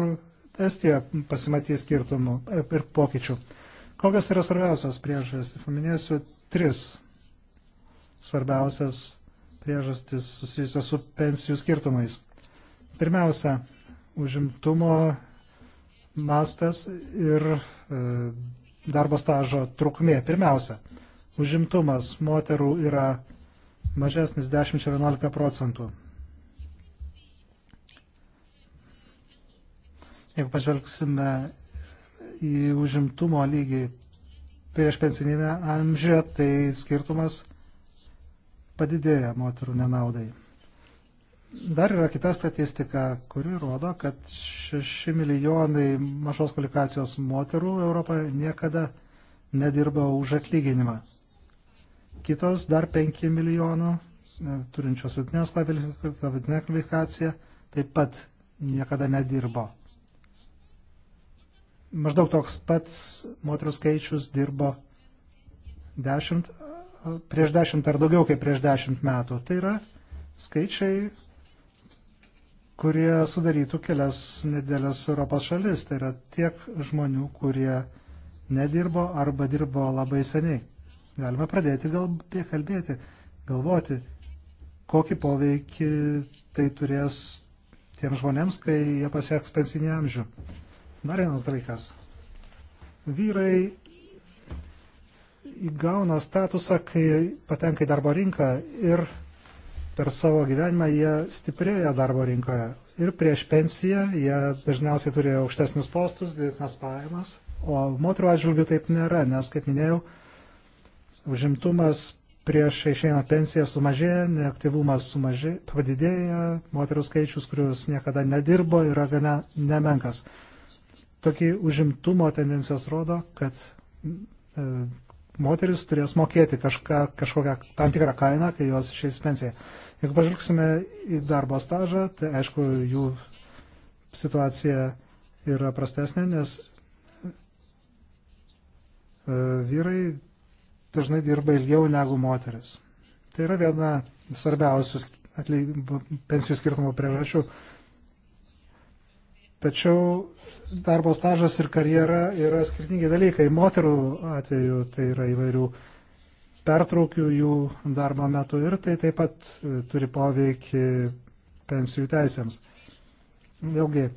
Estija pasimatys skirtumų e, ir pokyčių. Kokios yra svarbiausios priežastys? Paminėsiu tris svarbiausias priežastys susijusios su pensijų skirtumais. Pirmiausia, užimtumo mastas ir e, darbo stažo trukmė. Pirmiausia, užimtumas moterų yra mažesnis 10-11 procentų. Jeigu pažvelgsime į užimtumo lygį prieš pensinėme amžiuje, tai skirtumas padidėja moterų nenaudai. Dar yra kita statistika, kuri rodo, kad 6 milijonai mažos kvalifikacijos moterų Europoje niekada nedirba už atlyginimą. Kitos dar 5 milijonų e, turinčios vidutinės kvalifikaciją taip pat niekada nedirbo. Maždaug toks pats moterų skaičius dirbo 10, prieš 10 ar daugiau kaip prieš 10 metų. Tai yra skaičiai kurie sudarytų kelias nedėlės Europos šalis. Tai yra tiek žmonių, kurie nedirbo arba dirbo labai seniai. Galime pradėti gal kalbėti, galvoti, kokį poveikį tai turės tiems žmonėms, kai jie pasieks pensinį amžių. Dar vienas dalykas. Vyrai įgauna statusą, kai patenka į darbo rinką ir per savo gyvenimą jie stiprėja darbo rinkoje. Ir prieš pensiją jie dažniausiai turi aukštesnius postus, didesnės pajamas, o moterų atžvilgių taip nėra, nes, kaip minėjau, užimtumas prieš išeinant pensiją sumažėja, neaktyvumas sumažė, padidėja, moterų skaičius, kurios niekada nedirbo, yra gana nemenkas. Tokį užimtumo tendencijos rodo, kad e, moteris turės mokėti kažką, kažkokią tam tikrą kainą, kai jos išeis pensiją. Jeigu pažvelgsime į darbo stažą, tai aišku, jų situacija yra prastesnė, nes e, vyrai dažnai dirba ilgiau negu moteris. Tai yra viena svarbiausių atlyg... pensijų skirtumo priežasčių. Tačiau darbo stažas ir karjera yra skirtingi dalykai. Moterų atveju tai yra įvairių pertraukių jų darbo metu ir tai taip pat e, turi poveikį pensijų teisėms. Vėlgi,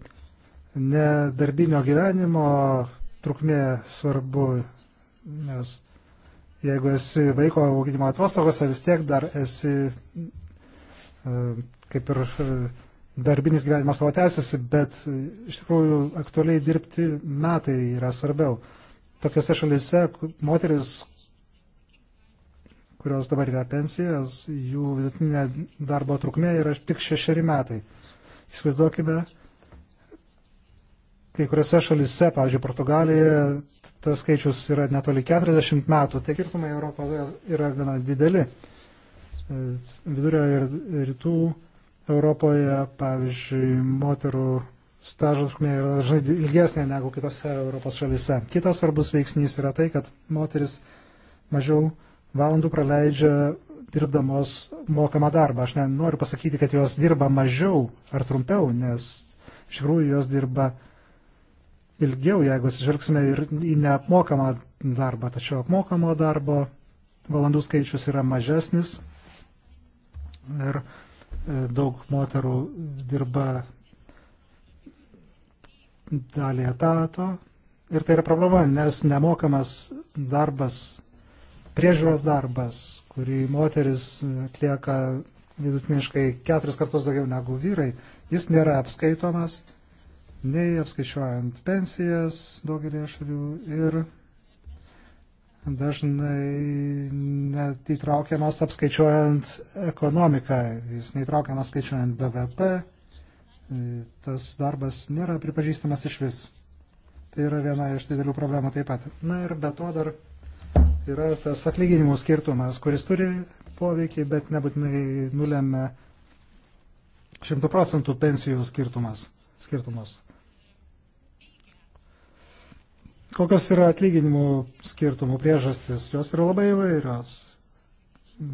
ne darbinio gyvenimo trukmė svarbu, nes jeigu esi vaiko auginimo atostogose, vis tiek dar esi e, kaip ir e, darbinis gyvenimas tavo tęsiasi, bet iš tikrųjų aktualiai dirbti metai yra svarbiau. Tokiose šalise moteris, kurios dabar yra pensijos, jų vidutinė darbo trukmė yra tik šešeri metai. Įsivaizduokime, kai kuriuose šalise, pavyzdžiui, Portugalijoje, tas skaičius yra netoli 40 metų, tai skirtumai Europoje yra gana dideli. Vidurio ir rytų Europoje, pavyzdžiui, moterų stažo trukmė yra dažnai ilgesnė negu kitose Europos šalise. Kitas svarbus veiksnys yra tai, kad moteris mažiau valandų praleidžia dirbdamos mokamą darbą. Aš nenoriu pasakyti, kad jos dirba mažiau ar trumpiau, nes iš tikrųjų jos dirba ilgiau, jeigu atsižvelgsime ir į neapmokamą darbą. Tačiau apmokamo darbo valandų skaičius yra mažesnis ir e, daug moterų dirba dalį etato. Ir tai yra problema, nes nemokamas darbas priežiūros darbas, kurį moteris atlieka vidutiniškai keturis kartus daugiau negu vyrai, jis nėra apskaitomas, nei apskaičiuojant pensijas daugelį šalių ir dažnai net įtraukiamas apskaičiuojant ekonomiką, jis neįtraukiamas skaičiuojant BVP, tas darbas nėra pripažįstamas iš vis. Tai yra viena iš didelių problemų taip pat. Na ir be to dar yra tas atlyginimų skirtumas, kuris turi poveikį, bet nebūtinai nulėmė 100 procentų pensijų skirtumas. skirtumus. Kokios yra atlyginimų skirtumų priežastis? Jos yra labai įvairios.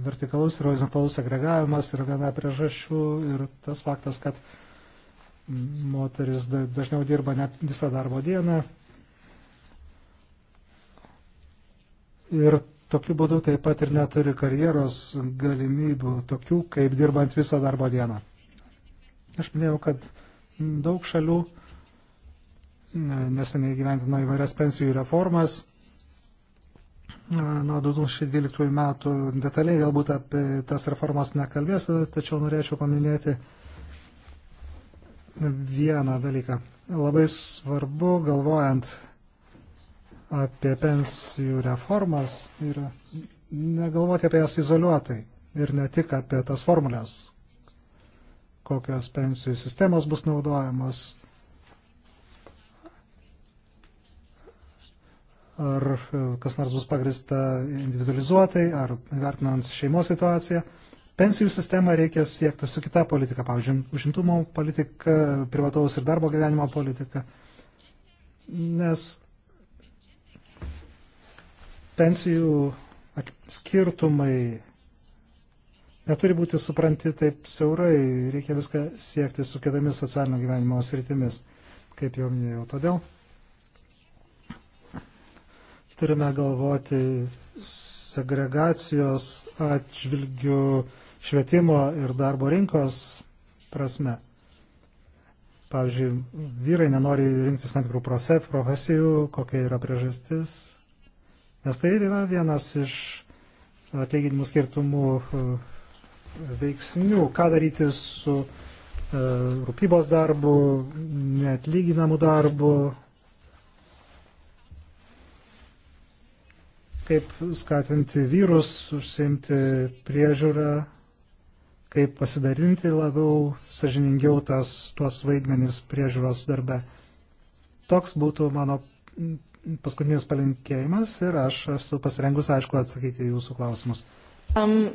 Vertikalus ir horizontalus agregavimas yra viena priežasčių ir tas faktas, kad moteris dažniau dirba net visą darbo dieną, ir tokiu būdu taip pat ir neturi karjeros galimybių, tokių kaip dirbant visą darbo dieną. Aš minėjau, kad daug šalių neseniai gyventina įvairias pensijų reformas. Nuo 2012 metų detaliai galbūt apie tas reformas nekalbėsiu, tačiau norėčiau paminėti vieną dalyką. Labai svarbu, galvojant apie pensijų reformas ir negalvoti apie jas izoliuotai ir ne tik apie tas formulės, kokios pensijų sistemos bus naudojamos, ar kas nors bus pagrista individualizuotai, ar vertinant šeimos situaciją. Pensijų sistemą reikia siekti su kita politika, pavyzdžiui, užimtumo politika, privataus ir darbo gyvenimo politika, nes Pensijų skirtumai neturi būti supranti taip siaurai, reikia viską siekti su kitomis socialinio gyvenimo sritimis, kaip jau minėjau. Todėl turime galvoti segregacijos atžvilgių švietimo ir darbo rinkos prasme. Pavyzdžiui, vyrai nenori rinktis tam tikrų profesijų, kokia yra priežastis, Nes tai yra vienas iš atlyginimų skirtumų e, veiksnių, ką daryti su e, rūpybos darbu, neatlyginamu darbu, kaip skatinti vyrus užsiimti priežiūrą, kaip pasidarinti labiau sažiningiau tas, tuos vaidmenis priežiūros darbe. Toks būtų mano paskutinis palinkėjimas ir aš esu pasirengus, aišku, atsakyti jūsų klausimus. Um,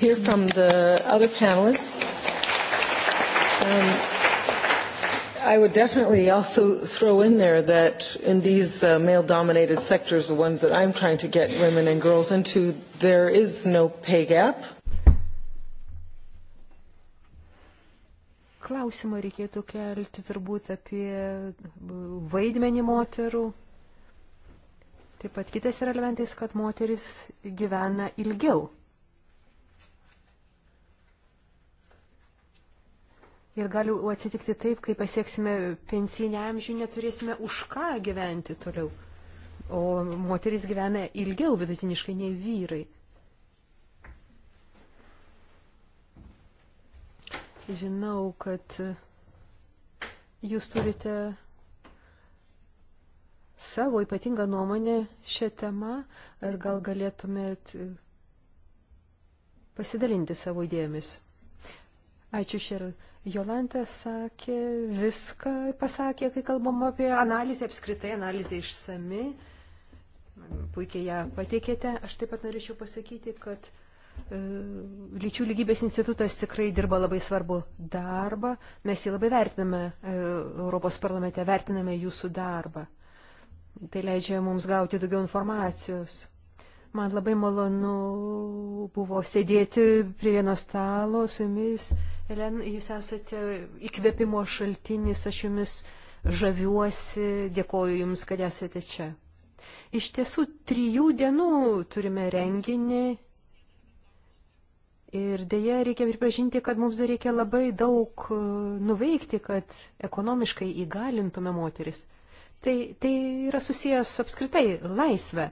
hear from the other panelists. Um, I would definitely also throw in there that in these uh, male dominated sectors, the ones that I'm trying to get women and girls into, there is no pay gap. Klausimą reikėtų kelti turbūt apie vaidmenį moterų Taip pat kitas yra elementais, kad moteris gyvena ilgiau. Ir gali atsitikti taip, kai pasieksime pensinį amžių, neturėsime už ką gyventi toliau. O moteris gyvena ilgiau vidutiniškai nei vyrai. Žinau, kad jūs turite savo ypatingą nuomonę šią temą ir gal galėtumėt e, pasidalinti savo idėjomis. Ačiū šiandien. Jolanta sakė viską, pasakė, kai kalbam apie analizę, apskritai analizė išsami. Puikiai ją pateikėte. Aš taip pat norėčiau pasakyti, kad e, Lyčių lygybės institutas tikrai dirba labai svarbu darbą. Mes jį labai vertiname e, Europos parlamente, vertiname jūsų darbą. Tai leidžia mums gauti daugiau informacijos. Man labai malonu buvo sėdėti prie vieno stalo su jumis. Elen, jūs esate įkvėpimo šaltinis, aš jumis žaviuosi, dėkoju jums, kad esate čia. Iš tiesų, trijų dienų turime renginį ir dėja reikia pripažinti, kad mums dar reikia labai daug nuveikti, kad ekonomiškai įgalintume moteris. Tai, tai yra susijęs apskritai laisvę.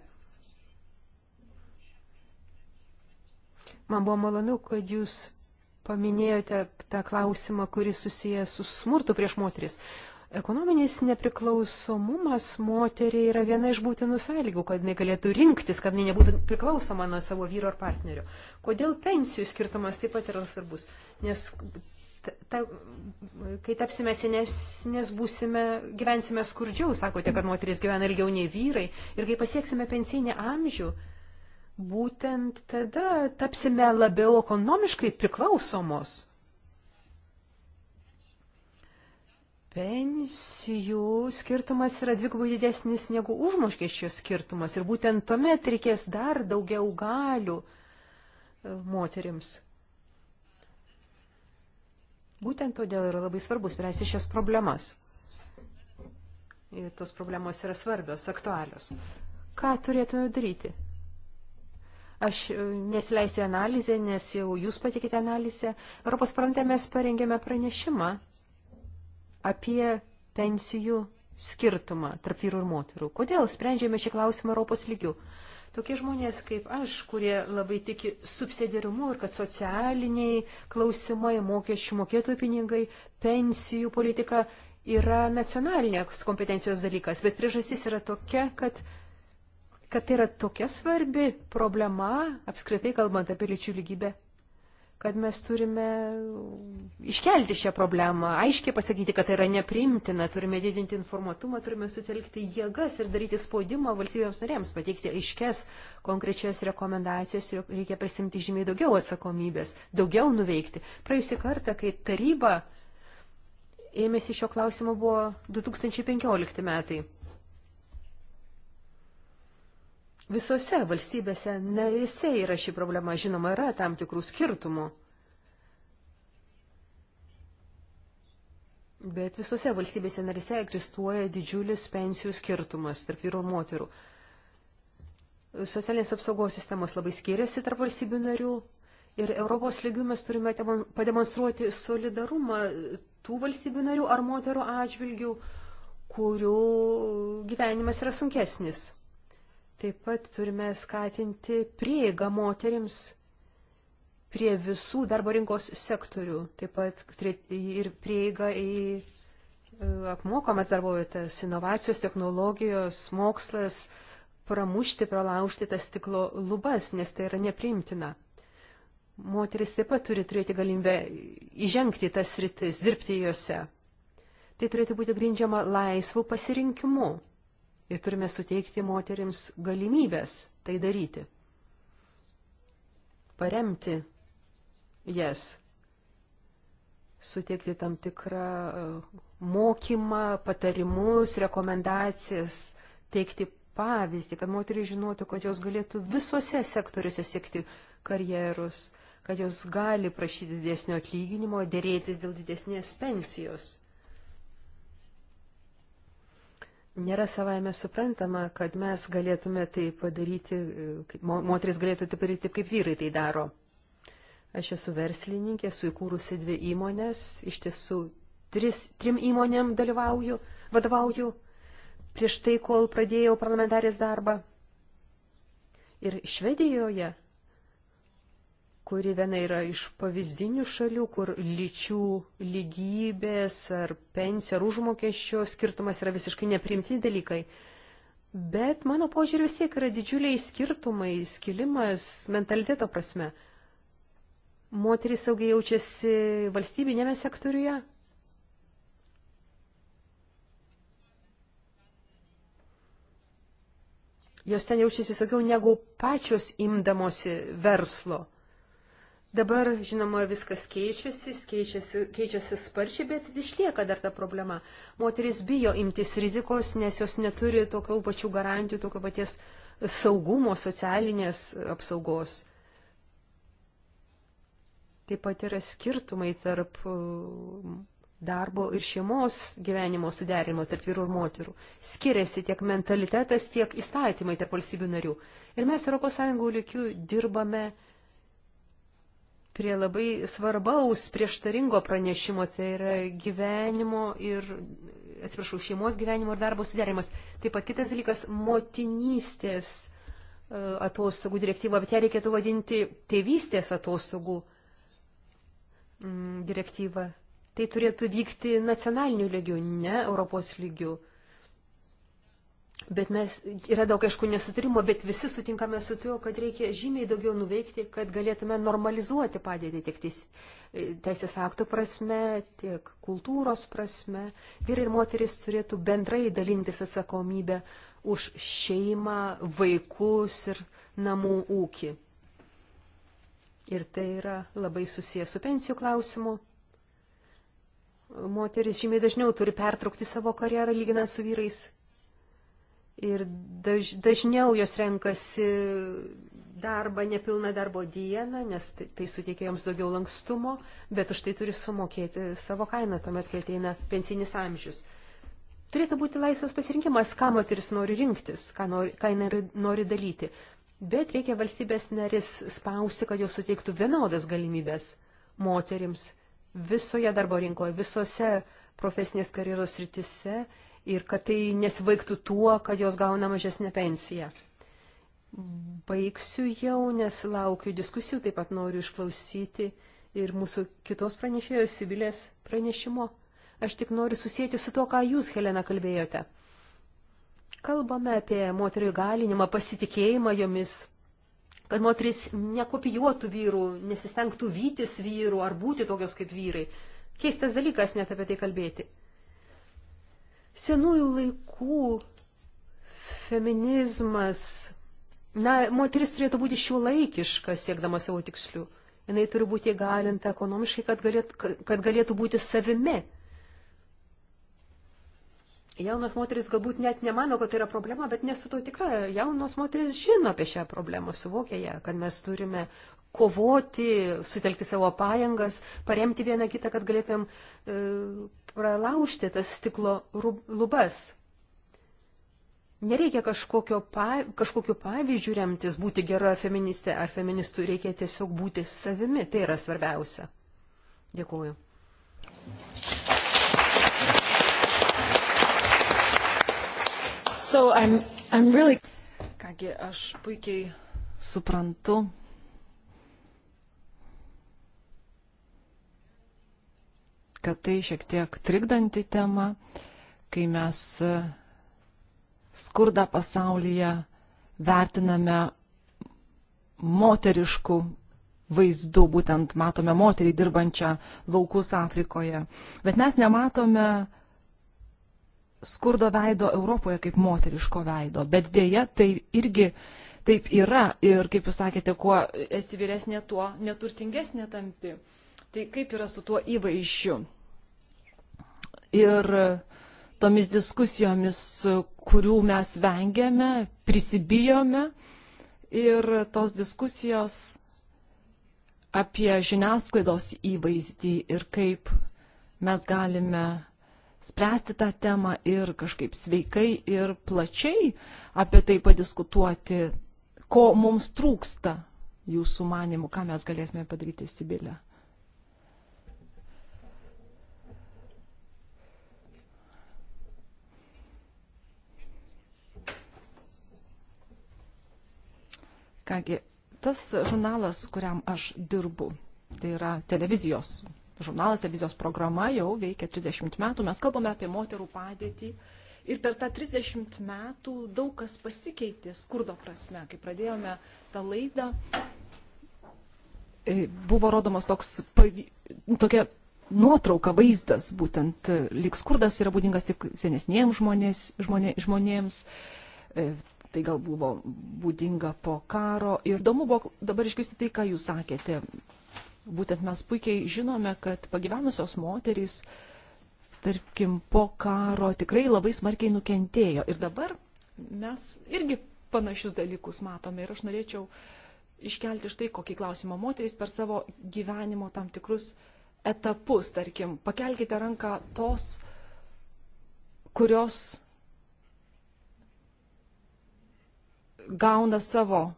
Man buvo malonu, kad jūs paminėjote tą klausimą, kuris susijęs su smurtu prieš moteris. Ekonominis nepriklausomumas moteriai yra viena iš būtinų sąlygų, kad jinai galėtų rinktis, kad jinai nebūtų priklausoma nuo savo vyro ar partnerio. Kodėl pensijų skirtumas taip pat yra svarbus? Nes ta, kai tapsime senesnės, būsime, gyvensime skurdžiau, sakote, kad moteris gyvena ilgiau nei vyrai, ir kai pasieksime pensinį amžių, būtent tada tapsime labiau ekonomiškai priklausomos. Pensijų skirtumas yra dvigubai didesnis negu užmokesčio skirtumas ir būtent tuomet reikės dar daugiau galių e, moterims. Būtent todėl yra labai svarbu spręsti šias problemas. Ir tos problemos yra svarbios, aktualios. Ką turėtume daryti? Aš e, nesileisiu analizę, nes jau jūs patikite analizę. Europos prante mes parengėme pranešimą apie pensijų skirtumą tarp vyrų ir moterų. Kodėl sprendžiame šį klausimą Europos lygių? Tokie žmonės kaip aš, kurie labai tiki subsidiarumu ir kad socialiniai klausimai, mokesčių mokėtojų pinigai, pensijų politika yra nacionalinės kompetencijos dalykas, bet priežastis yra tokia, kad kad tai yra tokia svarbi problema, apskritai kalbant apie lyčių lygybę kad mes turime iškelti šią problemą, aiškiai pasakyti, kad tai yra nepriimtina, turime didinti informatumą, turime sutelkti jėgas ir daryti spaudimą valstybėms narėms, pateikti aiškes konkrečias rekomendacijas, reikia prisimti žymiai daugiau atsakomybės, daugiau nuveikti. Praėjusį kartą, kai taryba ėmėsi šio klausimo, buvo 2015 metai. Visose valstybėse narise yra ši problema, žinoma, yra tam tikrų skirtumų. Bet visose valstybėse narise egzistuoja didžiulis pensijų skirtumas tarp vyrų ir moterų. Socialinės apsaugos sistemos labai skiriasi tarp valstybių narių ir Europos lygių mes turime pademonstruoti solidarumą tų valstybių narių ar moterų atžvilgių, kurių gyvenimas yra sunkesnis. Taip pat turime skatinti prieigą moterims prie visų darbo rinkos sektorių, taip pat ir prieiga į e, apmokamas darbo vietas, inovacijos, technologijos, mokslas, pramušti, pralaužti tas stiklo lubas, nes tai yra neprimtina. Moteris taip pat turi turėti galimybę įžengti tas rytis, dirbti juose. Tai turėtų būti grindžiama laisvų pasirinkimu ir turime suteikti moterims galimybės tai daryti. Paremti jas, suteikti tam tikrą e, mokymą, patarimus, rekomendacijas, teikti pavyzdį, kad moteriai žinotų, kad jos galėtų visose sektoriuose siekti karjerus, kad jos gali prašyti didesnio atlyginimo, dėrėtis dėl didesnės pensijos. Nėra savaime suprantama, kad mes galėtume tai padaryti, e, moteris galėtų tai padaryti taip, kaip vyrai tai daro. Aš esu verslininkė, esu įkūrusi dvi įmonės, iš tiesų tris, trim įmonėm dalyvauju, vadovauju prieš tai, kol pradėjau parlamentarės darbą. Ir Švedijoje kuri viena yra iš pavyzdinių šalių, kur lyčių lygybės ar pensijų ar užmokesčio skirtumas yra visiškai neprimtini dalykai. Bet mano požiūrė vis tiek yra didžiuliai skirtumai, skilimas mentaliteto prasme. Moterys saugiai jaučiasi valstybinėme sektoriuje. Jos ten jaučiasi saugiau negu pačios imdamosi verslo. Dabar, žinoma, viskas keičiasi, keičiasi, keičiasi sparčiai, bet išlieka dar ta problema. Moteris bijo imtis rizikos, nes jos neturi tokių pačių garantijų, tokio paties saugumo, socialinės apsaugos. Taip pat yra skirtumai tarp uh, darbo ir šeimos gyvenimo suderimo tarp vyrų ir moterų. Skiriasi tiek mentalitetas, tiek įstatymai tarp valstybių narių. Ir mes ES lygių dirbame prie labai svarbaus prieštaringo pranešimo, tai yra gyvenimo ir, atsiprašau, šeimos gyvenimo ir darbo suderimas. Taip pat kitas dalykas - motinystės e, atostogų direktyva, bet ją reikėtų vadinti tėvystės atostogų mm, direktyva. Tai turėtų vykti nacionaliniu lygiu, ne Europos lygiu. Bet mes, yra daug, aišku, nesutarimo, bet visi sutinkame su tuo, kad reikia žymiai daugiau nuveikti, kad galėtume normalizuoti padėtį tiek teis, teisės aktų prasme, tiek kultūros prasme. Vyrai ir moteris turėtų bendrai dalintis atsakomybę už šeimą, vaikus ir namų ūkį. Ir tai yra labai susijęs su pensijų klausimu. Moteris žymiai dažniau turi pertraukti savo karjerą lyginant su vyrais ir daž, dažniau jos renkasi darbą nepilną darbo dieną, nes tai, tai suteikia joms daugiau lankstumo, bet už tai turi sumokėti savo kainą, tuomet, kai ateina pensinis amžius. Turėtų būti laisvas pasirinkimas, ką moteris nori rinktis, ką nori, ką nori, nori dalyti. Bet reikia valstybės narės spausti, kad jos suteiktų vienodas galimybės moterims visoje darbo rinkoje, visose profesinės karjeros rytise ir kad tai nesivaigtų tuo, kad jos gauna mažesnę pensiją. Baigsiu jau, nes laukiu diskusijų, taip pat noriu išklausyti ir mūsų kitos pranešėjos Sibilės pranešimo. Aš tik noriu susijęti su to, ką jūs, Helena, kalbėjote. Kalbame apie moterų įgalinimą, pasitikėjimą jomis, kad moteris nekopijuotų vyrų, nesistengtų vytis vyrų ar būti tokios kaip vyrai. Keistas dalykas net apie tai kalbėti. Senųjų laikų feminizmas, na, moteris turėtų būti šiuolaikiška siekdama savo tikslių. Jinai turi būti įgalinta ekonomiškai, kad galėtų, kad galėtų būti savimi. Jaunos moteris galbūt net nemano, kad tai yra problema, bet nesu to tikra. Jaunos moteris žino apie šią problemą, suvokia ją, kad mes turime kovoti, sutelkti savo pajėgas, paremti vieną kitą, kad galėtumėm e, pralaužti tas stiklo lubas. Nereikia kažkokio, pa, kažkokio pavyzdžių remtis būti gera feministė ar feministų, reikia tiesiog būti savimi, tai yra svarbiausia. Dėkuoju. So I'm, I'm really... Kągi, aš puikiai suprantu kad tai šiek tiek trikdanti tema, kai mes e, skurdą pasaulyje vertiname moteriškų vaizdų, būtent matome moterį dirbančią laukus Afrikoje. Bet mes nematome skurdo veido Europoje kaip moteriško veido. Bet dėja, tai irgi taip yra. Ir kaip jūs sakėte, kuo esi vyresnė, tuo neturtingesnė tampi. Uh, Tai kaip yra su tuo įvaizdžiu? Ir e, tomis diskusijomis, e, kurių mes vengėme, prisibijome. Ir tos diskusijos apie žiniasklaidos įvaizdį ir kaip mes galime spręsti tą temą ir kažkaip sveikai ir plačiai apie tai padiskutuoti, ko mums trūksta jūsų manimų, ką mes galėtume padaryti Sibilę. Kągi, tas žurnalas, kuriam aš dirbu, tai yra televizijos žurnalas, televizijos programa jau veikia 30 metų. Mes kalbame apie moterų padėtį. Ir per tą 30 metų daug kas pasikeitė skurdo prasme. Kai pradėjome tą laidą, e, buvo rodomas toks, tokia nuotrauka, vaizdas, būtent e, lyg skurdas yra būdingas tik senesniems žmonės, žmonė, žmonėms, e, tai gal buvo būdinga po karo. Ir įdomu buvo dabar išgirsti tai, ką jūs sakėte. Būtent mes puikiai žinome, kad pagyvenusios moterys, tarkim, po karo tikrai labai smarkiai nukentėjo. Ir dabar mes irgi panašius dalykus matome. Ir aš norėčiau iškelti štai kokį klausimą moterys per savo gyvenimo tam tikrus etapus. Tarkim, pakelkite ranką tos, kurios gauna savo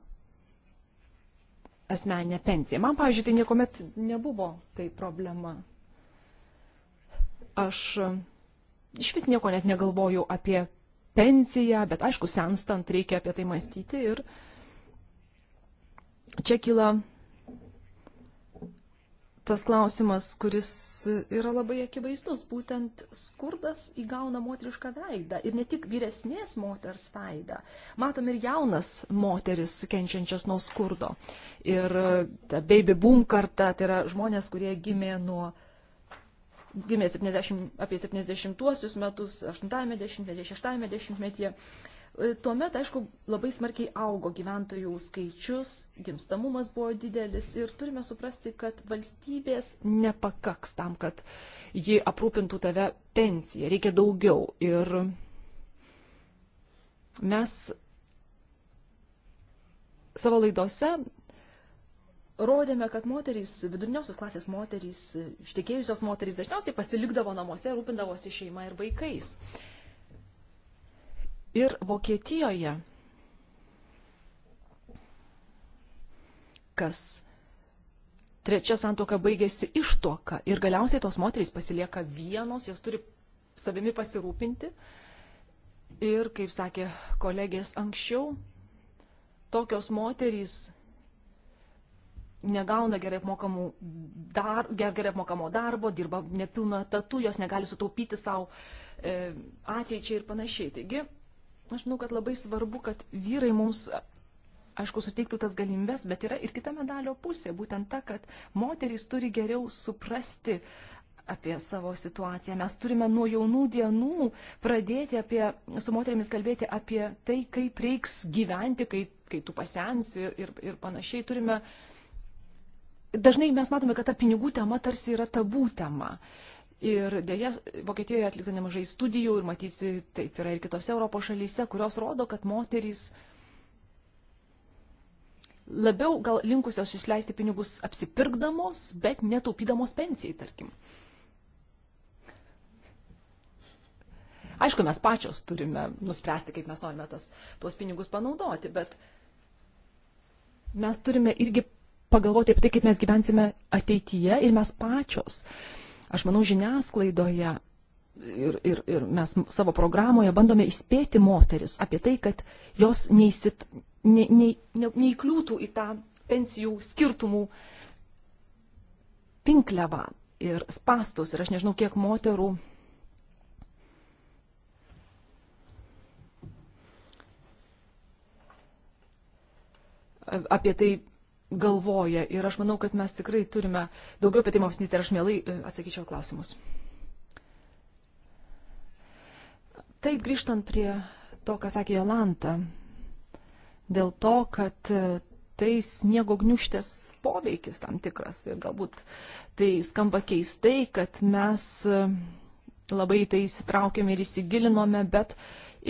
asmeninę pensiją. Man, pavyzdžiui, tai niekuomet nebuvo tai problema. Aš iš vis nieko net negalvojau apie pensiją, bet aišku, senstant reikia apie tai mąstyti ir čia kyla tas klausimas, kuris yra labai akivaizdus, būtent skurdas įgauna moterišką veidą ir ne tik vyresnės moters veidą. Matom ir jaunas moteris kenčiančias nuo skurdo. Ir ta baby boom karta, tai yra žmonės, kurie gimė nuo gimė 70, apie 70-uosius metus, 80-ąjame dešimtmetyje, 60-ąjame dešimtmetyje. 60 E, tuomet, aišku, labai smarkiai augo gyventojų skaičius, gimstamumas buvo didelis ir turime suprasti, kad valstybės nepakaks tam, kad ji aprūpintų tave pensiją, reikia daugiau. Ir mes savo laidose rodėme, kad moterys, viduriniosios klasės moterys, ištikėjusios moterys dažniausiai pasilikdavo namuose, rūpindavosi šeima ir vaikais ir Vokietijoje, kas trečia santoka baigėsi ištuoka ir galiausiai tos moterys pasilieka vienos, jos turi savimi pasirūpinti. Ir, kaip sakė kolegės anksčiau, tokios moterys negauna gerai, dar, gerai apmokamo darbo, dirba nepilno etatų, jos negali sutaupyti savo e, ateičiai ir panašiai. Taigi, Aš manau, kad labai svarbu, kad vyrai mums, aišku, suteiktų tas galimybės, bet yra ir kita medalio pusė, būtent ta, kad moterys turi geriau suprasti apie savo situaciją. Mes turime nuo jaunų dienų pradėti apie, su moterimis kalbėti apie tai, kaip reiks gyventi, kai, kai tu pasensi ir, ir panašiai. Turime, dažnai mes matome, kad ta pinigų tema tarsi yra tabų tema. Uh, Ir dėja, Vokietijoje atlikta nemažai studijų ir matyti, taip yra ir kitose Europos šalyse, kurios rodo, kad moterys labiau gal linkusios išleisti pinigus apsipirkdamos, bet netaupydamos pensijai, tarkim. Aišku, mes pačios turime nuspręsti, kaip mes norime tas, tuos pinigus panaudoti, bet mes turime irgi pagalvoti apie tai, kaip mes gyvensime ateityje ir mes pačios uh, Aš manau, žiniasklaidoje ir, ir, ir mes savo programoje bandome įspėti moteris apie tai, kad jos neįsit, ne, ne, ne, neįkliūtų į tą pensijų skirtumų pinklevą ir spastus. Ir aš nežinau, kiek moterų. Apie tai galvoja. Ir aš manau, kad mes tikrai turime daugiau apie tai mokslinyti ir aš mielai e, atsakyčiau klausimus. Taip, grįžtant prie to, ką sakė Jolanta, dėl to, kad e, tai sniego gniuštės poveikis tam tikras ir galbūt tai skamba keistai, kad mes e, labai tai įsitraukėme ir įsigilinome, bet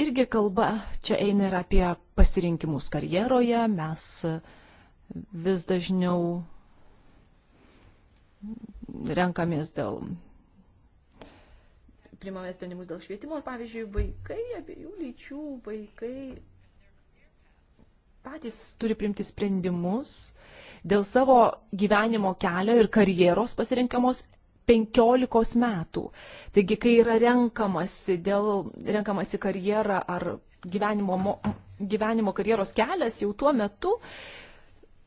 irgi kalba čia eina ir apie pasirinkimus karjeroje, mes vis dažniau renkamės dėl primame sprendimus dėl švietimo ir, pavyzdžiui, vaikai, abiejų lyčių vaikai patys turi priimti sprendimus dėl savo gyvenimo kelio ir karjeros pasirinkamos 15 metų. Taigi, kai yra renkamasi, dėl, renkamasi karjera ar gyvenimo, gyvenimo karjeros kelias, jau tuo metu uh,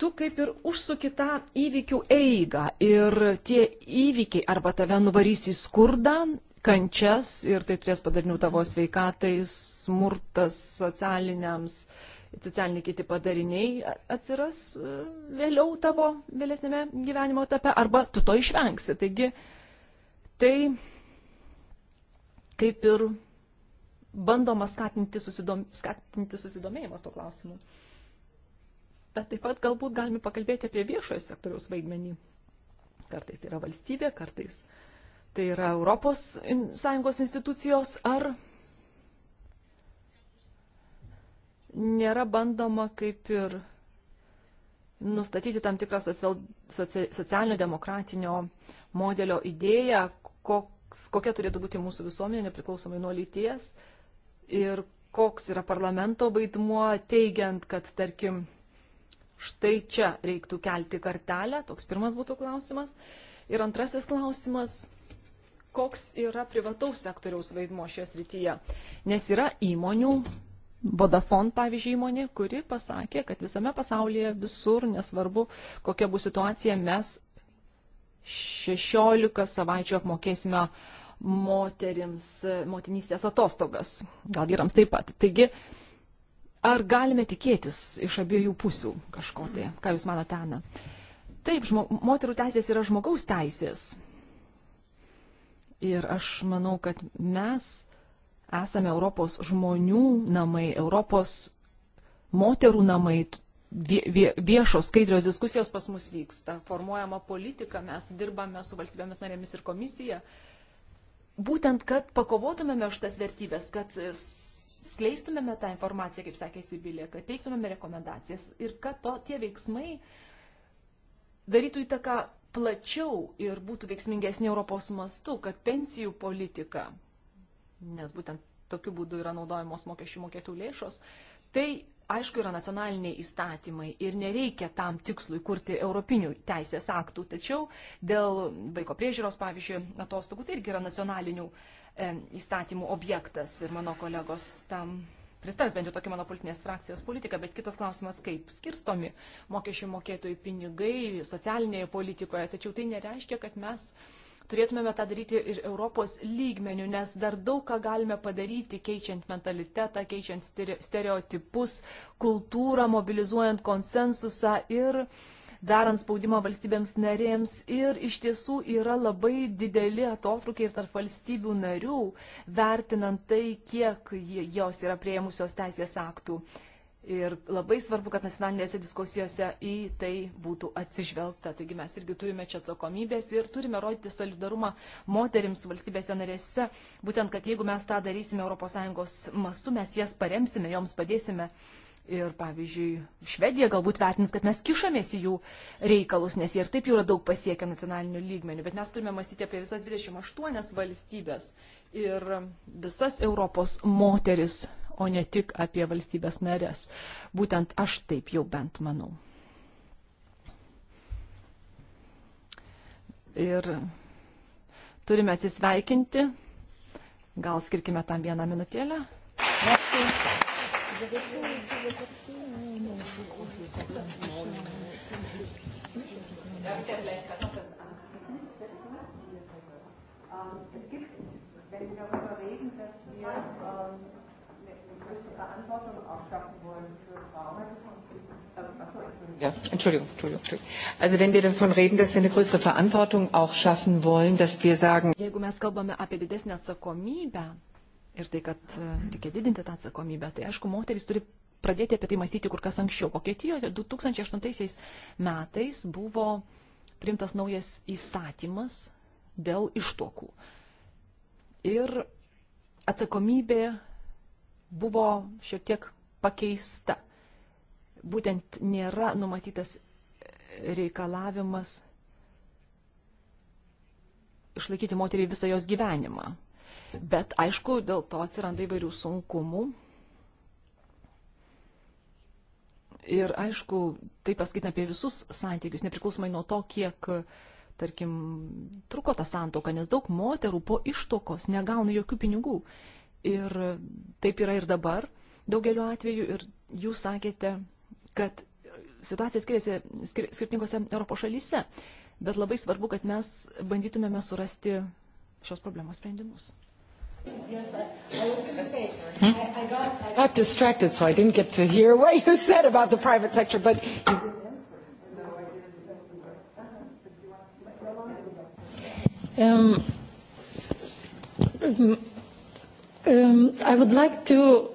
tu kaip ir užsuki tą įvykių eigą ir tie įvykiai arba tave nuvarys į skurdą, kančias ir tai turės padarinių tavo sveikatai, smurtas socialiniams, socialiniai kiti padariniai atsiras e, vėliau tavo vėlesnėme gyvenimo etape arba tu to išvengsi. Taigi tai kaip ir bandoma skatinti, susidom, skatinti susidomėjimas tuo klausimu. Bet taip pat galbūt galime pakalbėti apie viešojo sektoriaus vaidmenį. Kartais tai yra valstybė, kartais tai yra Europos Sąjungos institucijos, ar nėra bandoma kaip ir nustatyti tam tikrą social, socia, socialinio demokratinio modelio idėją, koks, kokia turėtų būti mūsų visuomenė priklausomai nuo lyties ir koks yra parlamento vaidmuo teigiant, kad, tarkim, Štai čia reiktų kelti kartelę, toks pirmas būtų klausimas. Ir antrasis klausimas, koks yra privataus sektoriaus vaidmo šioje srityje. Nes yra įmonių, Vodafone, pavyzdžiui, įmonė, kuri pasakė, kad visame pasaulyje, visur, nesvarbu, kokia bus situacija, mes 16 savaičių apmokėsime moterims motinystės atostogas, gal vyrams taip pat. Taigi, Ar galime tikėtis iš abiejų pusių kažko tai? Ką Jūs manote, Ana? Taip, žmo, moterų teisės yra žmogaus teisės. Ir aš manau, kad mes esame Europos žmonių namai, Europos moterų namai, viešos skaidrios diskusijos pas mus vyksta, formuojama politika, mes dirbame su valstybėmis narėmis ir komisija. Būtent, kad pakovotumėme už tas vertybės, kad skleistumėme tą informaciją, kaip sakė Sibilė, kad teiktumėme rekomendacijas ir kad to, tie veiksmai darytų įtaką plačiau ir būtų veiksmingesnė Europos mastu, kad pensijų politika, nes būtent tokiu būdu yra naudojamos mokesčių mokėtų lėšos, tai aišku yra nacionaliniai įstatymai ir nereikia tam tikslui kurti europinių teisės aktų, tačiau dėl vaiko priežiūros, pavyzdžiui, atostogų tai irgi yra nacionalinių įstatymų E, įstatymų objektas ir mano kolegos tam pritars, bent jau tokia mano politinės frakcijos politika, bet kitas klausimas, kaip skirstomi mokesčių mokėtojų pinigai socialinėje politikoje, tačiau tai nereiškia, kad mes turėtumėme tą daryti ir Europos lygmenių, nes dar daug ką galime padaryti, keičiant mentalitetą, keičiant stereotipus, kultūrą, mobilizuojant konsensusą ir uh, darant spaudimą valstybėms narėms ir iš tiesų yra labai dideli atotrukiai ir tarp valstybių narių, vertinant tai, kiek jos yra prieimusios teisės aktų. Ir labai svarbu, kad nacionalinėse diskusijose į tai būtų atsižvelgta. Taigi mes irgi turime čia atsakomybės ir turime rodyti solidarumą moterims valstybėse narėse. Būtent, kad jeigu mes tą darysime ES mastu, mes jas paremsime, joms padėsime Ir, pavyzdžiui, Švedija galbūt vertins, kad mes kišamės į jų reikalus, nes jie ir taip jau yra daug pasiekę nacionalinių lygmenių, bet mes turime mąstyti apie visas 28 valstybės ir visas Europos moteris, o ne tik apie valstybės narės. Būtent aš taip jau bent manau. Ir turime atsisveikinti. Gal skirkime tam vieną minutėlę. Merci. Vous avez pris le taxi Non, je crois que je vais passer un petit moment. Es gibt, wenn wir darüber reden, dass wir ähm, eine größere Verantwortung auch schaffen wollen für Frauen, Ja, Entschuldigung, Entschuldigung, Entschuldigung. Also wenn wir davon reden, dass wir eine größere Verantwortung auch schaffen wollen, dass wir sagen, jeigu mes kalbame apie didesnę atsakomybę, ir tai, kad e, reikia didinti tą atsakomybę, tai aišku, moteris turi pradėti apie tai mąstyti kur kas anksčiau. Vokietijoje 2008 metais buvo priimtas naujas įstatymas dėl ištokų. Ir atsakomybė buvo šiek tiek pakeista. Būtent nėra numatytas reikalavimas išlaikyti moterį visą jos gyvenimą. Bet aišku, dėl to atsiranda įvairių sunkumų. Ir aišku, tai pasakyti apie visus santykius, nepriklausomai nuo to, kiek, tarkim, truko ta santoka, nes daug moterų po ištokos negauna jokių pinigų. Ir taip yra ir dabar daugeliu atveju. Ir jūs sakėte, kad situacija skiriasi skir, skirtingose Europos šalyse. Bet labai svarbu, kad mes bandytumėme surasti šios problemos sprendimus. Yes, I, I was going to say, hmm? I, I, got, I got distracted, so I didn't get to hear what you said about the private sector, but. Um, um, um, I would like to.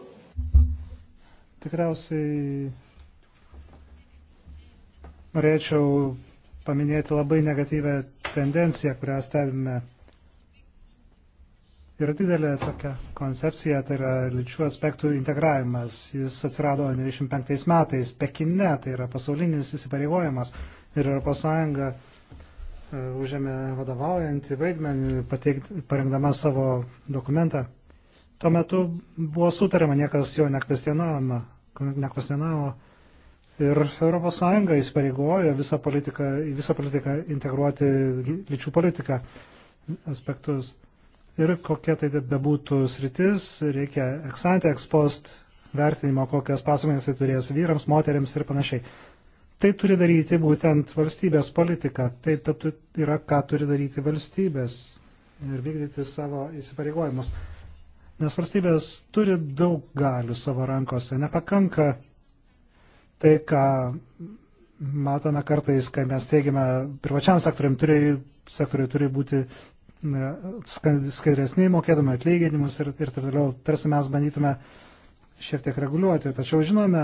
Tikriausiai norėčiau paminėti labai negatyvę tendenciją, kurią stebime yra didelė tokia koncepcija, tai yra lyčių aspektų integravimas. Jis atsirado 95 metais Pekine, tai yra pasaulinis įsipareigojimas ir ES e, užėmė vadovaujantį vaidmenį, pateikt, parengdama savo dokumentą. Tuo metu buvo sutarima, niekas jo nekvestionavo. Ir ES įsipareigojo visą politiką, visą politiką integruoti lyčių politiką aspektus. Ir kokia tai bebūtų sritis, reikia eksantę, ekspost vertinimo, kokias pasakojimais tai turės vyrams, moteriams ir panašiai. Tai turi daryti būtent valstybės politika. Tai yra, ką turi daryti valstybės ir vykdyti savo įsipareigojimus. Nes valstybės turi daug galių savo rankose. Nepakanka tai, ką matome kartais, kai mes teigiame privačiam sektoriam, turi, sektoriui turi būti skaidresni, mokėtume atlyginimus ir, ir taip toliau, tarsi mes bandytume šiek tiek reguliuoti. Tačiau žinome,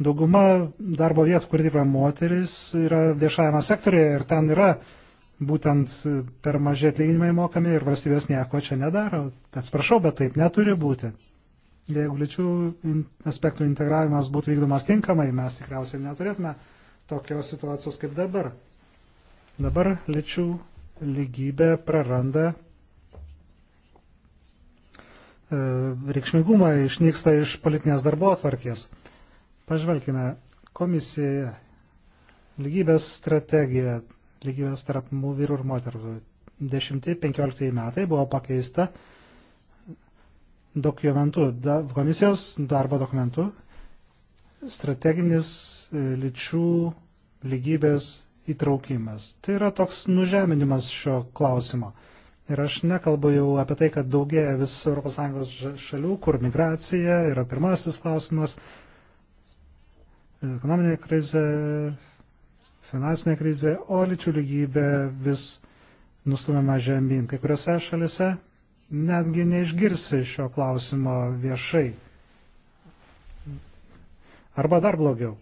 dauguma darbo vietų, kur dirba moteris, yra viešajame sektorėje ir ten yra būtent per mažai atlyginimai mokami ir valstybės nieko čia nedaro. Atsiprašau, bet taip neturi būti. Jeigu lyčių aspektų integravimas būtų vykdomas tinkamai, mes tikriausiai neturėtume tokios situacijos kaip dabar. Dabar lyčių lygybė praranda e, reikšmingumą, išnyksta iš politinės darbo atvarkės. Pažvelkime, komisija lygybės strategija, lygybės tarp vyrų ir moterų 10-15 metai buvo pakeista dokumentu, da, komisijos darbo dokumentu strateginis e, lyčių lygybės įtraukimas. Tai yra toks nužeminimas šio klausimo. Ir aš nekalbu jau apie tai, kad daugėja vis ES šalių, kur migracija yra pirmasis klausimas, ekonominė krizė, finansinė krizė, o lyčių lygybė vis nustumiama žemyn. Kai kuriuose šalise netgi neišgirsi šio klausimo viešai. Arba dar blogiau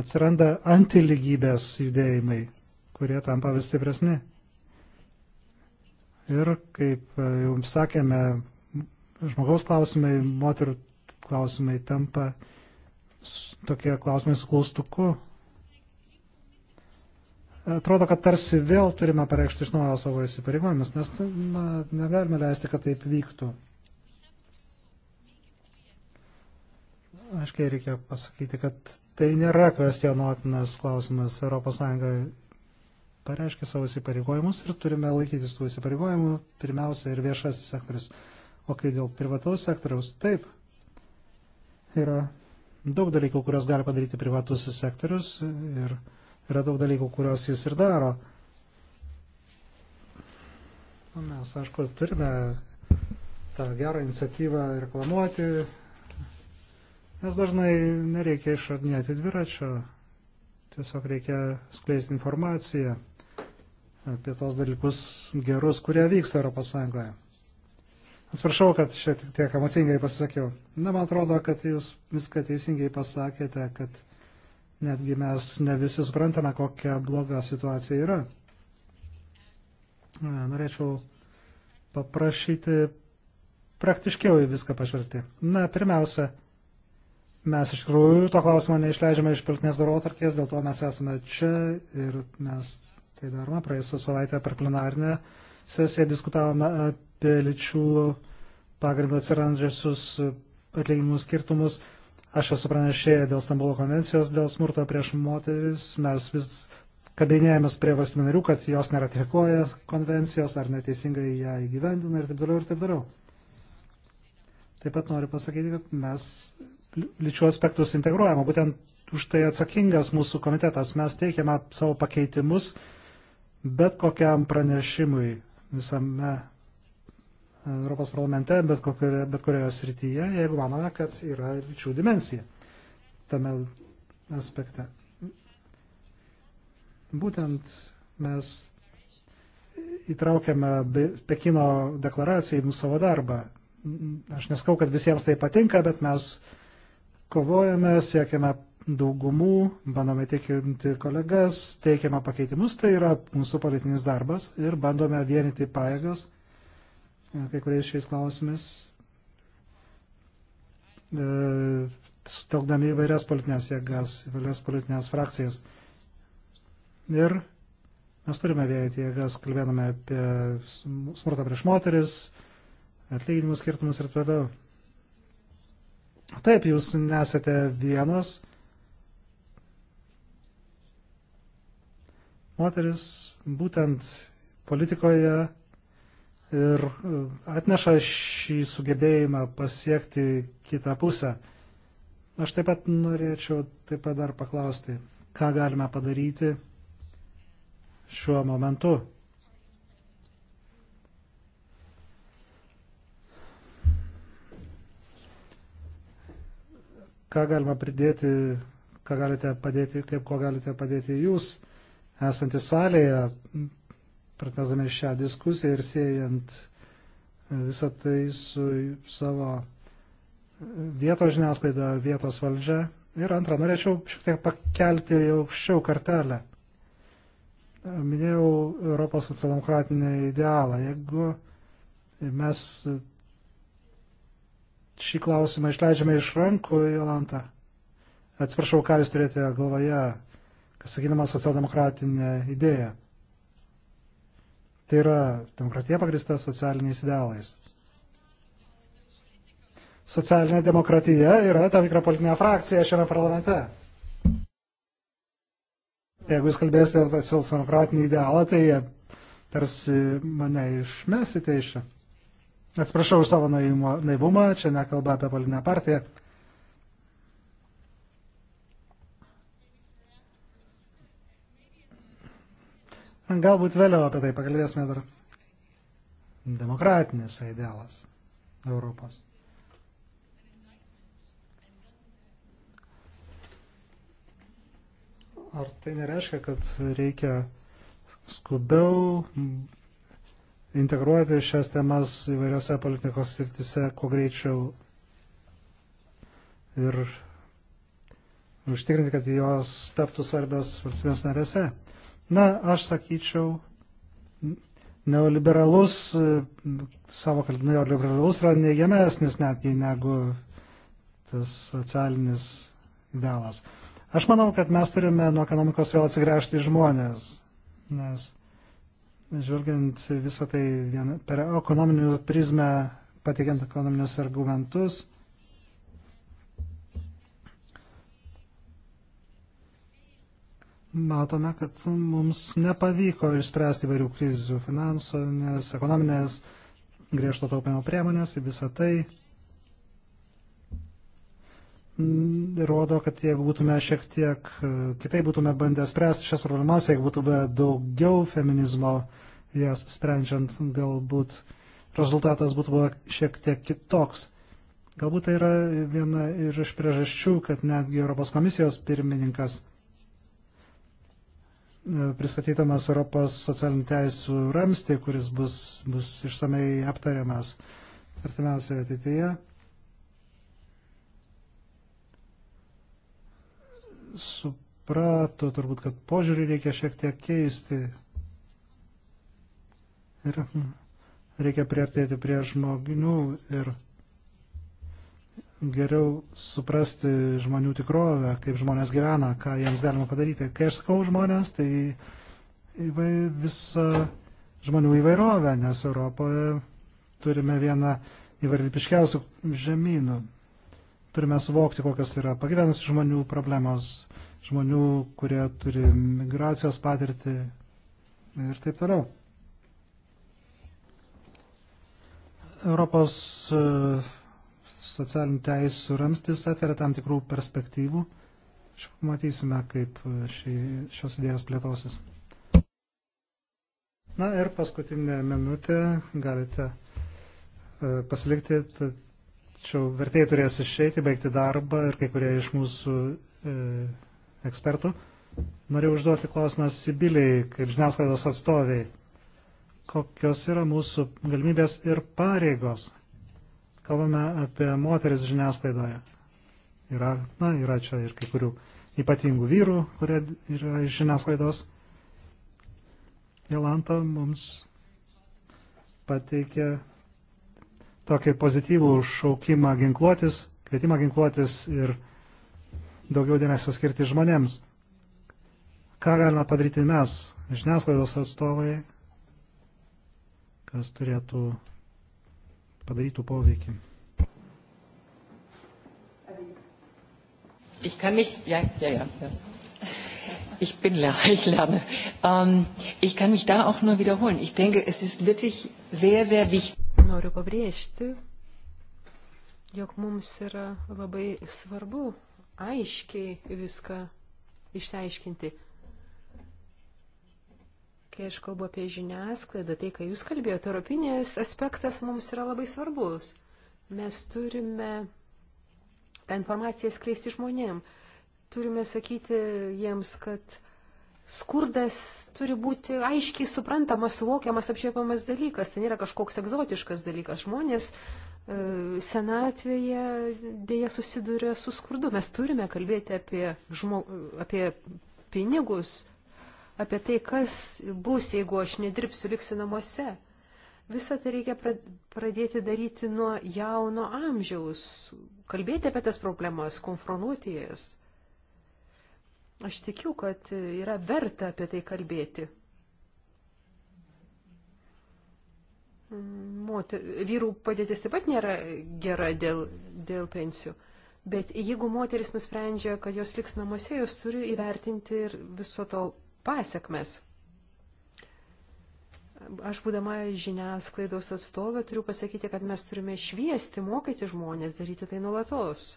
atsiranda antilygybės judėjimai, kurie tampa vis stipresni. Ir kaip jau sakėme, žmogaus klausimai, moterų klausimai tampa tokie klausimai su klaustuku. Atrodo, kad tarsi vėl turime pareikšti iš naujo savo įsipareigojimus, nes na, negalime leisti, kad taip vyktų. aiškiai reikia pasakyti, kad tai nėra kvestionuotinas klausimas. ES pareiškia savo įsipareigojimus ir turime laikytis tų įsipareigojimų, pirmiausia ir viešasis sektorius. O kai dėl privataus sektoriaus, taip, yra daug dalykų, kurios gali padaryti privatus sektorius ir yra daug dalykų, kurios jis ir daro. Mes, aišku, turime tą gerą iniciatyvą reklamuoti, Nes dažnai nereikia išradinėti dviračio, tiesiog reikia skleisti informaciją apie tos dalykus gerus, kurie vyksta Europos Sąjungoje. Atsiprašau, kad šiek tiek emocingai pasakiau. Na, man atrodo, kad jūs viską teisingai pasakėte, kad netgi mes ne visi suprantame, kokia bloga situacija yra. Norėčiau paprašyti praktiškiau į viską pažvelgti. Na, pirmiausia, mes iš tikrųjų to klausimo neišleidžiame iš politinės darbotvarkės, dėl to mes esame čia ir mes tai darome. Praėjusią savaitę per plenarinę sesiją diskutavome apie lyčių pagrindą atsirandžiusius atlyginimų skirtumus. Aš esu pranešėję dėl Stambulo konvencijos, dėl smurto prieš moteris. Mes vis kabinėjomės prie valstybinarių, kad jos neratifikuoja konvencijos ar neteisingai ją įgyvendina ir taip toliau ir taip toliau. Taip pat noriu pasakyti, kad mes lyčių aspektus integruojama. Būtent už tai atsakingas mūsų komitetas. Mes teikiame savo pakeitimus bet kokiam pranešimui visame e, Europos parlamente, bet, kokioje, bet kurioje srityje, jeigu manome, kad yra lyčių dimensija tame aspekte. Būtent mes įtraukiame Pekino deklaraciją į mūsų savo darbą. Aš neskau, kad visiems tai patinka, bet mes kovojame, siekiame daugumų, bandome tikinti kolegas, teikiame pakeitimus, tai yra mūsų politinis darbas ir bandome vienyti pajėgas e, kai kuriais šiais klausimais, e, sutelkdami įvairias politinės jėgas, įvairias politinės frakcijas. Ir mes turime vienyti jėgas, kalbėdame apie smurtą prieš moteris, atlyginimų skirtumus ir toliau. Taip, jūs nesate vienos. Moteris būtent politikoje ir e, atneša šį sugebėjimą pasiekti kitą pusę. Aš taip pat norėčiau taip pat dar paklausti, ką galime padaryti šiuo momentu. ką galima pridėti, ką galite padėti, kaip ko galite padėti jūs, esantys salėje, pratesdami šią diskusiją ir siejant e, visą tai su savo vietos žiniasklaida, vietos valdžia. Ir antra, norėčiau šiek tiek pakelti aukščiau kartelę. Minėjau Europos socialdemokratinį idealą. Jeigu mes šį klausimą išleidžiame iš rankų, Jolanta. Atsiprašau, ką jūs turėjote galvoje, kas sakydama socialdemokratinė idėja. Tai yra demokratija pagrįsta socialiniais idealais. Socialinė demokratija yra tam tikra politinė frakcija šiame parlamente. Jeigu jūs kalbėsite apie socialdemokratinį idealą, tai tarsi mane išmesite iš čia. Atsiprašau už savo naivumą, čia nekalba apie politinę partiją. Galbūt vėliau apie tai pakalbėsime dar. Demokratinis idealas Europos. Ar tai nereiškia, kad reikia skubiau integruoti šias temas įvairiose politikos srityse kuo greičiau ir užtikrinti, kad jos taptų svarbios valstybės narėse. Na, aš sakyčiau, neoliberalus, savo kad neoliberalus yra neigiamesnis netgi negu tas socialinis idealas. Aš manau, kad mes turime nuo ekonomikos vėl atsigręžti į žmonės, nes žvelgiant visą tai vien, per ekonominį prizmę, pateikiant ekonominius argumentus. Matome, kad mums nepavyko išspręsti vairių krizių, finansinės, ekonominės, griežto taupimo priemonės, visą tai Mm, rodo, kad jeigu būtume šiek tiek e, kitai būtume bandę spręsti šias problemas, jeigu būtų buvę daugiau feminizmo jas sprendžiant, galbūt rezultatas būtų buvo šiek tiek kitoks. Galbūt tai yra viena iš priežasčių, kad netgi Europos komisijos pirmininkas e, pristatydamas Europos socialinių teisų ramstį, kuris bus, bus išsamei aptariamas artimiausioje ateityje, suprato turbūt, kad požiūrį reikia šiek tiek keisti. Ir hm, reikia priartėti prie žmonių ir geriau suprasti žmonių tikrovę, kaip žmonės gyvena, ką jiems galima padaryti. Kai aš sakau žmonės, tai įvai, visa žmonių įvairovė, nes Europoje turime vieną įvairiapiškiausių žemynų turime suvokti, kokios yra pagyvenusių žmonių problemos, žmonių, kurie turi migracijos patirtį ir taip toliau. Europos e, socialinių teisų ramstis atveria tam tikrų perspektyvų. Matysime, kaip ši, šios idėjos plėtosis. Na ir paskutinė minutė galite e, pasilikti, tad Tačiau vertėjai turės išeiti, baigti darbą ir kai kurie iš mūsų e, ekspertų. Norėjau užduoti klausimą Sibiliai, kaip žiniasklaidos atstoviai. Kokios yra mūsų galimybės ir pareigos? Kalbame apie moteris žiniasklaidoje. Yra, na, yra čia ir kai kurių ypatingų vyrų, kurie yra iš žiniasklaidos. Jelanta mums pateikė tokį pozityvų šaukimą ginkluotis, kvietimą ginkluotis ir daugiau dėmesio skirti žmonėms. Ką galime padaryti mes, žiniasklaidos atstovai, kas turėtų padarytų poveikį. Ich kann mich, ja, ja, ja, ja. Ich bin Lehrer, ich lerne. Ähm, ich kann mich da auch nur wiederholen. Ich denke, es ist wirklich sehr, sehr wichtig. Noriu pabrėžti, jog mums yra labai svarbu aiškiai viską išsiaiškinti. Kai aš kalbu apie žiniasklaidą, tai, ką jūs kalbėjote, europinės aspektas mums yra labai svarbus. Mes turime tą informaciją skleisti žmonėm. Turime sakyti jiems, kad skurdas turi būti aiškiai suprantamas, suvokiamas, apčiuopiamas dalykas. Tai nėra kažkoks egzotiškas dalykas. Žmonės e, senatvėje dėja susiduria su skurdu. Mes turime kalbėti apie, žmo, apie pinigus, apie tai, kas bus, jeigu aš nedirbsiu, liksiu namuose. Visą tai reikia pradėti daryti nuo jauno amžiaus, kalbėti apie tas problemas, konfrontuoti jas. Aš tikiu, kad yra verta apie tai kalbėti. Moter, vyrų padėtis taip pat nėra gera dėl, dėl pensijų. Bet jeigu moteris nusprendžia, kad jos liks namuose, jos turi įvertinti ir viso to pasiekmes. Aš būdama žiniasklaidos atstovė turiu pasakyti, kad mes turime šviesti, mokyti žmonės, daryti tai nulatos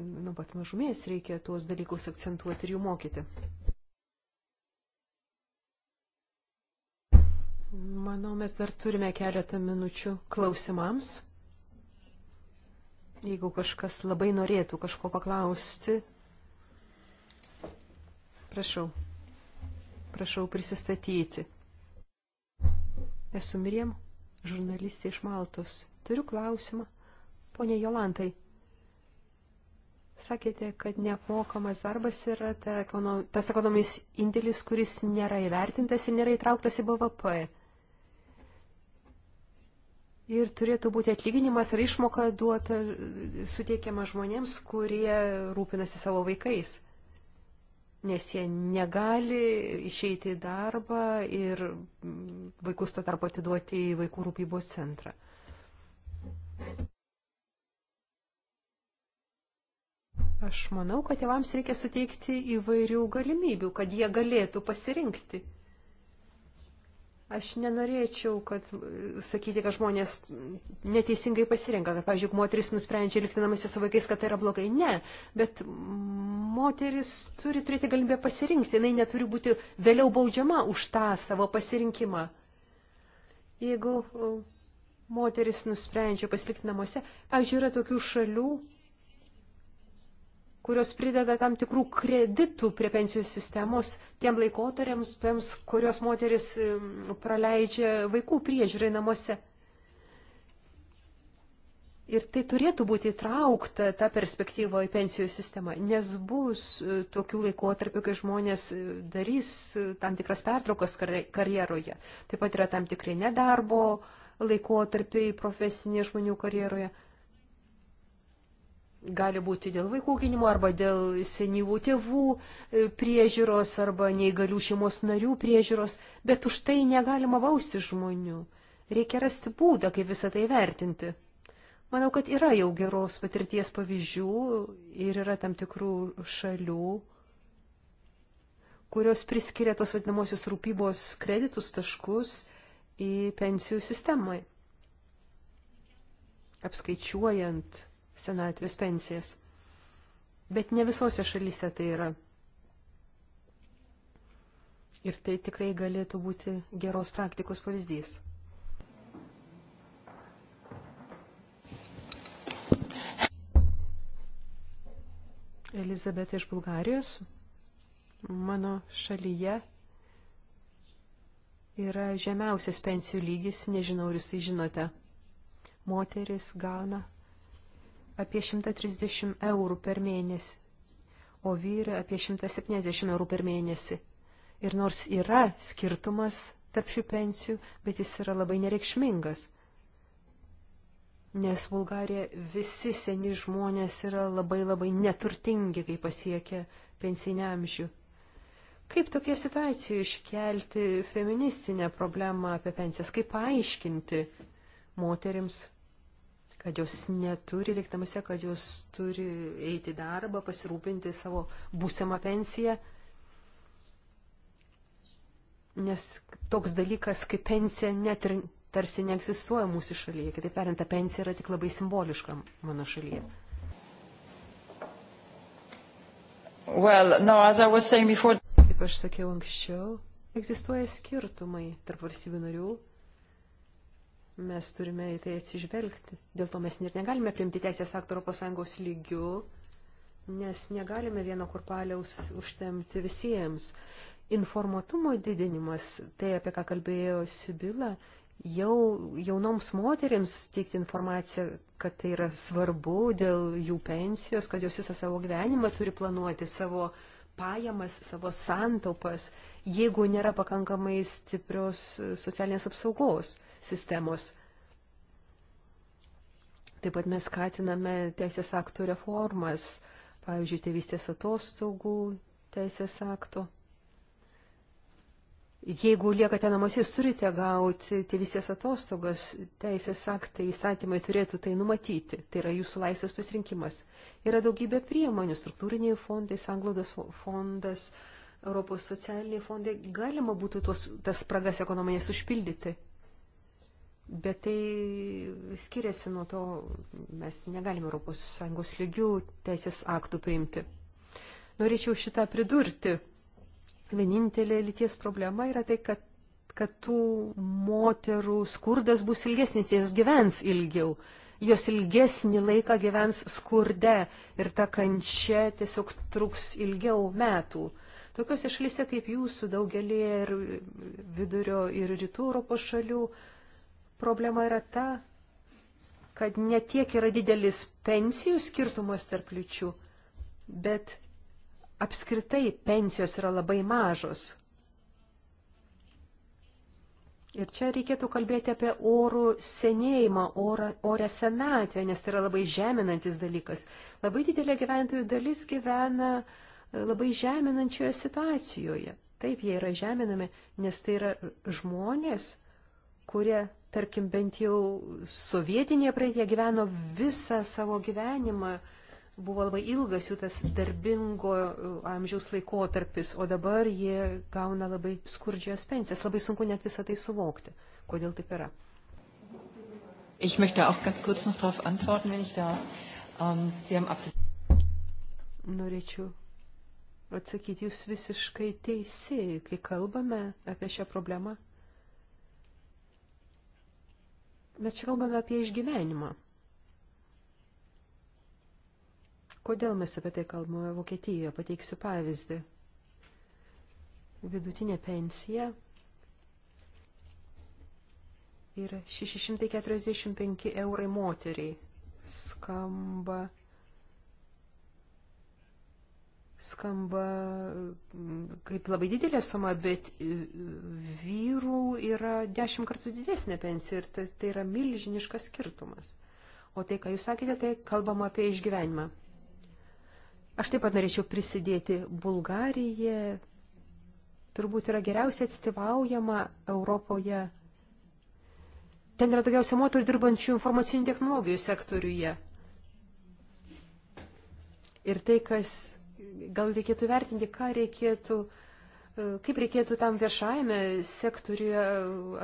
nuo pat mažumės reikia tuos dalykus akcentuoti ir jų mokyti. Manau, mes dar turime keletą minučių klausimams. Jeigu kažkas labai norėtų kažko paklausti, prašau, prašau prisistatyti. Esu Miriem, žurnalistė iš Maltos. Turiu klausimą. Pone Jolantai, Sakėte, kad neapmokamas darbas yra ta, tas ekonominis indėlis, kuris nėra įvertintas ir nėra įtrauktas į BVP. Ir turėtų būti atlyginimas ar išmoka duota, suteikiama žmonėms, kurie rūpinasi savo vaikais. Nes jie negali išeiti į darbą ir vaikus to tarpo atiduoti į vaikų rūpybos centrą. Aš manau, kad tėvams reikia suteikti įvairių galimybių, kad jie galėtų pasirinkti. Aš nenorėčiau, kad e, sakyti, kad žmonės neteisingai pasirenka, kad, pavyzdžiui, moteris nusprendžia likti namuose su vaikais, kad tai yra blogai. Ne, bet moteris turi turėti galimybę pasirinkti, jinai neturi būti vėliau baudžiama už tą savo pasirinkimą. Jeigu e, moteris nusprendžia pasilikti namuose, pavyzdžiui, yra tokių šalių, kurios prideda tam tikrų kreditų prie pensijų sistemos tiem laikotariams, piems, kurios moteris praleidžia vaikų priežiūrai namuose. Ir tai turėtų būti įtraukta ta perspektyva į pensijų sistemą, nes bus e, tokių laikotarpių, kai žmonės e, darys e, tam tikras pertraukas karjeroje. Taip pat yra tam tikri nedarbo laikotarpiai profesinė žmonių karjeroje gali būti dėl vaikų auginimo arba dėl senyvų tėvų e, priežiūros arba neįgalių šeimos narių priežiūros, bet už tai negalima bausti žmonių. Reikia rasti būdą, kaip visą tai vertinti. Manau, kad yra jau geros patirties pavyzdžių ir yra tam tikrų šalių, kurios priskiria tos vadinamosios rūpybos kreditus taškus į pensijų sistemai. Apskaičiuojant senatvės pensijas. Bet ne visose šalyse tai yra. Ir tai tikrai galėtų būti geros praktikos pavyzdys. Elizabeta iš Bulgarijos. Mano šalyje yra žemiausias pensijų lygis, nežinau, ar jūs tai žinote. Moteris gauna apie 130 eurų per mėnesį, o vyrai apie 170 eurų per mėnesį. Ir nors yra skirtumas tarp šių pensijų, bet jis yra labai nereikšmingas. Nes Bulgarija visi seni žmonės yra labai labai neturtingi, kai pasiekia pensinį amžių. Kaip tokie situacijų iškelti feministinę problemą apie pensijas, kaip paaiškinti moterims kad jos neturi likti namuose, kad jos turi eiti į darbą, pasirūpinti savo būsimą pensiją. Nes toks dalykas kaip pensija net ir tarsi neegzistuoja mūsų šalyje. Kitaip tariant, ta pensija yra tik labai simboliška mano šalyje. Well, no, before... Kaip aš sakiau anksčiau, egzistuoja skirtumai tarp valstybių narių Mes turime į tai atsižvelgti. Dėl to mes ir negalime priimti teisės aktų Europos Sąjungos lygių, nes negalime vieno kurpaliaus užtemti visiems. Informatumo didinimas, tai apie ką kalbėjo Sibila, jau jaunoms moteriams teikti informaciją, kad tai yra svarbu dėl jų pensijos, kad jos visą savo gyvenimą turi planuoti, savo pajamas, savo santaupas, jeigu nėra pakankamai stiprios socialinės apsaugos sistemos. Taip pat mes skatiname teisės aktų reformas, pavyzdžiui, tėvystės atostogų teisės akto. Jeigu liekate namuose, jūs turite gauti tėvystės atostogas, teisės aktai, įstatymai turėtų tai numatyti. Tai yra jūsų laisvas pasirinkimas. Yra daugybė priemonių, struktūriniai fondai, sanglaudos fondas, Europos socialiniai fondai. Galima būtų tuos, tas spragas ekonominės užpildyti. Bet tai skiriasi nuo to, mes negalime ES lygių teisės aktų priimti. Norėčiau šitą pridurti. Vienintelė lyties problema yra tai, kad, kad tų moterų skurdas bus ilgesnis, jos gyvens ilgiau, jos ilgesnį laiką gyvens skurde ir ta kančia tiesiog truks ilgiau metų. Tokiuose šalyse kaip jūsų daugelį ir vidurio ir rytų Europos šalių Problema yra ta, kad netiek yra didelis pensijų skirtumas tarp lyčių, bet apskritai pensijos yra labai mažos. Ir čia reikėtų kalbėti apie orų senėjimą, orą, orę senatvę, nes tai yra labai žeminantis dalykas. Labai didelė gyventojų dalis gyvena e, labai žeminančioje situacijoje. Taip, jie yra žeminami, nes tai yra žmonės, kurie tarkim, bent jau sovietinėje praeitie gyveno visą savo gyvenimą, buvo labai ilgas jų tas darbingo e, amžiaus laikotarpis, o dabar jie gauna labai skurdžias pensijas, labai sunku net visą tai suvokti, kodėl taip yra. Ich möchte auch ganz kurz noch darauf antworten, wenn ich darf. Um, ähm, Sie haben absolut. Norėčiau atsakyti, jūs visiškai teisėjai, kai kalbame apie šią problemą. Mes čia kalbame apie išgyvenimą. Kodėl mes apie tai kalbame Vokietijoje? Pateiksiu pavyzdį. Vidutinė pensija yra 645 eurai moteriai. Skamba skamba mm, kaip labai didelė suma, bet e, vyrų yra dešimt kartų didesnė pensija ir tai, tai yra milžiniškas skirtumas. O tai, ką jūs sakėte, tai kalbama apie išgyvenimą. Aš taip pat norėčiau prisidėti. Bulgarija turbūt yra geriausiai atstovaujama Europoje. Ten yra daugiausia moterų dirbančių informacinių technologijų sektoriuje. Ir tai, kas gal reikėtų vertinti, ką reikėtų, e, kaip reikėtų tam viešajame sektoriuje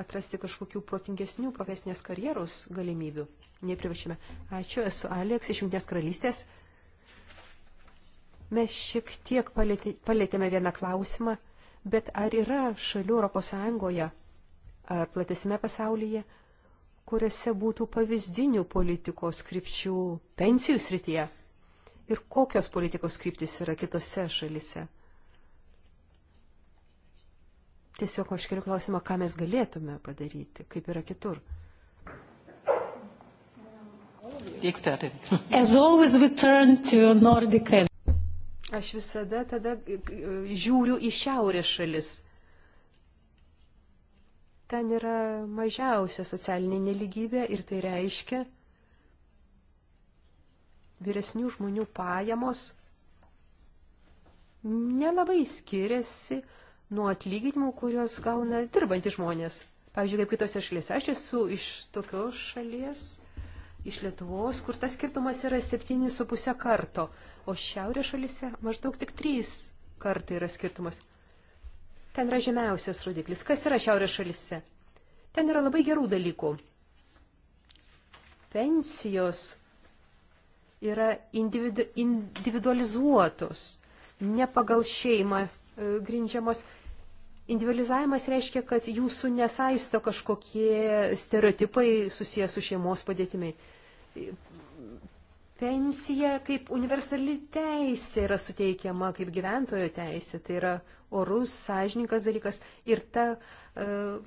atrasti kažkokių protingesnių profesinės karjeros galimybių. Neprivačiame. Ačiū, esu Aleks iš Junktinės karalystės. Mes šiek tiek palėtėme vieną klausimą, bet ar yra šalių ES ar platesime pasaulyje, kuriuose būtų pavyzdinių politikos skripčių pensijų srityje? ir kokios politikos kryptis yra kitose šalise. Tiesiog aš keliu klausimą, ką mes galėtume padaryti, kaip yra kitur. Aš visada tada e, e, žiūriu į šiaurės šalis. Ten yra mažiausia socialinė neligybė ir tai reiškia, vyresnių žmonių pajamos nelabai skiriasi nuo atlyginimų, kuriuos gauna dirbantys žmonės. Pavyzdžiui, kaip kitose šalyse. Aš esu iš tokios šalies, iš Lietuvos, kur tas skirtumas yra 7,5 karto, o šiaurės šalyse maždaug tik 3 kartai yra skirtumas. Ten yra žemiausias rodiklis. Kas yra šiaurės šalyse? Ten yra labai gerų dalykų. Pensijos yra individu, individualizuotos, ne pagal šeimą e, grindžiamos. Individualizavimas reiškia, kad jūsų nesaisto kažkokie stereotipai susijęs su šeimos padėtimi. E, pensija kaip universali teisė yra suteikiama kaip gyventojo teisė, tai yra orus, sąžininkas dalykas ir ta e,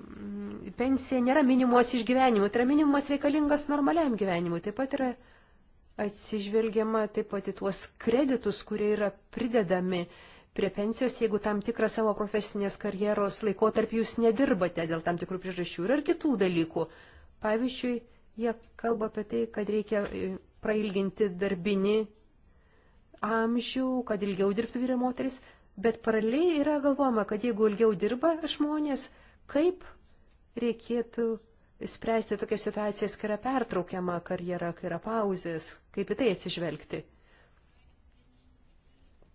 pensija nėra minimumas išgyvenimui, tai yra minimumas reikalingas normaliam gyvenimui, taip pat yra e, atsižvelgiama taip pat į tuos kreditus, kurie yra pridedami prie pensijos, jeigu tam tikrą savo profesinės karjeros laikotarpį jūs nedirbate dėl tam tikrų priežasčių ir kitų dalykų. Pavyzdžiui, jie kalba apie tai, kad reikia e, prailginti darbinį amžių, kad ilgiau dirbtų vyrai moteris, bet paraleliai yra galvojama, kad jeigu ilgiau dirba žmonės, kaip reikėtų spręsti tokias situacijas, kai yra pertraukiama karjera, kai yra pauzės, kaip į tai atsižvelgti.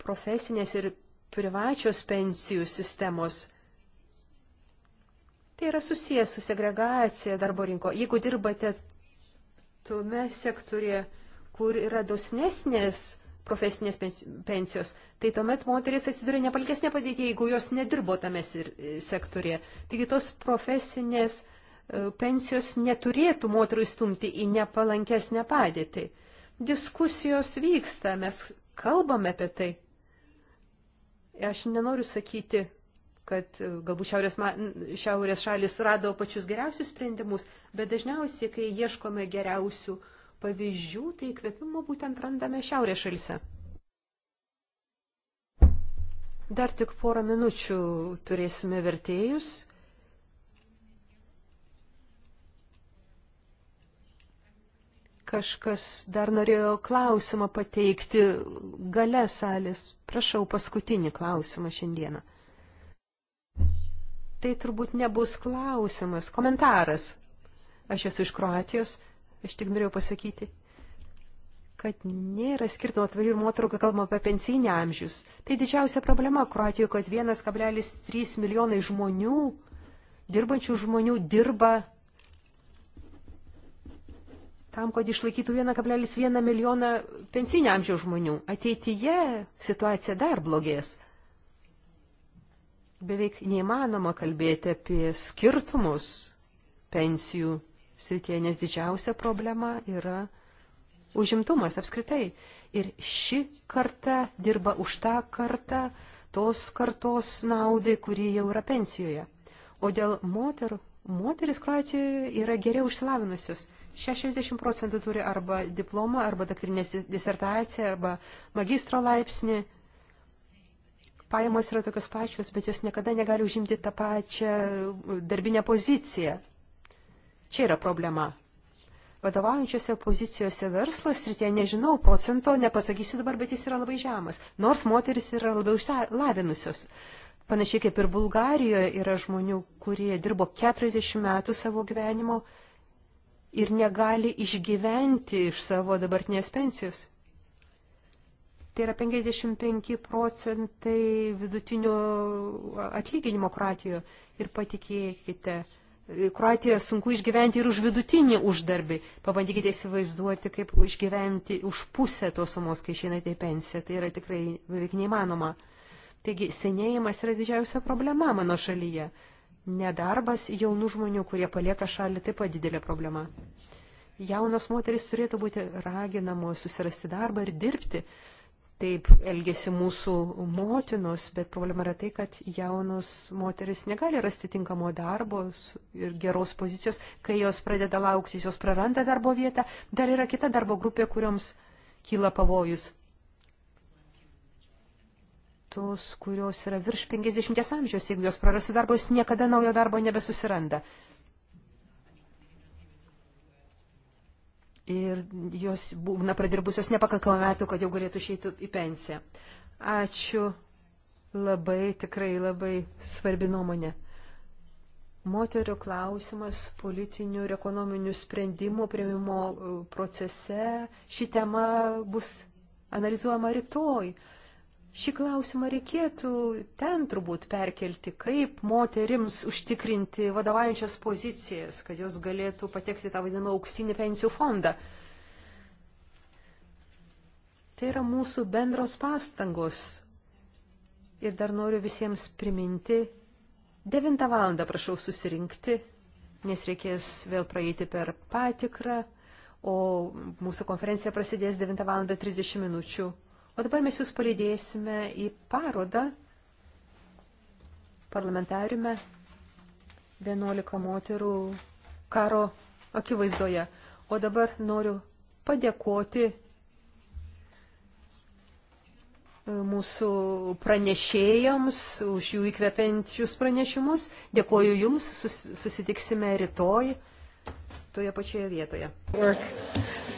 Profesinės ir privačios pensijų sistemos. Tai yra susijęs su segregacija darbo rinko. Jeigu dirbate tume sektorė, kur yra dosnesnės profesinės pensijos, tai tuomet moteris atsiduria nepalkesnė padėtė, jeigu jos nedirbo tame sektorė. Taigi tos profesinės pensijos E, pensijos neturėtų moterų įstumti į nepalankesnę padėtį. Diskusijos vyksta, mes kalbame apie tai. Aš nenoriu sakyti, kad e, galbūt šiaurės, šiaurės šalis rado pačius geriausius sprendimus, bet dažniausiai, kai ieškome geriausių pavyzdžių, tai įkvėpimo būtent randame šiaurės šalise. Dar tik porą minučių turėsime vertėjus. Kažkas dar norėjo klausimą pateikti gale salės. Prašau, paskutinį klausimą šiandieną. Tai turbūt nebus klausimas, komentaras. Aš esu iš Kroatijos, aš tik norėjau pasakyti, kad nėra skirtumo atvejų ir moterų, kai kalbama apie pensinį amžius. Tai didžiausia problema Kroatijoje, kad 1,3 milijonai žmonių, dirbančių žmonių dirba tam, kad išlaikytų 1,1 milijoną pensinio amžiaus žmonių. Ateityje situacija dar blogės. Beveik neįmanoma kalbėti apie skirtumus pensijų srityje, nes didžiausia problema yra užimtumas apskritai. Ir ši karta dirba už tą kartą, tos kartos naudai, kuri jau yra pensijoje. O dėl moterų, moteris Kroatijoje yra geriau išsilavinusios. 60 procentų turi arba diplomą, arba daktarinės disertaciją, arba magistro laipsnį. Pajamos yra tokios pačios, bet jos niekada negali užimti tą pačią darbinę poziciją. Čia yra problema. Vadovaujančiose pozicijose verslo srityje, nežinau, procento nepasakysiu dabar, bet jis yra labai žemas. Nors moteris yra labiau išsilavinusios. Panašiai kaip ir Bulgarijoje yra žmonių, kurie dirbo 40 metų savo gyvenimo ir negali išgyventi iš savo dabartinės pensijos. Tai yra 55 procentai vidutinio atlyginimo Kroatijoje. Ir patikėkite, Kroatijoje sunku išgyventi ir už vidutinį uždarbį. Pabandykite įsivaizduoti, kaip išgyventi už pusę tos sumos, kai išeinate į pensiją. Tai yra tikrai beveik neįmanoma. Taigi senėjimas yra didžiausia problema mano šalyje. Nedarbas jaunų žmonių, kurie palieka šalį, taip pat didelė problema. Jaunos moteris turėtų būti raginamos susirasti darbą ir dirbti. Taip elgesi mūsų motinos, bet problema yra tai, kad jaunos moteris negali rasti tinkamo darbo ir geros pozicijos. Kai jos pradeda laukti, jos praranda darbo vietą. Dar yra kita darbo grupė, kurioms kyla pavojus tos, kurios yra virš 50 amžiaus, jeigu jos prarasų darbą, jos niekada naujo darbo nebesusiranda. Ir jos būna pradirbusios nepakankamą metų, kad jau galėtų išeiti į pensiją. Ačiū labai, tikrai labai svarbi nuomonė. Moterio klausimas politinių ir ekonominių sprendimų prieimimo e, procese. Ši tema bus analizuojama rytoj. Šį klausimą reikėtų ten turbūt perkelti, kaip moterims užtikrinti vadovaujančias pozicijas, kad jos galėtų patekti tą vadinamą auksinį pensijų fondą. Tai yra mūsų bendros pastangos. Ir dar noriu visiems priminti, 9 valandą prašau susirinkti, nes reikės vėl praeiti per patikrą, o mūsų konferencija prasidės 9 valandą 30 minučių. O dabar mes jūs palydėsime į parodą parlamentariume 11 moterų karo akivaizdoje. O dabar noriu padėkoti mūsų pranešėjams už jų įkvepiančius pranešimus. Dėkoju Jums, susitiksime rytoj toje pačioje vietoje. Work.